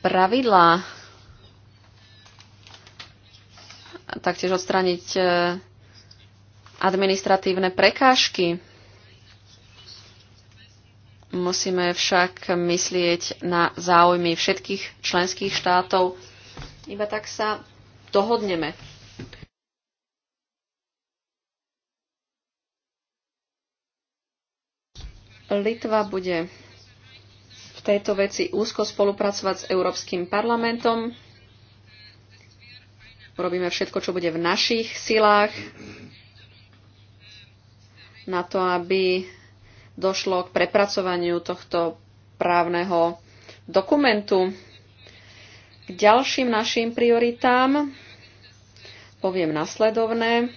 pravidlá taktiež odstraniť e, administratívne prekážky. Musíme však myslieť na záujmy všetkých členských štátov. Iba tak sa dohodneme. Litva bude v tejto veci úzko spolupracovať s Európskym parlamentom Robíme všetko, čo bude v našich silách na to, aby došlo k prepracovaniu tohto právneho dokumentu. K ďalším našim prioritám poviem nasledovné.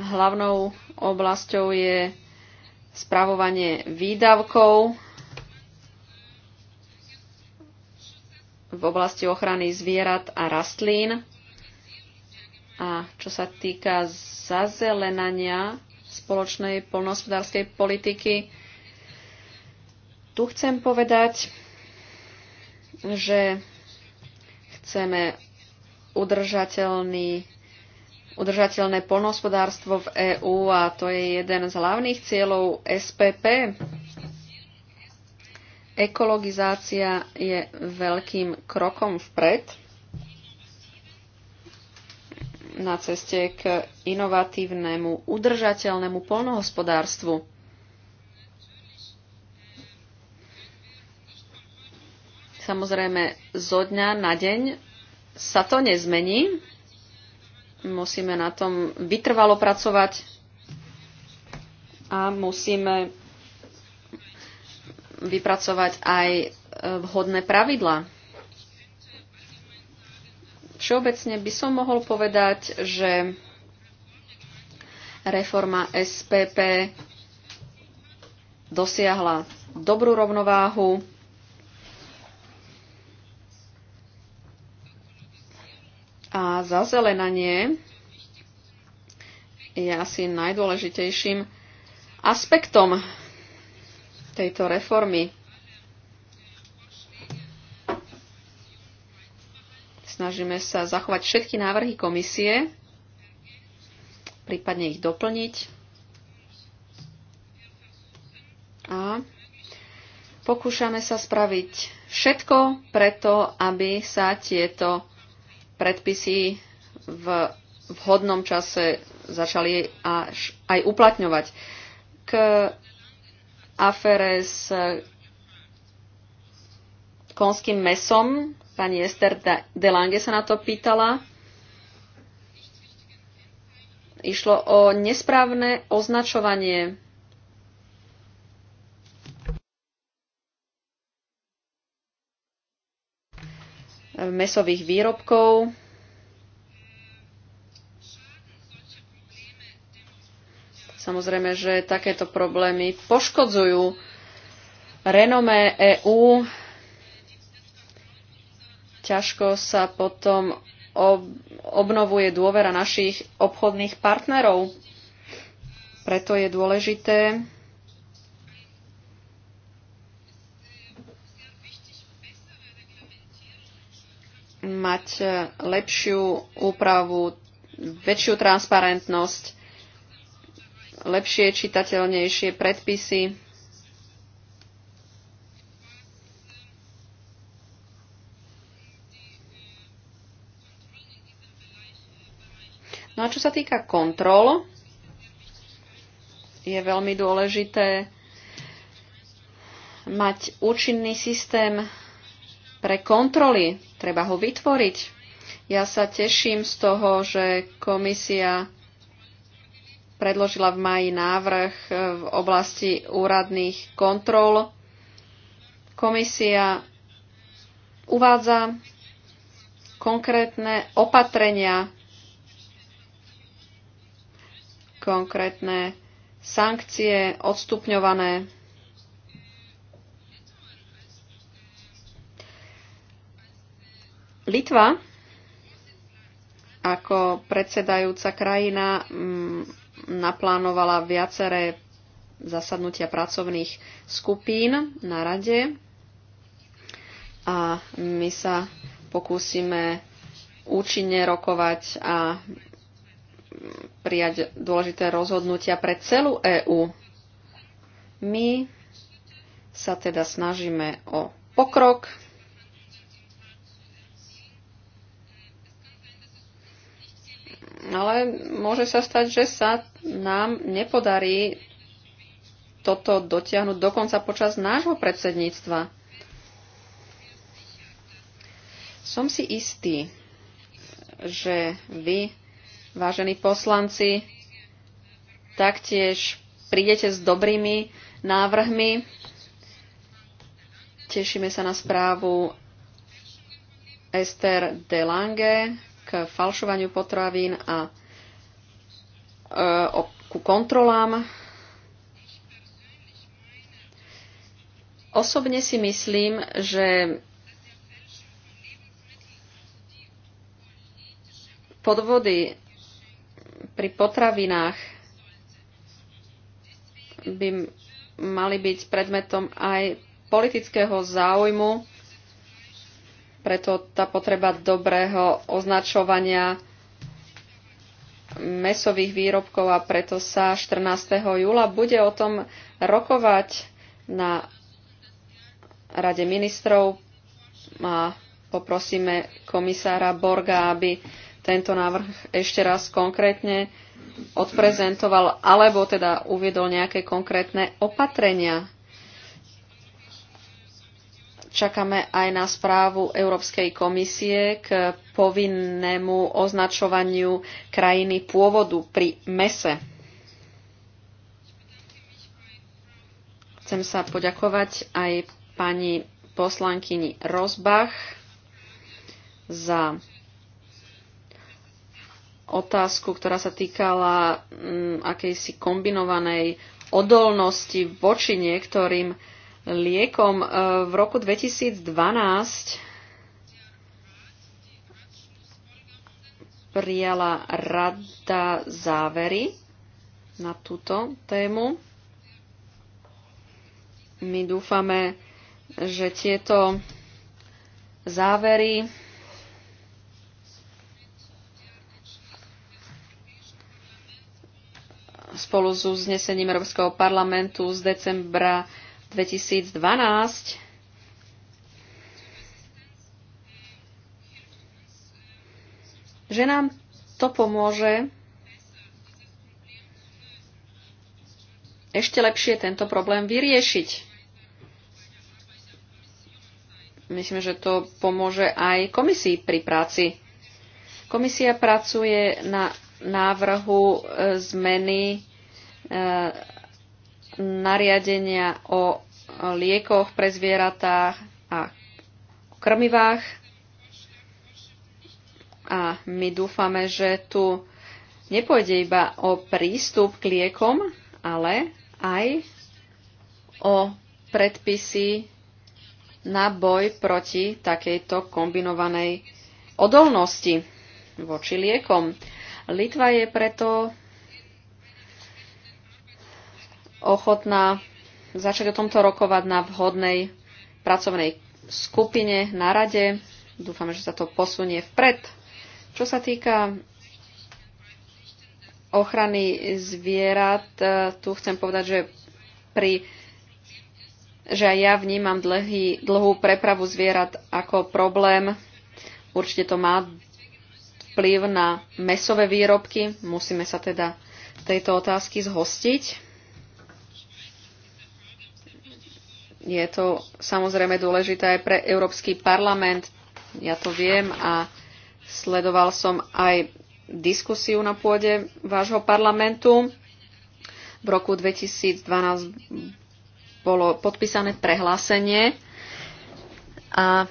Hlavnou oblasťou je spravovanie výdavkov v oblasti ochrany zvierat a rastlín. A čo sa týka zazelenania spoločnej polnohospodárskej politiky, tu chcem povedať, že chceme udržateľný, udržateľné polnohospodárstvo v EÚ a to je jeden z hlavných cieľov SPP. Ekologizácia je veľkým krokom vpred na ceste k inovatívnemu, udržateľnému polnohospodárstvu. Samozrejme, zo dňa na deň sa to nezmení. Musíme na tom vytrvalo pracovať a musíme vypracovať aj e, vhodné pravidlá. Všeobecne by som mohol povedať, že reforma SPP dosiahla dobrú rovnováhu. A zazelenanie je asi najdôležitejším aspektom tejto reformy. Snažíme sa zachovať všetky návrhy komisie, prípadne ich doplniť. A pokúšame sa spraviť všetko preto, aby sa tieto predpisy v vhodnom čase začali až aj uplatňovať. K afere s konským mesom Pani Ester Delange sa na to pýtala. Išlo o nesprávne označovanie mesových výrobkov. Samozrejme, že takéto problémy poškodzujú renomé EÚ ťažko sa potom obnovuje dôvera našich obchodných partnerov. Preto je dôležité mať e, lepšiu úpravu, väčšiu transparentnosť, lepšie čitateľnejšie predpisy. sa týka kontrol, je veľmi dôležité mať účinný systém pre kontroly. Treba ho vytvoriť. Ja sa teším z toho, že komisia predložila v maji návrh v oblasti úradných kontrol. Komisia uvádza konkrétne opatrenia konkrétne sankcie odstupňované. Litva ako predsedajúca krajina mm, naplánovala viaceré zasadnutia pracovných skupín na rade a my sa pokúsime účinne rokovať a prijať dôležité rozhodnutia pre celú EÚ. My sa teda snažíme o pokrok. Ale môže sa stať, že sa nám nepodarí toto dotiahnuť dokonca počas nášho predsedníctva. Som si istý, že vy vážení poslanci, taktiež prídete s dobrými návrhmi. Tešíme sa na správu Esther de Lange k falšovaniu potravín a e, ku kontrolám. Osobne si myslím, že podvody pri potravinách by mali byť predmetom aj politického záujmu, preto tá potreba dobrého označovania mesových výrobkov a preto sa 14. júla bude o tom rokovať na Rade ministrov a poprosíme komisára Borga, aby tento návrh ešte raz konkrétne odprezentoval, alebo teda uviedol nejaké konkrétne opatrenia. Čakáme aj na správu Európskej komisie k povinnému označovaniu krajiny pôvodu pri mese. Chcem sa poďakovať aj pani poslankyni Rozbach za otázku, ktorá sa týkala mm, akejsi kombinovanej odolnosti voči niektorým liekom. E, v roku 2012 prijala rada závery na túto tému. My dúfame, že tieto závery spolu s uznesením Európskeho parlamentu z decembra 2012 že nám to pomôže ešte lepšie tento problém vyriešiť. Myslím, že to pomôže aj komisii pri práci. Komisia pracuje na návrhu e, zmeny nariadenia o liekoch pre zvieratá a krmivách. A my dúfame, že tu nepôjde iba o prístup k liekom, ale aj o predpisy na boj proti takejto kombinovanej odolnosti voči liekom. Litva je preto ochotná začať o tomto rokovať na vhodnej pracovnej skupine na rade. Dúfame, že sa to posunie vpred. Čo sa týka ochrany zvierat, e, tu chcem povedať, že pri že aj ja vnímam dlhý, dlhú prepravu zvierat ako problém. Určite to má vplyv na mesové výrobky. Musíme sa teda tejto otázky zhostiť. je to samozrejme dôležité aj pre Európsky parlament. Ja to viem a sledoval som aj diskusiu na pôde vášho parlamentu. V roku 2012 bolo podpísané prehlásenie a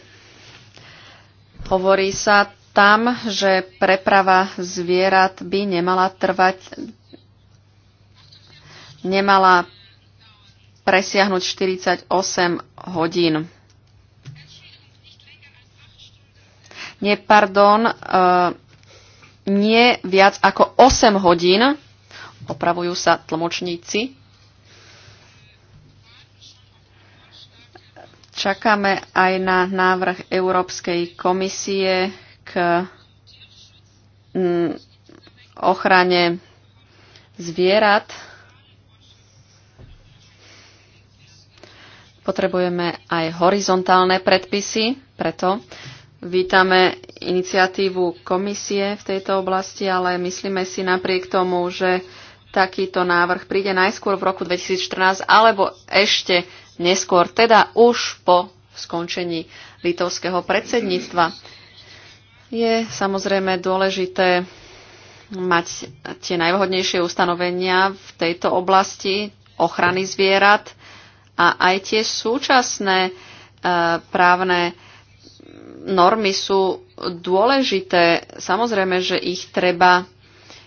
hovorí sa tam, že preprava zvierat by nemala trvať nemala presiahnuť 48 hodín. Nie, pardon, e, nie viac ako 8 hodín. Opravujú sa tlmočníci. Čakáme aj na návrh Európskej komisie k mm, ochrane zvierat Potrebujeme aj horizontálne predpisy, preto vítame iniciatívu komisie v tejto oblasti, ale myslíme si napriek tomu, že takýto návrh príde najskôr v roku 2014 alebo ešte neskôr, teda už po skončení litovského predsedníctva. Je samozrejme dôležité mať tie najvhodnejšie ustanovenia v tejto oblasti ochrany zvierat a aj tie súčasné e, právne normy sú dôležité. Samozrejme, že ich treba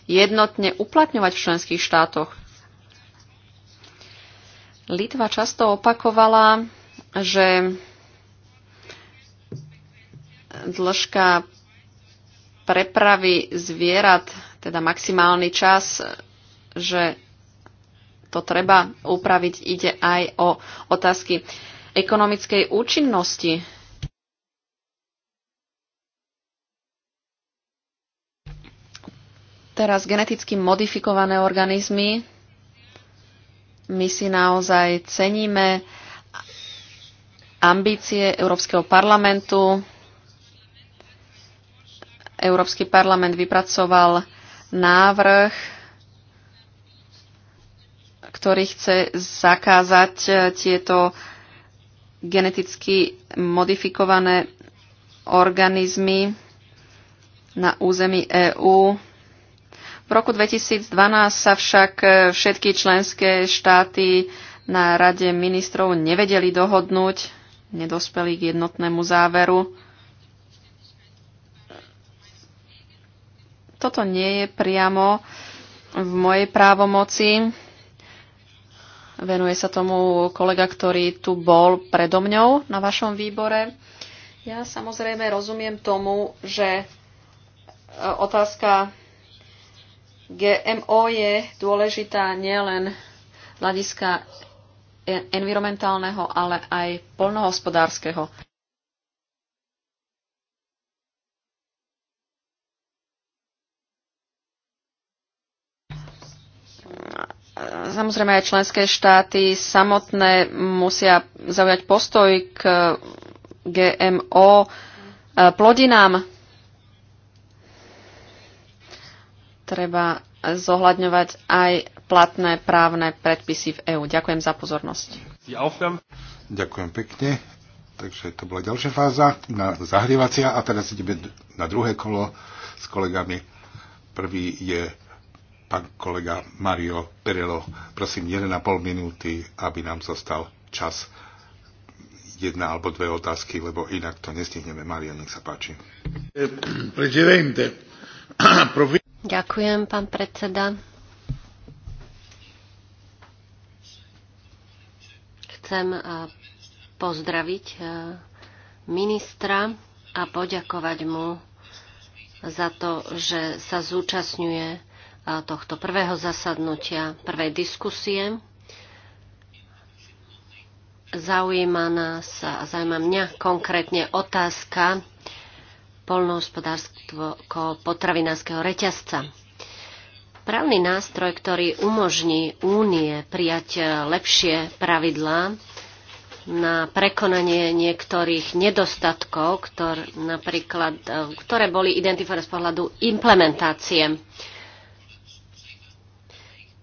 jednotne uplatňovať v členských štátoch. Litva často opakovala, že dĺžka prepravy zvierat, teda maximálny čas, že to treba upraviť. Ide aj o otázky ekonomickej účinnosti. Teraz geneticky modifikované organizmy. My si naozaj ceníme ambície Európskeho parlamentu. Európsky parlament vypracoval návrh ktorý chce zakázať e, tieto geneticky modifikované organizmy na území EÚ. V roku 2012 sa však e, všetky členské štáty na Rade ministrov nevedeli dohodnúť, nedospeli k jednotnému záveru. Toto nie je priamo v mojej právomoci. Venuje sa tomu kolega, ktorý tu bol predo mňou na vašom výbore. Ja samozrejme rozumiem tomu, že e, otázka GMO je dôležitá nielen z hľadiska e, environmentálneho, ale aj polnohospodárskeho. Samozrejme aj členské štáty samotné musia zaujať postoj k GMO e, plodinám. Treba zohľadňovať aj platné právne predpisy v EÚ. Ďakujem za pozornosť. Ďakujem pekne. Takže to bola ďalšia fáza, na zahrievacia a teraz ideme na druhé kolo s kolegami. Prvý je pán kolega Mario Perelo. Prosím, 1,5 minúty, aby nám zostal čas jedna alebo dve otázky, lebo inak to nestihneme. Mario, nech sa páči. Ďakujem, pán predseda. Chcem eh, pozdraviť eh, ministra a poďakovať mu za to, že sa zúčastňuje tohto prvého zasadnutia, prvej diskusie. Zaujíma nás a zaujíma mňa konkrétne otázka polnohospodárstvo potravinárskeho reťazca. Právny nástroj, ktorý umožní únie prijať e, lepšie pravidlá na prekonanie niektorých nedostatkov, ktoré napríklad, e, ktoré boli identifikované z pohľadu implementácie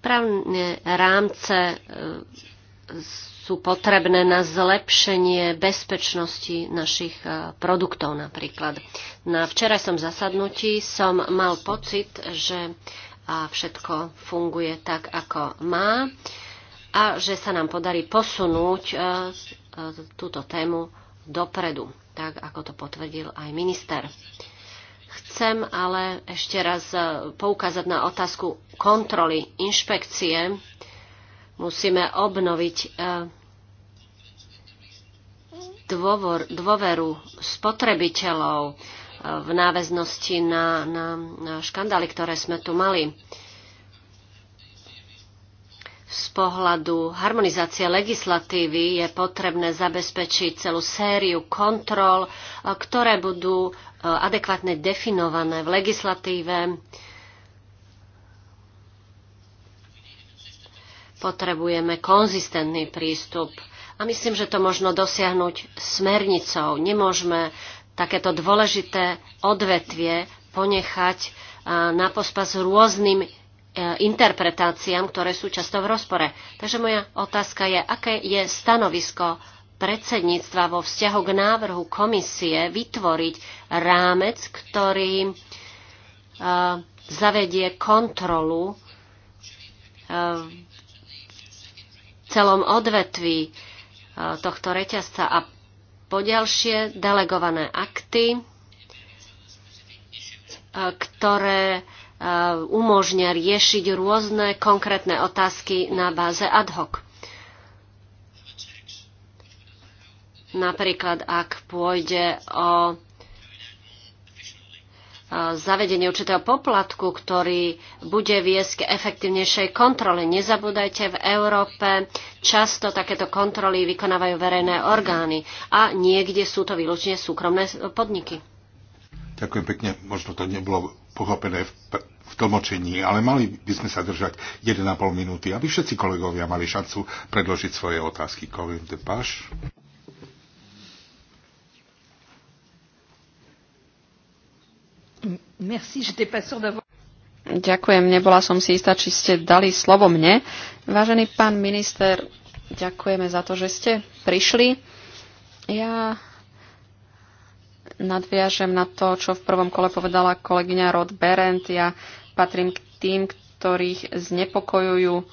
Právne rámce e, sú potrebné na zlepšenie bezpečnosti našich e, produktov napríklad. Na včerajšom zasadnutí som mal pocit, že všetko funguje tak, ako má a že sa nám podarí posunúť e, túto tému dopredu, tak ako to potvrdil aj minister. Chcem ale ešte raz e, poukázať na otázku kontroly, inšpekcie. Musíme obnoviť e, dôvor, dôveru spotrebiteľov e, v náväznosti na, na, na škandály, ktoré sme tu mali z pohľadu harmonizácie legislatívy je potrebné zabezpečiť celú sériu kontrol, ktoré budú adekvátne definované v legislatíve. Potrebujeme konzistentný prístup a myslím, že to možno dosiahnuť smernicou. Nemôžeme takéto dôležité odvetvie ponechať na pospas rôznym e, interpretáciám, ktoré sú často v rozpore. Takže moja otázka je, aké je stanovisko predsedníctva vo vzťahu k návrhu komisie vytvoriť rámec, ktorý e, zavedie kontrolu e, v celom odvetví e, tohto reťazca a poďalšie delegované akty, ktoré umožňa riešiť rôzne konkrétne otázky na báze ad hoc. Napríklad, ak pôjde o zavedenie určitého poplatku, ktorý bude viesť k efektívnejšej kontrole. Nezabúdajte, v Európe často takéto kontroly vykonávajú verejné orgány a niekde sú to výlučne súkromné podniky. Ďakujem pekne. Možno to nebolo pochopené v, v tlmočení, ale mali by sme sa držať 1,5 minúty, aby všetci kolegovia mali šancu predložiť svoje otázky. Kolegovia, Ďakujem, nebola som si istá, či ste dali slovo mne. Vážený pán minister, ďakujeme za to, že ste prišli. Ja nadviažem na to, čo v prvom kole povedala kolegyňa Rod Berend. Ja patrím k tým, ktorých znepokojujú e,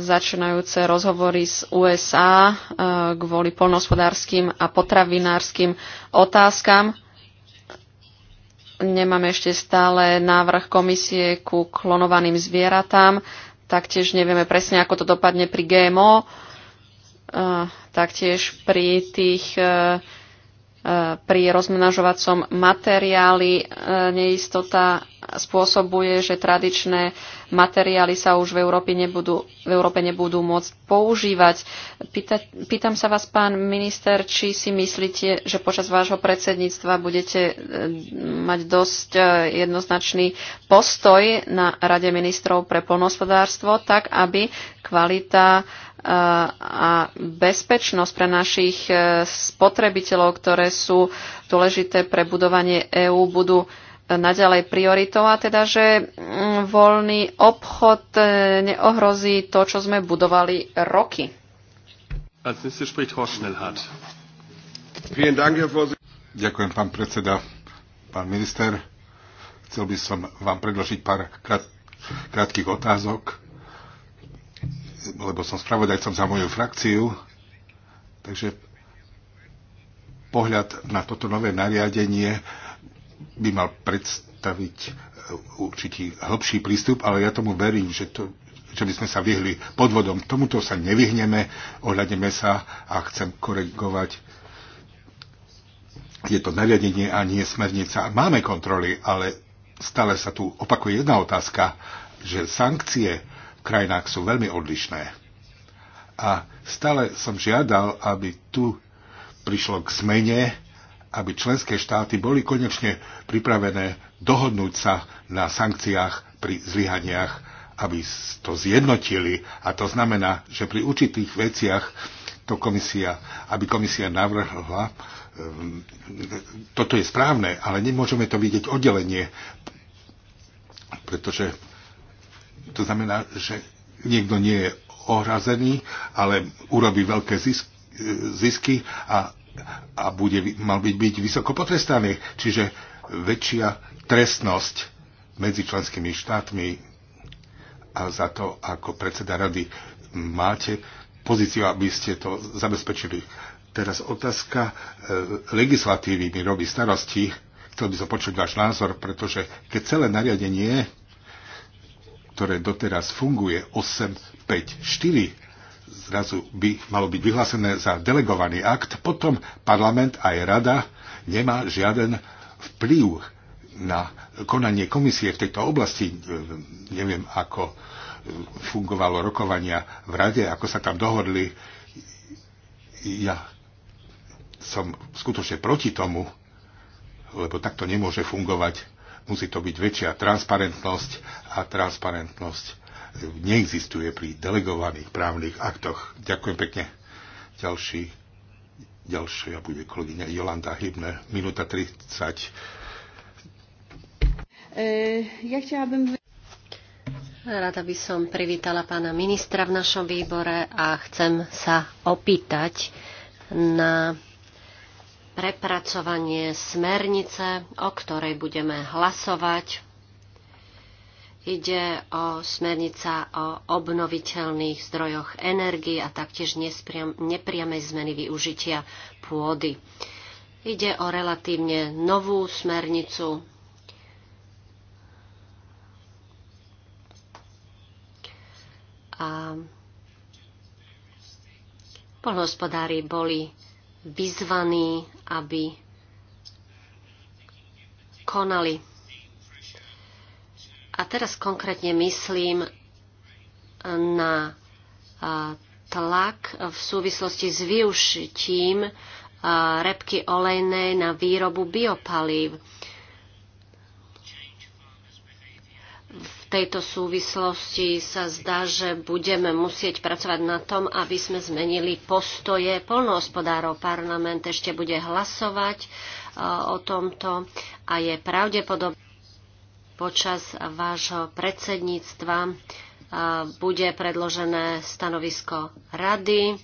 začínajúce rozhovory z USA e, kvôli polnohospodárským a potravinárskym otázkam. Nemáme ešte stále návrh komisie ku klonovaným zvieratám. Taktiež nevieme presne, ako to dopadne pri GMO. Taktiež pri tých e, e, pri rozmnažovacom materiáli e, neistota spôsobuje, že tradičné materiály sa už v Európe nebudú, v Európe nebudú môcť používať. Pýta, pýtam sa vás, pán minister, či si myslíte, že počas vášho predsedníctva budete e, mať dosť e, jednoznačný postoj na Rade ministrov pre polnohospodárstvo, tak aby kvalita e, a bezpečnosť pre našich spotrebiteľov, ktoré sú dôležité pre budovanie EÚ, budú naďalej prioritou a teda, že mm, voľný obchod e, neohrozí to, čo sme budovali roky. Ďakujem, pán predseda. Pán minister, chcel by som vám predložiť pár krát, krátkých otázok, lebo som spravodajcom za moju frakciu. Takže pohľad na toto nové nariadenie by mal predstaviť e, určitý hĺbší prístup, ale ja tomu verím, že to že by sme sa vyhli podvodom. Tomuto sa nevyhneme, ohľadneme sa a chcem koregovať. Je to nariadenie a nie smernica. Máme kontroly, ale stále sa tu opakuje jedna otázka, že sankcie v krajinách sú veľmi odlišné. A stále som žiadal, aby tu prišlo k zmene aby členské štáty boli konečne pripravené dohodnúť sa na sankciách pri zlyhaniach, aby to zjednotili. A to znamená, že pri určitých veciach to komisia, aby komisia navrhla, ehm, toto je správne, ale nemôžeme to vidieť oddelenie, pretože to znamená, že niekto nie je ohrazený, ale urobí veľké e, zisky a a bude, mal byť, byť vysoko potrestaný. Čiže väčšia trestnosť medzi členskými štátmi a za to, ako predseda rady máte pozíciu, aby ste to zabezpečili. Teraz otázka e, legislatívy mi robí starosti. Chcel by som počuť váš názor, pretože keď celé nariadenie, ktoré doteraz funguje 8, 5, 4, zrazu by malo byť vyhlásené za delegovaný akt, potom parlament aj rada nemá žiaden vplyv na konanie komisie v tejto oblasti. Neviem, ako fungovalo rokovania v rade, ako sa tam dohodli. Ja som skutočne proti tomu, lebo takto nemôže fungovať. Musí to byť väčšia transparentnosť a transparentnosť neexistuje pri delegovaných právnych aktoch. Ďakujem pekne. Ďalší, ďalšia bude kolegyňa Jolanda Hybner, minúta 30. Eh, ja bym... Rada by som privítala pána ministra v našom výbore a chcem sa opýtať na prepracovanie smernice, o ktorej budeme hlasovať Ide o smernica o obnoviteľných zdrojoch energii a taktiež nepriamej zmeny využitia pôdy. Ide o relatívne novú smernicu. A polnohospodári boli vyzvaní, aby konali a teraz konkrétne myslím na tlak v súvislosti s využitím repky olejnej na výrobu biopalív. V tejto súvislosti sa zdá, že budeme musieť pracovať na tom, aby sme zmenili postoje polnohospodárov. Parlament ešte bude hlasovať o tomto a je pravdepodobné, počas vášho predsedníctva bude predložené stanovisko rady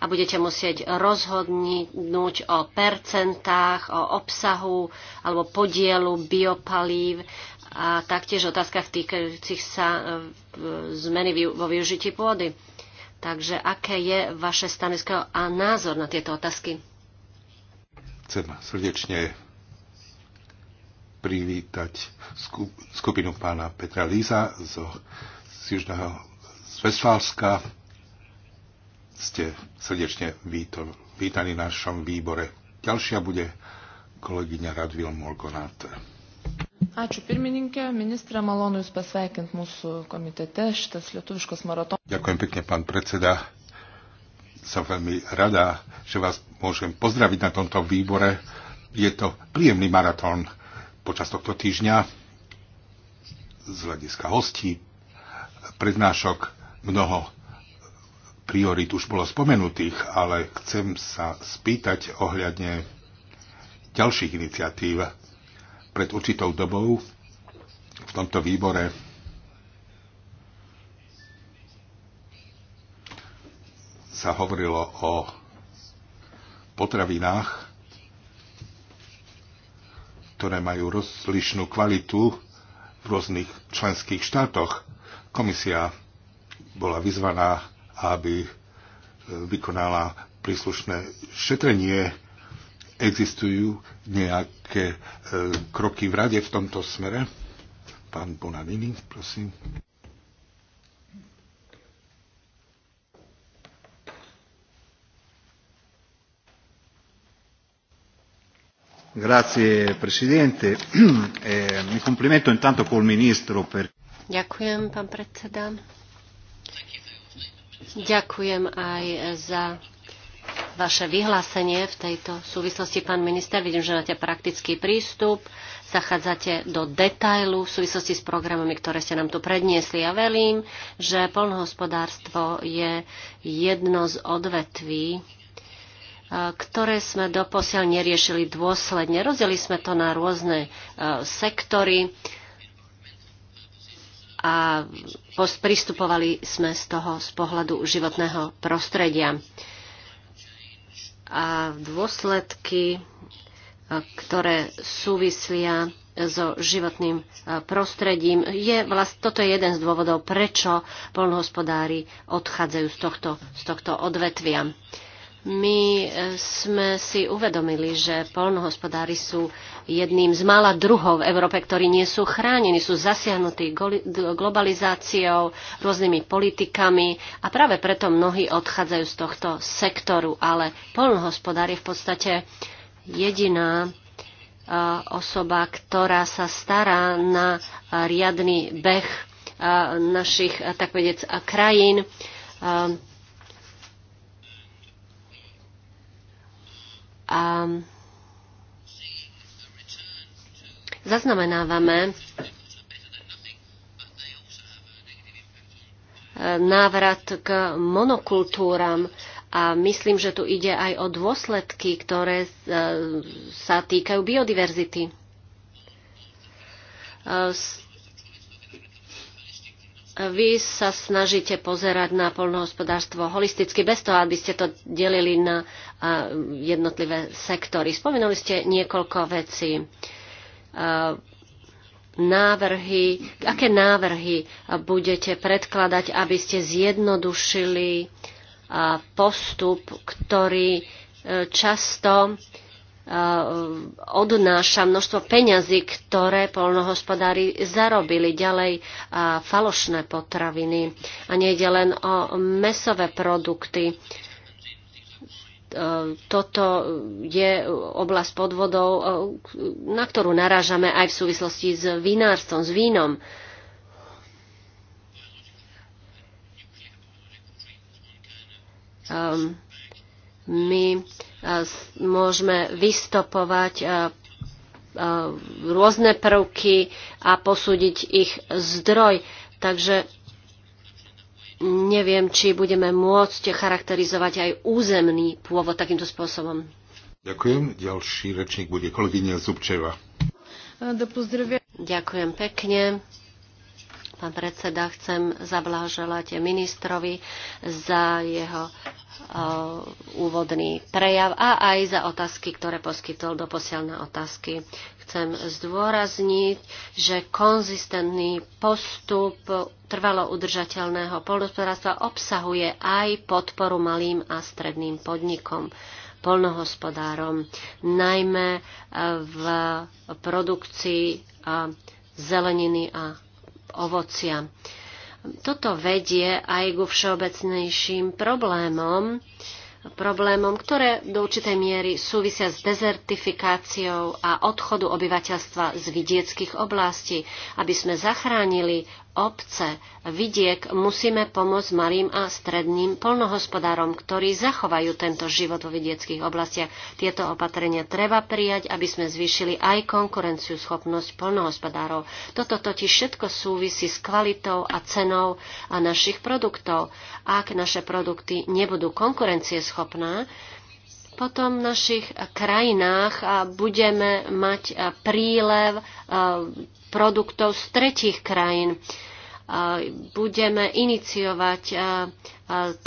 a budete musieť rozhodnúť o percentách, o obsahu alebo podielu biopalív a taktiež otázkach týkajúcich sa e, zmeny vo využití pôdy. Takže aké je vaše stanovisko a názor na tieto otázky? Chcem srdečne privítať skupinu pána Petra Líza zo, z Južného z Ste srdečne vítor, vítaní v našom výbore. Ďalšia bude kolegyňa Radvil Morgonát. Ačiū pirmininkė, ministrė, malonu Jūs pasveikint mūsų komitete, šitas lietuviškas maratonas. Ďakujem pekne, pán predseda. Som veľmi rada, že vás môžem pozdraviť na tomto výbore. Je to príjemný maratón počas tohto týždňa z hľadiska hostí, prednášok mnoho priorit už bolo spomenutých, ale chcem sa spýtať ohľadne ďalších iniciatív. Pred určitou dobou v tomto výbore sa hovorilo o potravinách ktoré majú rozlišnú kvalitu v rôznych členských štátoch. Komisia bola vyzvaná, aby e, vykonala príslušné šetrenie. Existujú nejaké e, kroky v rade v tomto smere? Pán Bonanini, prosím. Eh, Ďakujem, pán predseda. Ďakujem aj za vaše vyhlásenie v tejto súvislosti, pán minister. Vidím, že máte praktický prístup, zachádzate do detailu v súvislosti s programami, ktoré ste nám tu predniesli. Ja velím, že polnohospodárstvo je jedno z odvetví, ktoré sme doposiaľ neriešili dôsledne. Rozdeli sme to na rôzne e, sektory a pristupovali sme z toho z pohľadu životného prostredia. A dôsledky, e, ktoré súvisia so životným e, prostredím. Je vlast, toto je jeden z dôvodov, prečo polnohospodári odchádzajú z tohto, z tohto odvetvia. My e, sme si uvedomili, že polnohospodári sú jedným z mála druhov v Európe, ktorí nie sú chránení, sú zasiahnutí globalizáciou, rôznymi politikami a práve preto mnohí odchádzajú z tohto sektoru. Ale polnohospodár je v podstate jediná e, osoba, ktorá sa stará na riadny beh e, našich, tak vedec, krajín A zaznamenávame e, návrat k monokultúram a myslím, že tu ide aj o dôsledky, ktoré e, sa týkajú biodiverzity. E, vy sa snažíte pozerať na polnohospodárstvo holisticky, bez toho, aby ste to delili na jednotlivé sektory. Spomenuli ste niekoľko vecí. Návrhy, aké návrhy budete predkladať, aby ste zjednodušili postup, ktorý e, často Eh, odnáša množstvo peňazí, ktoré polnohospodári zarobili ďalej falošné potraviny. A nejde len o mesové produkty. Eh, toto je oblasť podvodov, eh, na ktorú narážame aj v súvislosti s vinárstvom, s vínom. Ehm, my môžeme vystopovať e, e, rôzne prvky a posúdiť ich zdroj. Takže neviem, či budeme môcť charakterizovať aj územný pôvod takýmto spôsobom. Ďakujem. Ďalší rečník bude kolegyňa Zubčeva. E, Ďakujem pekne. Pán predseda, chcem zablahoželať ministrovi za jeho Uh, úvodný prejav a aj za otázky, ktoré poskytol do na otázky. Chcem zdôrazniť, že konzistentný postup trvalo udržateľného poľnohospodárstva obsahuje aj podporu malým a stredným podnikom polnohospodárom, najmä uh, v produkcii uh, zeleniny a ovocia. Toto vedie aj ku všeobecnejším problémom, problémom, ktoré do určitej miery súvisia s dezertifikáciou a odchodu obyvateľstva z vidieckých oblastí. Aby sme zachránili obce, vidiek musíme pomôcť malým a stredným polnohospodárom, ktorí zachovajú tento život vo vidieckých oblastiach. Tieto opatrenia treba prijať, aby sme zvýšili aj konkurenciu schopnosť polnohospodárov. Toto totiž všetko súvisí s kvalitou a cenou našich produktov. Ak naše produkty nebudú konkurencieschopné, potom v našich krajinách budeme mať prílev produktov z tretich krajín. Budeme iniciovať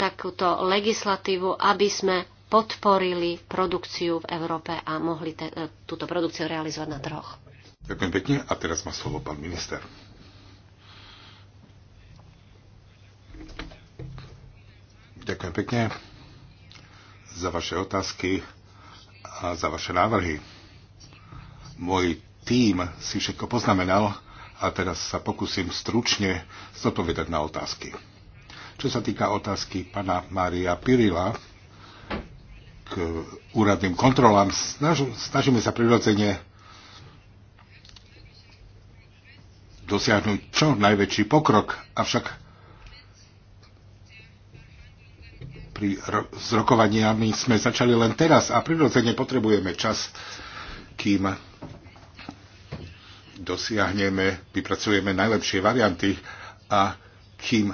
takúto legislatívu, aby sme podporili produkciu v Európe a mohli te, e, túto produkciu realizovať na trhoch. Ďakujem pekne a teraz má slovo pán minister. Ďakujem pekne za vaše otázky a za vaše návrhy. Môj tým si všetko poznamenal a teraz sa pokúsim stručne zodpovedať na otázky. Čo sa týka otázky pana Maria Pirila k úradným kontrolám, snažíme sa prirodzene dosiahnuť čo najväčší pokrok, avšak pri ro- s rokovaniami sme začali len teraz a prirodzene potrebujeme čas, kým dosiahneme, vypracujeme najlepšie varianty a kým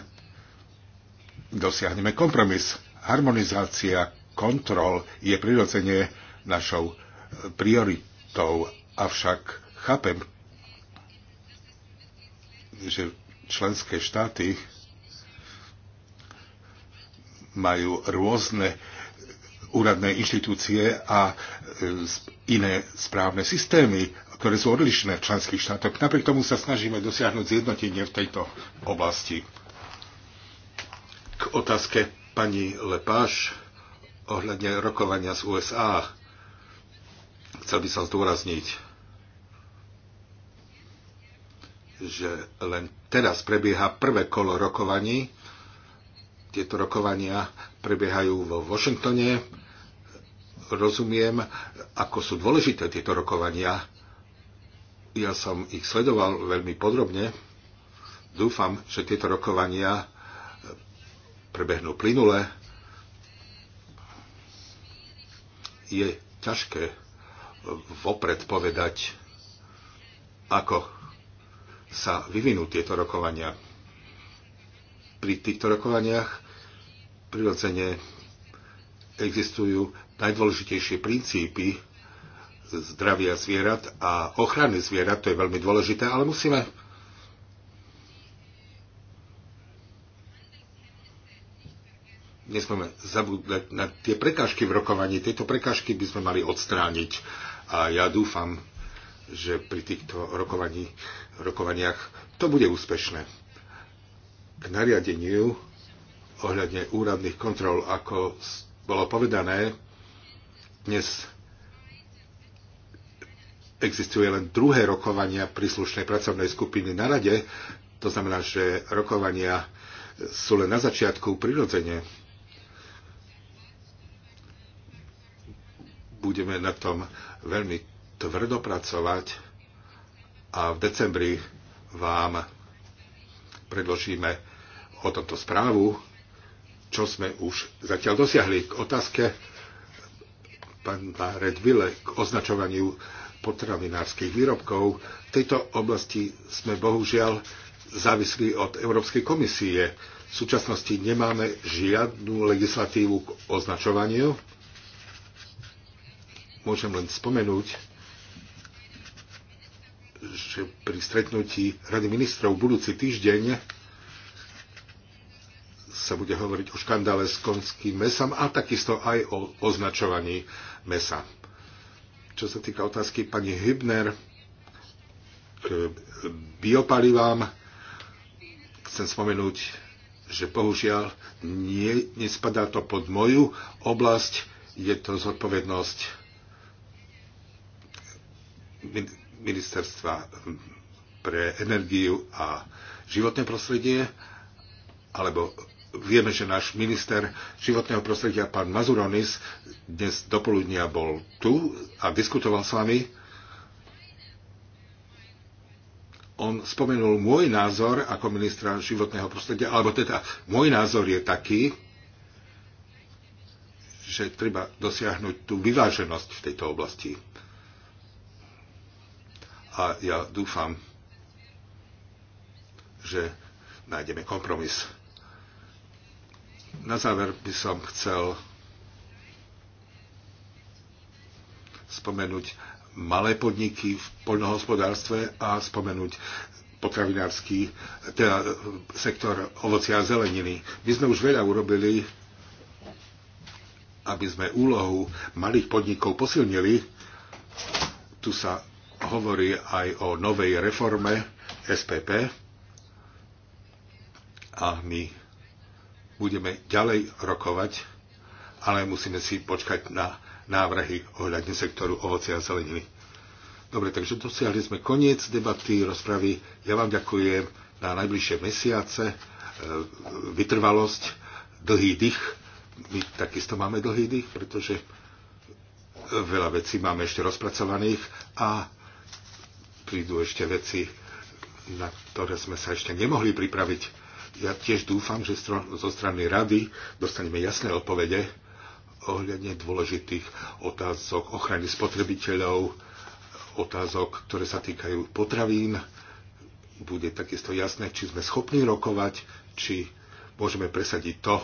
dosiahneme kompromis. Harmonizácia kontrol je prirodzene našou eh, prioritou, avšak chápem, že členské štáty majú rôzne eh, úradné inštitúcie a eh, iné správne systémy ktoré sú odlišné v členských štátoch. Napriek tomu sa snažíme dosiahnuť zjednotenie v tejto oblasti. K otázke pani Lepáš ohľadne rokovania z USA chcel by som zdôrazniť, že len teraz prebieha prvé kolo rokovaní. Tieto rokovania prebiehajú vo Washingtone. Rozumiem, ako sú dôležité tieto rokovania ja som ich sledoval veľmi podrobne. Dúfam, že tieto rokovania e, prebehnú plynule. Je ťažké e, vopred povedať, ako sa vyvinú tieto rokovania. Pri týchto rokovaniach prirodzene existujú najdôležitejšie princípy, zdravia zvierat a ochrany zvierat, to je veľmi dôležité, ale musíme nesmieme zabúdať na tie prekážky v rokovaní. Tieto prekážky by sme mali odstrániť a ja dúfam, že pri týchto rokovaní, rokovaniach to bude úspešné. K nariadeniu ohľadne úradných kontrol, ako bolo povedané, dnes existuje len druhé rokovania príslušnej pracovnej skupiny na rade. To znamená, že rokovania sú len na začiatku prirodzene. Budeme na tom veľmi tvrdo pracovať a v decembri vám predložíme o tomto správu, čo sme už zatiaľ dosiahli. K otázke pána Redville k označovaniu potravinárskych výrobkov. V tejto oblasti sme bohužiaľ závislí od Európskej komisie. V súčasnosti nemáme žiadnu legislatívu k označovaniu. Môžem len spomenúť, že pri stretnutí Rady ministrov budúci týždeň sa bude hovoriť o škandále s konským mesom a takisto aj o označovaní mesa. Čo sa týka otázky pani Hübner k biopalivám, chcem spomenúť, že bohužiaľ nie, nespadá to pod moju oblasť, je to zodpovednosť ministerstva pre energiu a životné prostredie alebo vieme, že náš minister životného prostredia, pán Mazuronis, dnes dopoludnia bol tu a diskutoval s vami. On spomenul môj názor ako ministra životného prostredia, alebo teda môj názor je taký, že treba dosiahnuť tú vyváženosť v tejto oblasti. A ja dúfam, že nájdeme kompromis. Na záver by som chcel spomenúť malé podniky v poľnohospodárstve a spomenúť potravinársky, teda sektor ovocia a zeleniny. My sme už veľa urobili, aby sme úlohu malých podnikov posilnili. Tu sa hovorí aj o novej reforme SPP a my budeme ďalej rokovať, ale musíme si počkať na návrhy ohľadne sektoru ovoce a zeleniny. Dobre, takže dosiahli sme koniec debaty, rozpravy. Ja vám ďakujem na najbližšie mesiace, e, vytrvalosť, dlhý dých. My takisto máme dlhý dých, pretože veľa vecí máme ešte rozpracovaných a prídu ešte veci, na ktoré sme sa ešte nemohli pripraviť ja tiež dúfam, že zo strany rady dostaneme jasné odpovede ohľadne dôležitých otázok ochrany spotrebiteľov, otázok, ktoré sa týkajú potravín. Bude takisto jasné, či sme schopní rokovať, či môžeme presadiť to,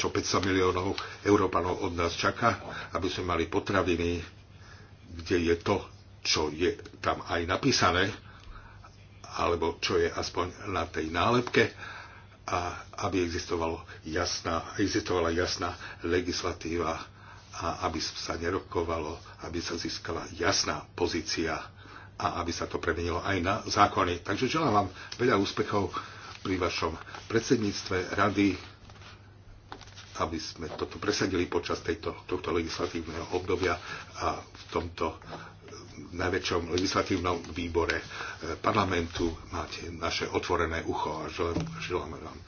čo 500 miliónov Európanov od nás čaká, aby sme mali potraviny, kde je to, čo je tam aj napísané, alebo čo je aspoň na tej nálepke a aby existovalo jasná, existovala jasná legislatíva a aby sa nerokovalo, aby sa získala jasná pozícia a aby sa to premenilo aj na zákony. Takže želám vám veľa úspechov pri vašom predsedníctve rady, aby sme toto presadili počas tejto, tohto legislatívneho obdobia a v tomto najväčšom legislatívnom výbore e, parlamentu. Máte naše otvorené ucho a želám vám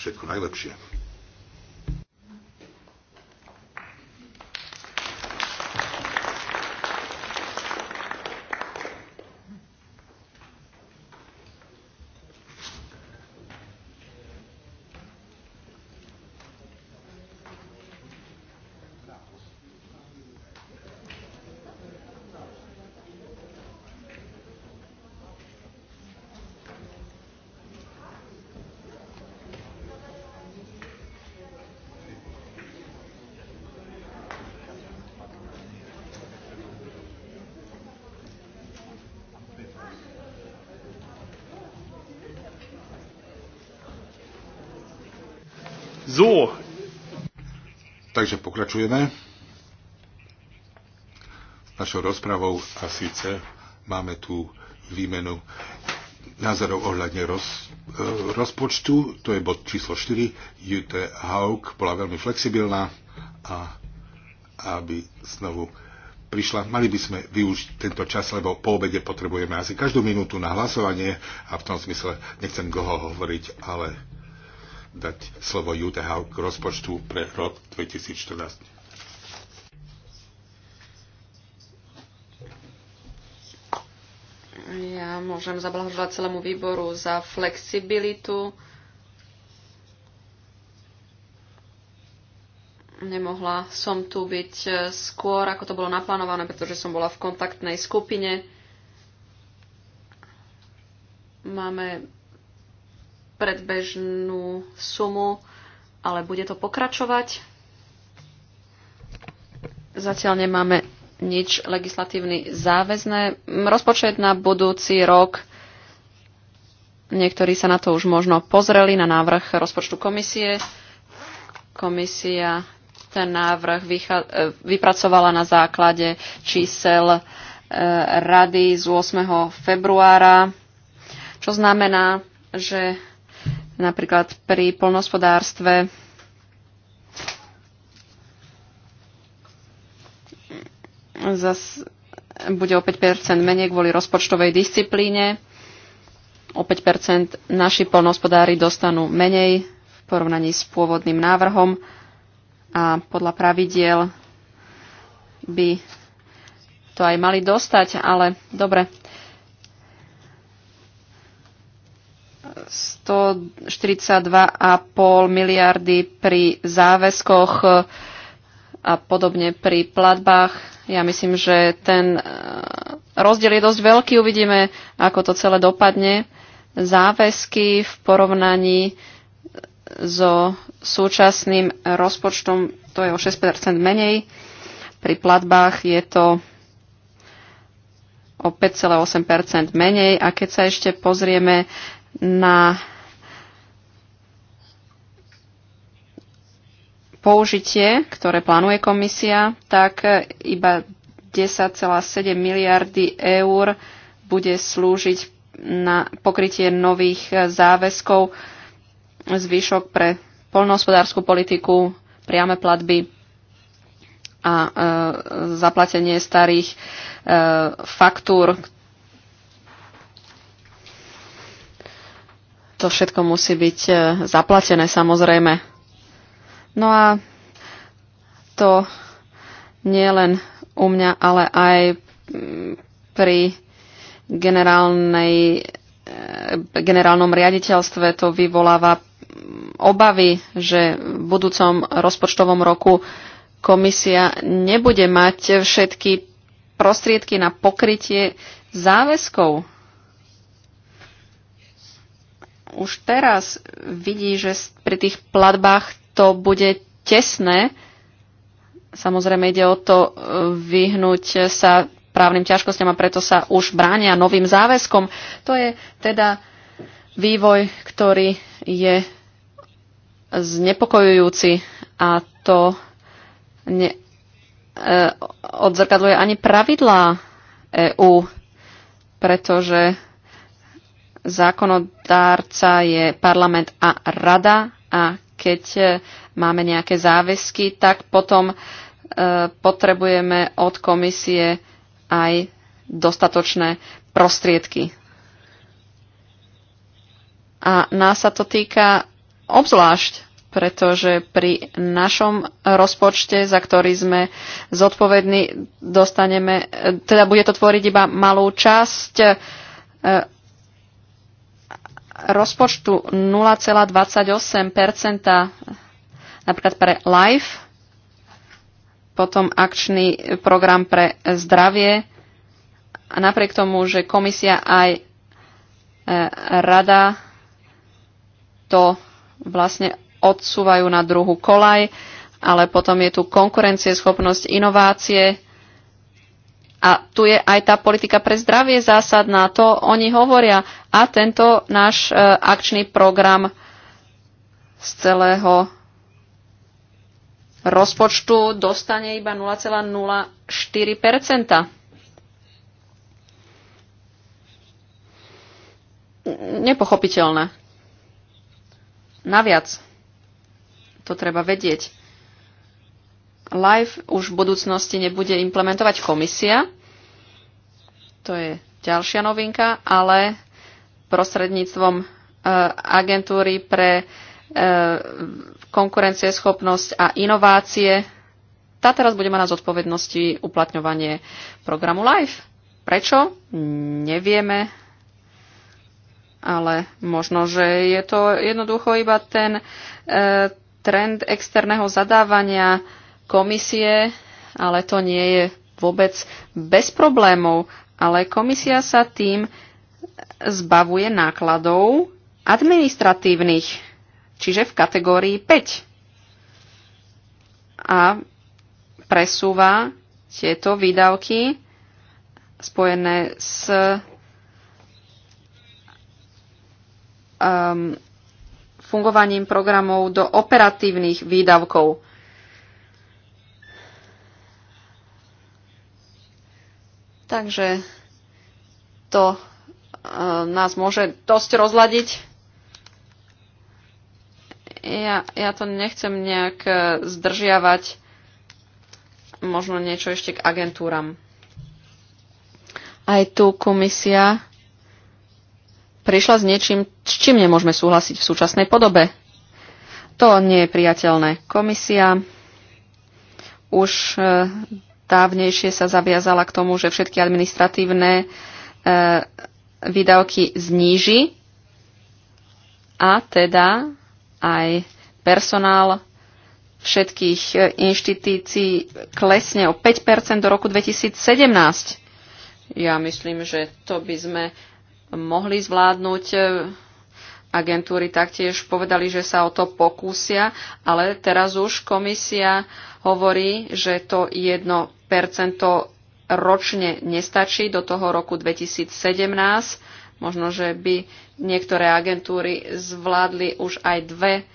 všetko najlepšie. pokračujeme s našou rozpravou a síce máme tu výmenu názorov ohľadne roz, e, rozpočtu, to je bod číslo 4. Jute Hauk bola veľmi flexibilná a aby znovu prišla. Mali by sme využiť tento čas, lebo po obede potrebujeme asi každú minútu na hlasovanie a v tom smysle nechcem dlho hovoriť, ale dať slovo Utah k rozpočtu pre rok 2014. Ja môžem zablahožovať celému výboru za flexibilitu. Nemohla som tu byť skôr, ako to bolo naplánované, pretože som bola v kontaktnej skupine. Máme predbežnú sumu, ale bude to pokračovať. Zatiaľ nemáme nič legislatívny záväzné. Rozpočet na budúci rok. Niektorí sa na to už možno pozreli na návrh rozpočtu komisie. Komisia ten návrh e, vypracovala na základe čísel e, rady z 8. februára, čo znamená, že Napríklad pri polnospodárstve zas bude o 5% menej kvôli rozpočtovej disciplíne. O 5% naši polnospodári dostanú menej v porovnaní s pôvodným návrhom a podľa pravidiel by to aj mali dostať, ale dobre, 142,5 miliardy pri záväzkoch a podobne pri platbách. Ja myslím, že ten e, rozdiel je dosť veľký. Uvidíme, ako to celé dopadne. Záväzky v porovnaní so súčasným rozpočtom, to je o 6 menej. Pri platbách je to o 5,8 menej. A keď sa ešte pozrieme na použitie, ktoré plánuje komisia, tak iba 10,7 miliardy eur bude slúžiť na pokrytie nových záväzkov, zvyšok pre polnohospodárskú politiku, priame platby a e, zaplatenie starých e, faktúr, to všetko musí byť e, zaplatené samozrejme. No a to nie len u mňa, ale aj mm, pri generálnej, e, generálnom riaditeľstve to vyvoláva mm, obavy, že v budúcom rozpočtovom roku komisia nebude mať všetky prostriedky na pokrytie záväzkov už teraz vidí, že pri tých platbách to bude tesné. Samozrejme ide o to e, vyhnúť sa právnym ťažkostiam a preto sa už bránia novým záväzkom. To je teda vývoj, ktorý je znepokojujúci a to ne, e, odzrkadluje ani pravidlá EÚ, pretože zákonodárca je parlament a rada a keď e, máme nejaké záväzky, tak potom e, potrebujeme od komisie aj dostatočné prostriedky. A nás sa to týka obzvlášť, pretože pri našom rozpočte, za ktorý sme zodpovední, dostaneme, e, teda bude to tvoriť iba malú časť rozpočtu 0,28 napríklad pre LIFE, potom akčný program pre zdravie a napriek tomu, že komisia aj e, rada to vlastne odsúvajú na druhú kolaj, ale potom je tu konkurencieschopnosť, inovácie, a tu je aj tá politika pre zdravie zásadná, to oni hovoria. A tento náš e, akčný program z celého rozpočtu dostane iba 0,04 Nepochopiteľné. Naviac. To treba vedieť. Life už v budúcnosti nebude implementovať komisia. To je ďalšia novinka, ale prostredníctvom e, agentúry pre e, konkurencieschopnosť a inovácie. Tá teraz bude mať na zodpovednosti uplatňovanie programu LIFE. Prečo? Nevieme, ale možno, že je to jednoducho iba ten e, trend externého zadávania komisie, ale to nie je vôbec bez problémov, ale komisia sa tým zbavuje nákladov administratívnych, čiže v kategórii 5. A presúva tieto výdavky spojené s um, fungovaním programov do operatívnych výdavkov. Takže to e, nás môže dosť rozladiť. Ja, ja to nechcem nejak e, zdržiavať. Možno niečo ešte k agentúram. Aj tu komisia prišla s niečím, s čím nemôžeme súhlasiť v súčasnej podobe. To nie je priateľné. Komisia už e, dávnejšie sa zaviazala k tomu, že všetky administratívne e, výdavky zníži a teda aj personál všetkých e, inštitúcií klesne o 5 do roku 2017. Ja myslím, že to by sme mohli zvládnuť e, agentúry taktiež povedali, že sa o to pokúsia, ale teraz už komisia hovorí, že to 1% ročne nestačí do toho roku 2017. Možno, že by niektoré agentúry zvládli už aj 2%.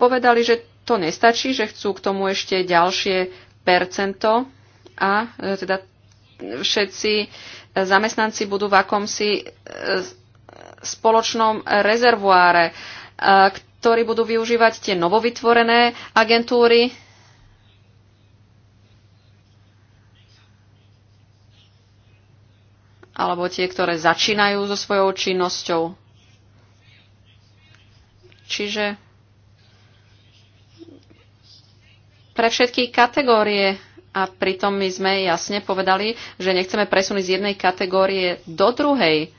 Povedali, že to nestačí, že chcú k tomu ešte ďalšie percento a e, teda všetci e, zamestnanci budú v akomsi e, spoločnom rezervuáre, e, ktorý budú využívať tie novovytvorené agentúry. alebo tie, ktoré začínajú so svojou činnosťou. Čiže pre všetky kategórie a pritom my sme jasne povedali, že nechceme presunúť z jednej kategórie do druhej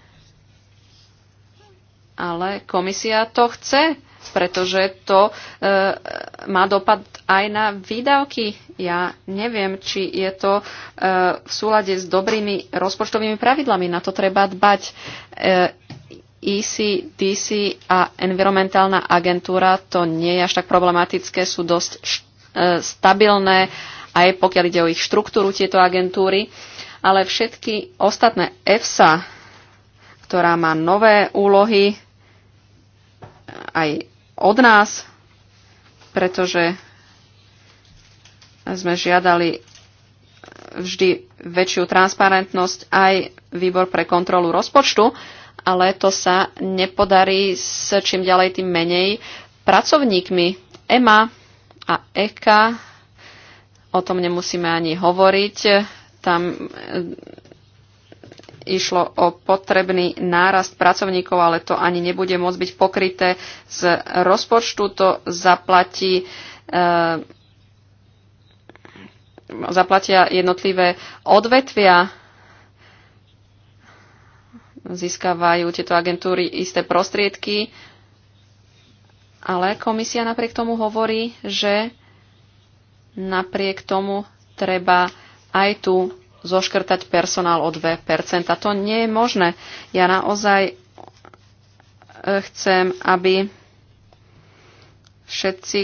ale komisia to chce, pretože to e, má dopad aj na výdavky. Ja neviem, či je to e, v súlade s dobrými rozpočtovými pravidlami. Na to treba dbať. E, ECDC a environmentálna agentúra to nie je až tak problematické, sú dosť št- e, stabilné, aj pokiaľ ide o ich štruktúru tieto agentúry, ale všetky ostatné EFSA, ktorá má nové úlohy, aj od nás, pretože sme žiadali vždy väčšiu transparentnosť aj výbor pre kontrolu rozpočtu, ale to sa nepodarí s čím ďalej tým menej pracovníkmi EMA a EKA. E o tom nemusíme ani hovoriť. Tam išlo o potrebný nárast pracovníkov, ale to ani nebude môcť byť pokryté z rozpočtu. To zaplatí eh, zaplatia jednotlivé odvetvia, získavajú tieto agentúry isté prostriedky, ale komisia napriek tomu hovorí, že napriek tomu treba aj tu zoškrtať personál o 2%. A to nie je možné. Ja naozaj eh, chcem, aby všetci,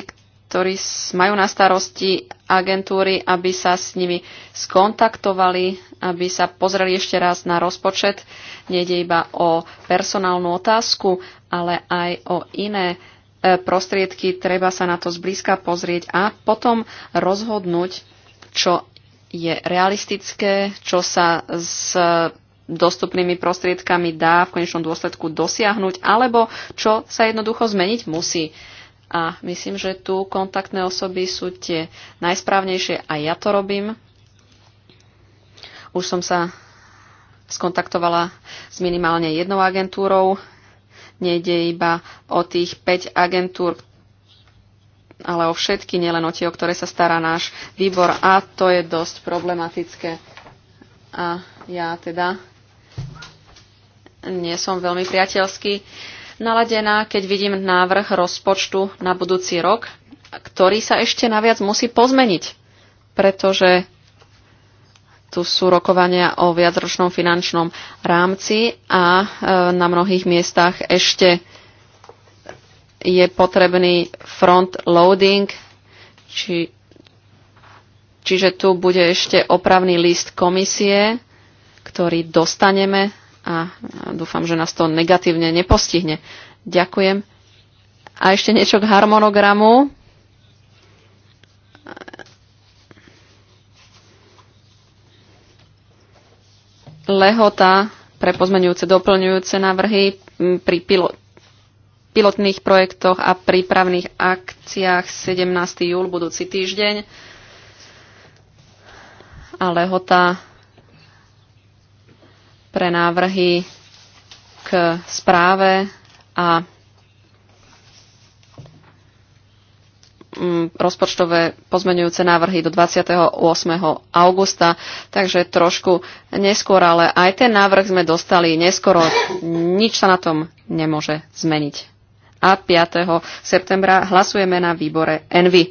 ktorí majú na starosti agentúry, aby sa s nimi skontaktovali, aby sa pozreli ešte raz na rozpočet. Nejde iba o personálnu otázku, ale aj o iné eh, prostriedky. Treba sa na to zblízka pozrieť a potom rozhodnúť, čo je realistické, čo sa s dostupnými prostriedkami dá v konečnom dôsledku dosiahnuť, alebo čo sa jednoducho zmeniť musí. A myslím, že tu kontaktné osoby sú tie najsprávnejšie a ja to robím. Už som sa skontaktovala s minimálne jednou agentúrou. Nejde iba o tých 5 agentúr, ale o všetky, nielen o tie, o ktoré sa stará náš výbor. A to je dosť problematické. A ja teda nie som veľmi priateľsky naladená, keď vidím návrh rozpočtu na budúci rok, ktorý sa ešte naviac musí pozmeniť, pretože tu sú rokovania o viacročnom finančnom rámci a e, na mnohých miestach ešte je potrebný front loading, či, čiže tu bude ešte opravný list komisie, ktorý dostaneme a dúfam, že nás to negatívne nepostihne. Ďakujem. A ešte niečo k harmonogramu. Lehota pre pozmenujúce doplňujúce návrhy pri pilot, pilotných projektoch a prípravných akciách 17. júl budúci týždeň. A lehota pre návrhy k správe a mm, rozpočtové pozmeňujúce návrhy do 28. augusta, takže trošku neskôr, ale aj ten návrh sme dostali neskoro. Nič sa na tom nemôže zmeniť a 5. septembra hlasujeme na výbore Envy.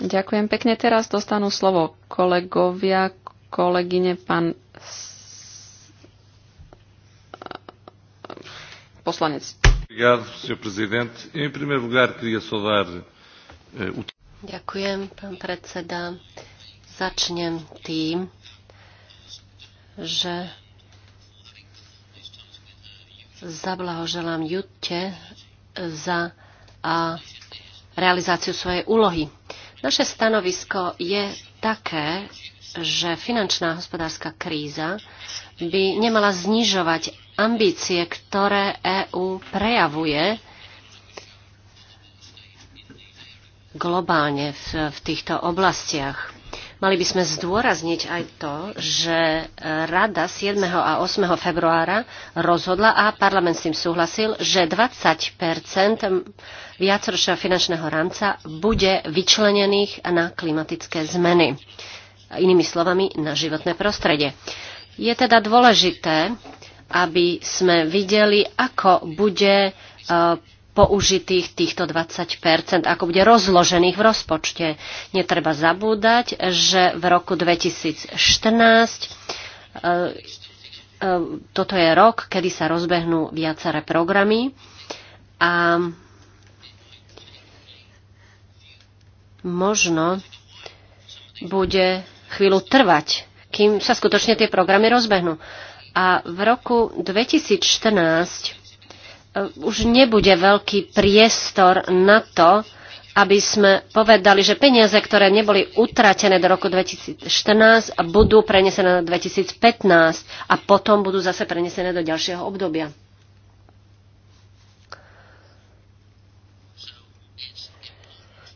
Ďakujem pekne. Teraz dostanú slovo kolegovia, kolegyne, pán poslanec. Eh, Ďakujem, pán predseda. Začnem tým, že zablahoželám Jutte za a realizáciu svojej úlohy. Naše stanovisko je také, že finančná hospodárska kríza by nemala znižovať ambície, ktoré EÚ prejavuje globálne v, v týchto oblastiach. Mali by sme zdôrazniť aj to, že e, Rada 7. a 8. februára rozhodla a parlament s tým súhlasil, že 20 viacročného finančného rámca bude vyčlenených na klimatické zmeny. Inými slovami, na životné prostredie. Je teda dôležité, aby sme videli, ako bude e, použitých týchto 20 ako bude rozložených v rozpočte. Netreba zabúdať, že v roku 2014 e, e, toto je rok, kedy sa rozbehnú viaceré programy a možno bude chvíľu trvať, kým sa skutočne tie programy rozbehnú. A v roku 2014 Eh, už nebude veľký priestor na to, aby sme povedali, že peniaze, ktoré neboli utratené do roku 2014, budú prenesené na 2015 a potom budú zase prenesené do ďalšieho obdobia.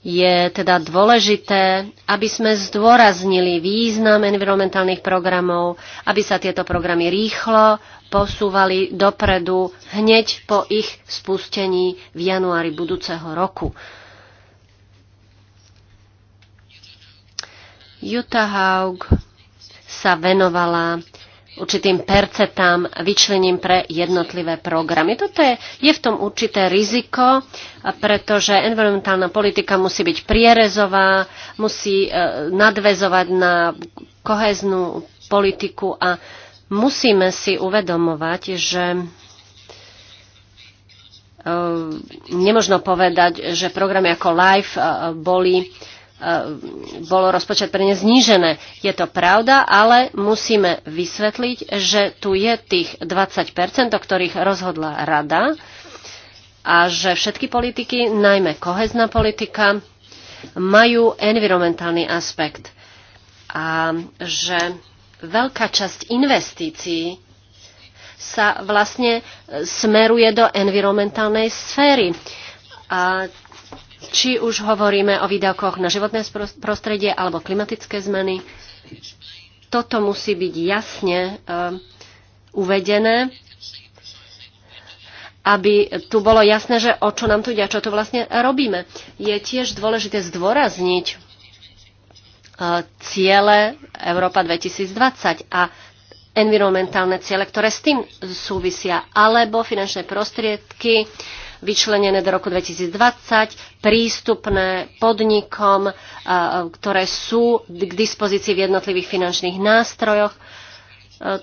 je teda dôležité, aby sme zdôraznili význam environmentálnych programov, aby sa tieto programy rýchlo posúvali dopredu hneď po ich spustení v januári budúceho roku. Jutta Haug sa venovala určitým percetám vyčlením pre jednotlivé programy. Toto je, je v tom určité riziko, pretože environmentálna politika musí byť prierezová, musí e, nadvezovať na koheznú politiku a musíme si uvedomovať, že e, nemožno povedať, že programy ako LIFE e, boli E, bolo rozpočet pre ne znížené. Je to pravda, ale musíme vysvetliť, že tu je tých 20%, o ktorých rozhodla rada a že všetky politiky, najmä kohezná politika, majú environmentálny aspekt a že veľká časť investícií sa vlastne smeruje do environmentálnej sféry. A či už hovoríme o výdavkoch na životné prostredie alebo klimatické zmeny, toto musí byť jasne eh, uvedené, aby tu bolo jasné, že o čo nám tu ide a čo tu vlastne robíme. Je tiež dôležité zdôrazniť eh, ciele Európa 2020 a environmentálne ciele, ktoré s tým súvisia, alebo finančné prostriedky, vyčlenené do roku 2020, prístupné podnikom, ktoré sú k dispozícii v jednotlivých finančných nástrojoch.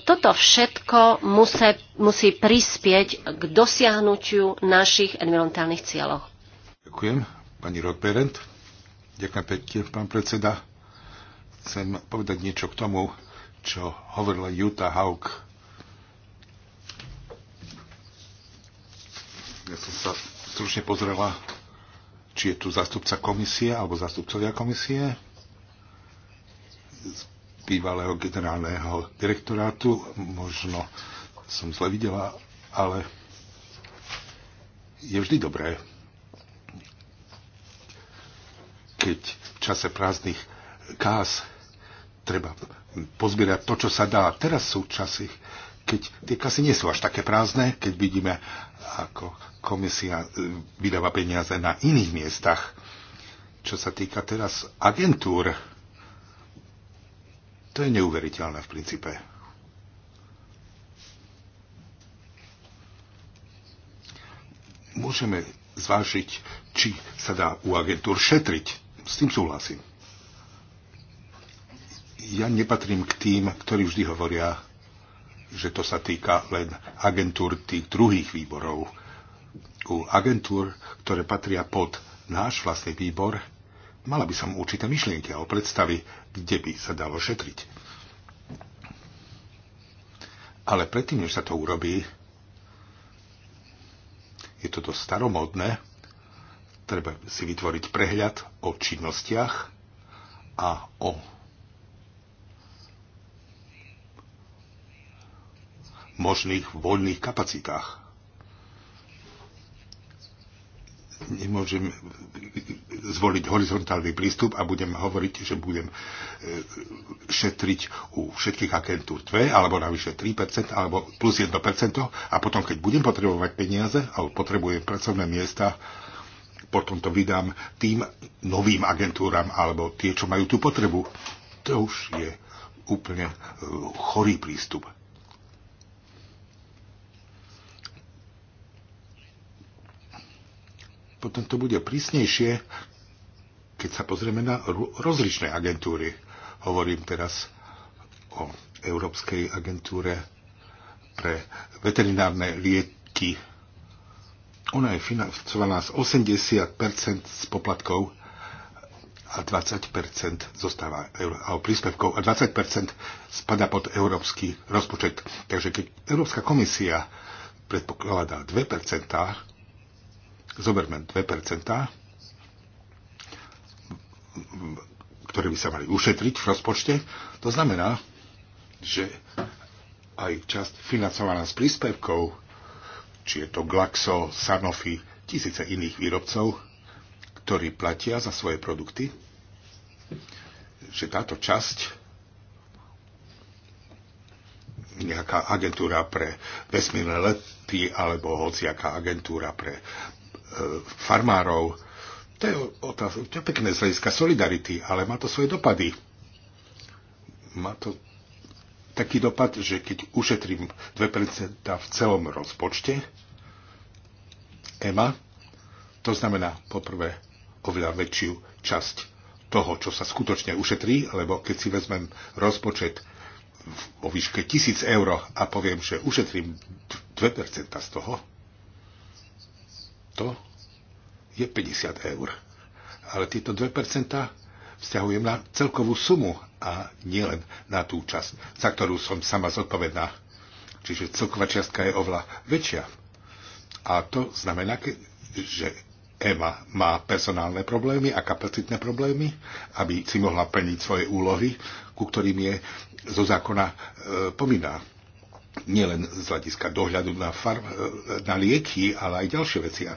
Toto všetko musí, musí prispieť k dosiahnutiu našich environmentálnych cieľov. Ďakujem. Pani Rodberend. Ďakujem pekne, pán predseda. Chcem povedať niečo k tomu, čo hovorila Jutta Haug Ja som sa stručne pozrela, či je tu zastupca komisie alebo zastupcovia komisie z bývalého generálneho direktorátu. Možno som zle videla, ale je vždy dobré, keď v čase prázdnych káz treba pozbierať to, čo sa dá. Teraz sú časy, keď tie kasy nie sú až také prázdne, keď vidíme, ako komisia e, vydáva peniaze na iných miestach. Čo sa týka teraz agentúr, to je neuveriteľné v princípe. Môžeme zvážiť, či sa dá u agentúr šetriť. S tým súhlasím. Ja nepatrím k tým, ktorí vždy hovoria, že to sa týka len agentúr tých druhých výborov u agentúr, ktoré patria pod náš vlastný výbor, mala by som určité myšlienky o predstavy, kde by sa dalo šetriť. Ale predtým, než sa to urobí, je to dosť staromodné, treba si vytvoriť prehľad o činnostiach a o možných voľných kapacitách. nemôžem zvoliť horizontálny prístup a budem hovoriť, že budem e, šetriť u všetkých agentúr 2 alebo navyše 3% alebo plus 1% a potom, keď budem potrebovať peniaze alebo potrebujem pracovné miesta, potom to vydám tým novým agentúram alebo tie, čo majú tú potrebu. To už je úplne e, chorý prístup. potom to bude prísnejšie, keď sa pozrieme na rozličné agentúry. Hovorím teraz o Európskej agentúre pre veterinárne lieky. Ona je financovaná z 80 z poplatkov a 20 zostáva a príspevkov a 20 spada pod európsky rozpočet. Takže keď Európska komisia predpokladá 2 Zoberme 2%, ktoré by sa mali ušetriť v rozpočte. To znamená, že aj časť financovaná z príspevkov, či je to Glaxo, Sanofi, tisíce iných výrobcov, ktorí platia za svoje produkty, že táto časť nejaká agentúra pre vesmírne lety alebo hociaká agentúra pre E, farmárov. To je otázka, to je pekné z hľadiska solidarity, ale má to svoje dopady. Má to taký dopad, že keď ušetrím 2% v celom rozpočte, EMA, to znamená poprvé oveľa väčšiu časť toho, čo sa skutočne ušetrí, lebo keď si vezmem rozpočet vo výške 1000 eur a poviem, že ušetrím 2% z toho, to je 50 eur. Ale tieto 2% vzťahujem na celkovú sumu a nielen na tú časť, za ktorú som sama zodpovedná. Čiže celková čiastka je oveľa väčšia. A to znamená, že EMA má personálne problémy a kapacitné problémy, aby si mohla plniť svoje úlohy, ku ktorým je zo zákona e, povinná nielen z hľadiska dohľadu na, farm, e, na lieky, ale aj ďalšie veci. A,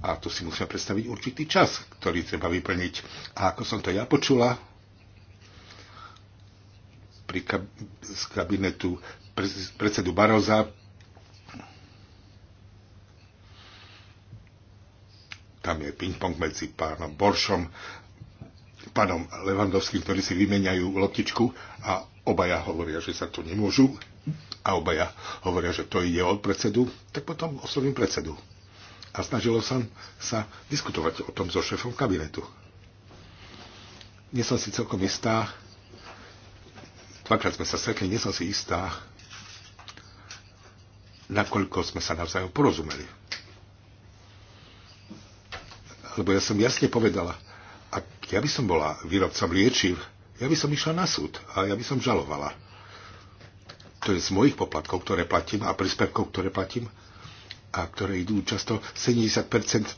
a tu si musíme predstaviť určitý čas, ktorý treba vyplniť. A ako som to ja počula pri kab- z kabinetu predsedu Baroza, tam je ping-pong medzi pánom Boršom, pánom Levandovským, ktorí si vymeniajú loptičku a obaja hovoria, že sa tu nemôžu a obaja hovoria, že to ide od predsedu, tak potom oslovím predsedu. A snažilo som sa diskutovať o tom so šéfom kabinetu. Nie som si celkom istá, dvakrát sme sa stretli, nie som si istá, nakoľko sme sa navzájom porozumeli. Lebo ja som jasne povedala, ak ja by som bola výrobca liečiv, ja by som išla na súd a ja by som žalovala to je z mojich poplatkov, ktoré platím a príspevkov, ktoré platím a ktoré idú často 70%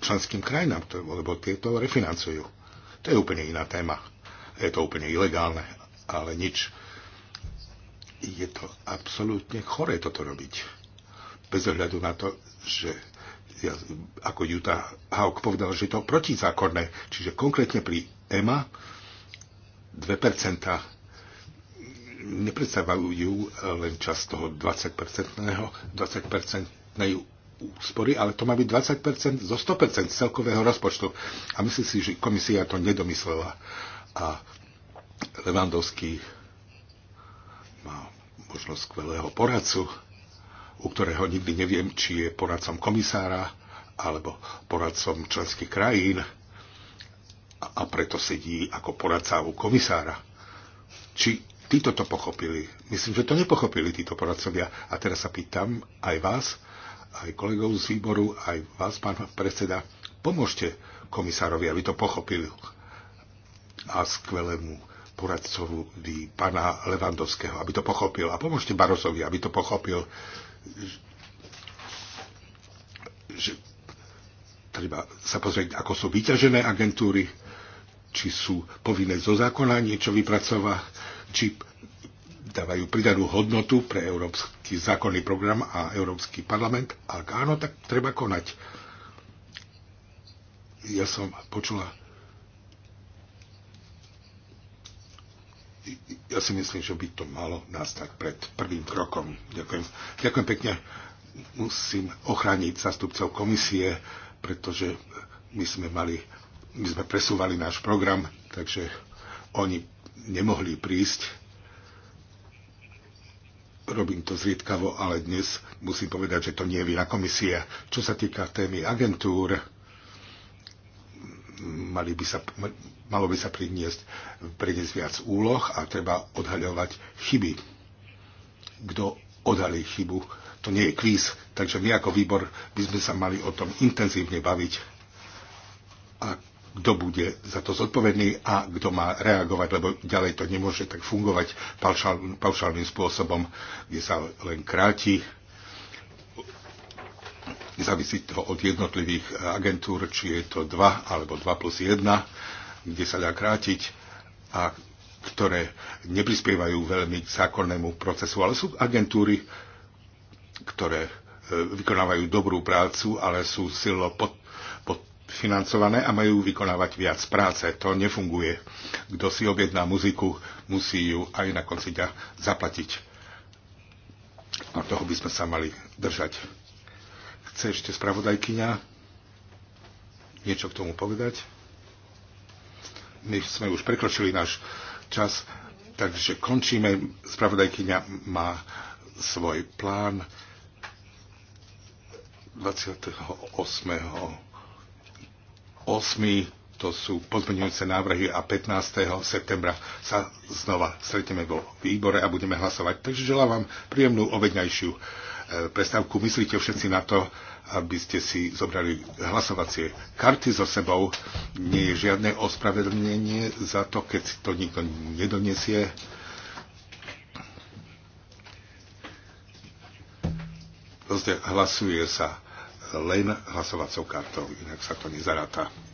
členským krajinám, lebo tieto refinancujú. To je úplne iná téma. Je to úplne ilegálne, ale nič. Je to absolútne chore toto robiť. Bez ohľadu na to, že ja, ako Juta Hauk povedal, že je to protizákonné. Čiže konkrétne pri EMA 2% nepredstavujú len čas toho 20-percentného, 20-percentnej úspory, ale to má byť 20% zo 100% celkového rozpočtu. A myslím si, že komisia to nedomyslela. A Levandovský má možno skvelého poradcu, u ktorého nikdy neviem, či je poradcom komisára alebo poradcom členských krajín a preto sedí ako poradca u komisára. Či títo to pochopili. Myslím, že to nepochopili títo poradcovia. A teraz sa pýtam aj vás, aj kolegov z výboru, aj vás, pán predseda, pomôžte komisárovi, aby to pochopil a skvelému poradcovi pána Levandovského, aby to pochopil. A pomôžte Barosovi, aby to pochopil, že treba sa pozrieť, ako sú vyťažené agentúry, či sú povinné zo zákona niečo vypracovať, či dávajú pridanú hodnotu pre Európsky zákonný program a Európsky parlament. Ak áno, tak treba konať. Ja som počula ja si myslím, že by to malo nastať pred prvým krokom. Ďakujem. Ďakujem pekne. Musím ochrániť zastupcov komisie, pretože my sme mali, my sme presúvali náš program, takže oni nemohli prísť. Robím to zriedkavo, ale dnes musím povedať, že to nie je vina komisia. Čo sa týka témy agentúr, mali by sa, malo by sa priniesť, priniesť viac úloh a treba odhaľovať chyby. Kto odhalí chybu, to nie je kvíz, takže my ako výbor by sme sa mali o tom intenzívne baviť. A kto bude za to zodpovedný a kto má reagovať, lebo ďalej to nemôže tak fungovať paušál, paušálnym spôsobom, kde sa len kráti. Závisí to od jednotlivých agentúr, či je to 2 alebo 2 plus 1, kde sa dá krátiť a ktoré neprispievajú veľmi k zákonnému procesu, ale sú agentúry, ktoré e, vykonávajú dobrú prácu, ale sú silno pod financované a majú vykonávať viac práce. To nefunguje. Kto si objedná muziku, musí ju aj na konci dňa zaplatiť. A toho by sme sa mali držať. Chce ešte spravodajkyňa niečo k tomu povedať? My sme už prekročili náš čas, takže končíme. Spravodajkyňa má svoj plán 28. 8. to sú pozmeňujúce návrhy a 15. septembra sa znova stretneme vo výbore a budeme hlasovať. Takže želám vám príjemnú obedňajšiu e, prestávku. Myslíte všetci na to, aby ste si zobrali hlasovacie karty so sebou. Nie je žiadne ospravedlnenie za to, keď si to nikto nedonesie. Proste hlasuje sa len hlasovacou kartou, inak sa to nezaráta.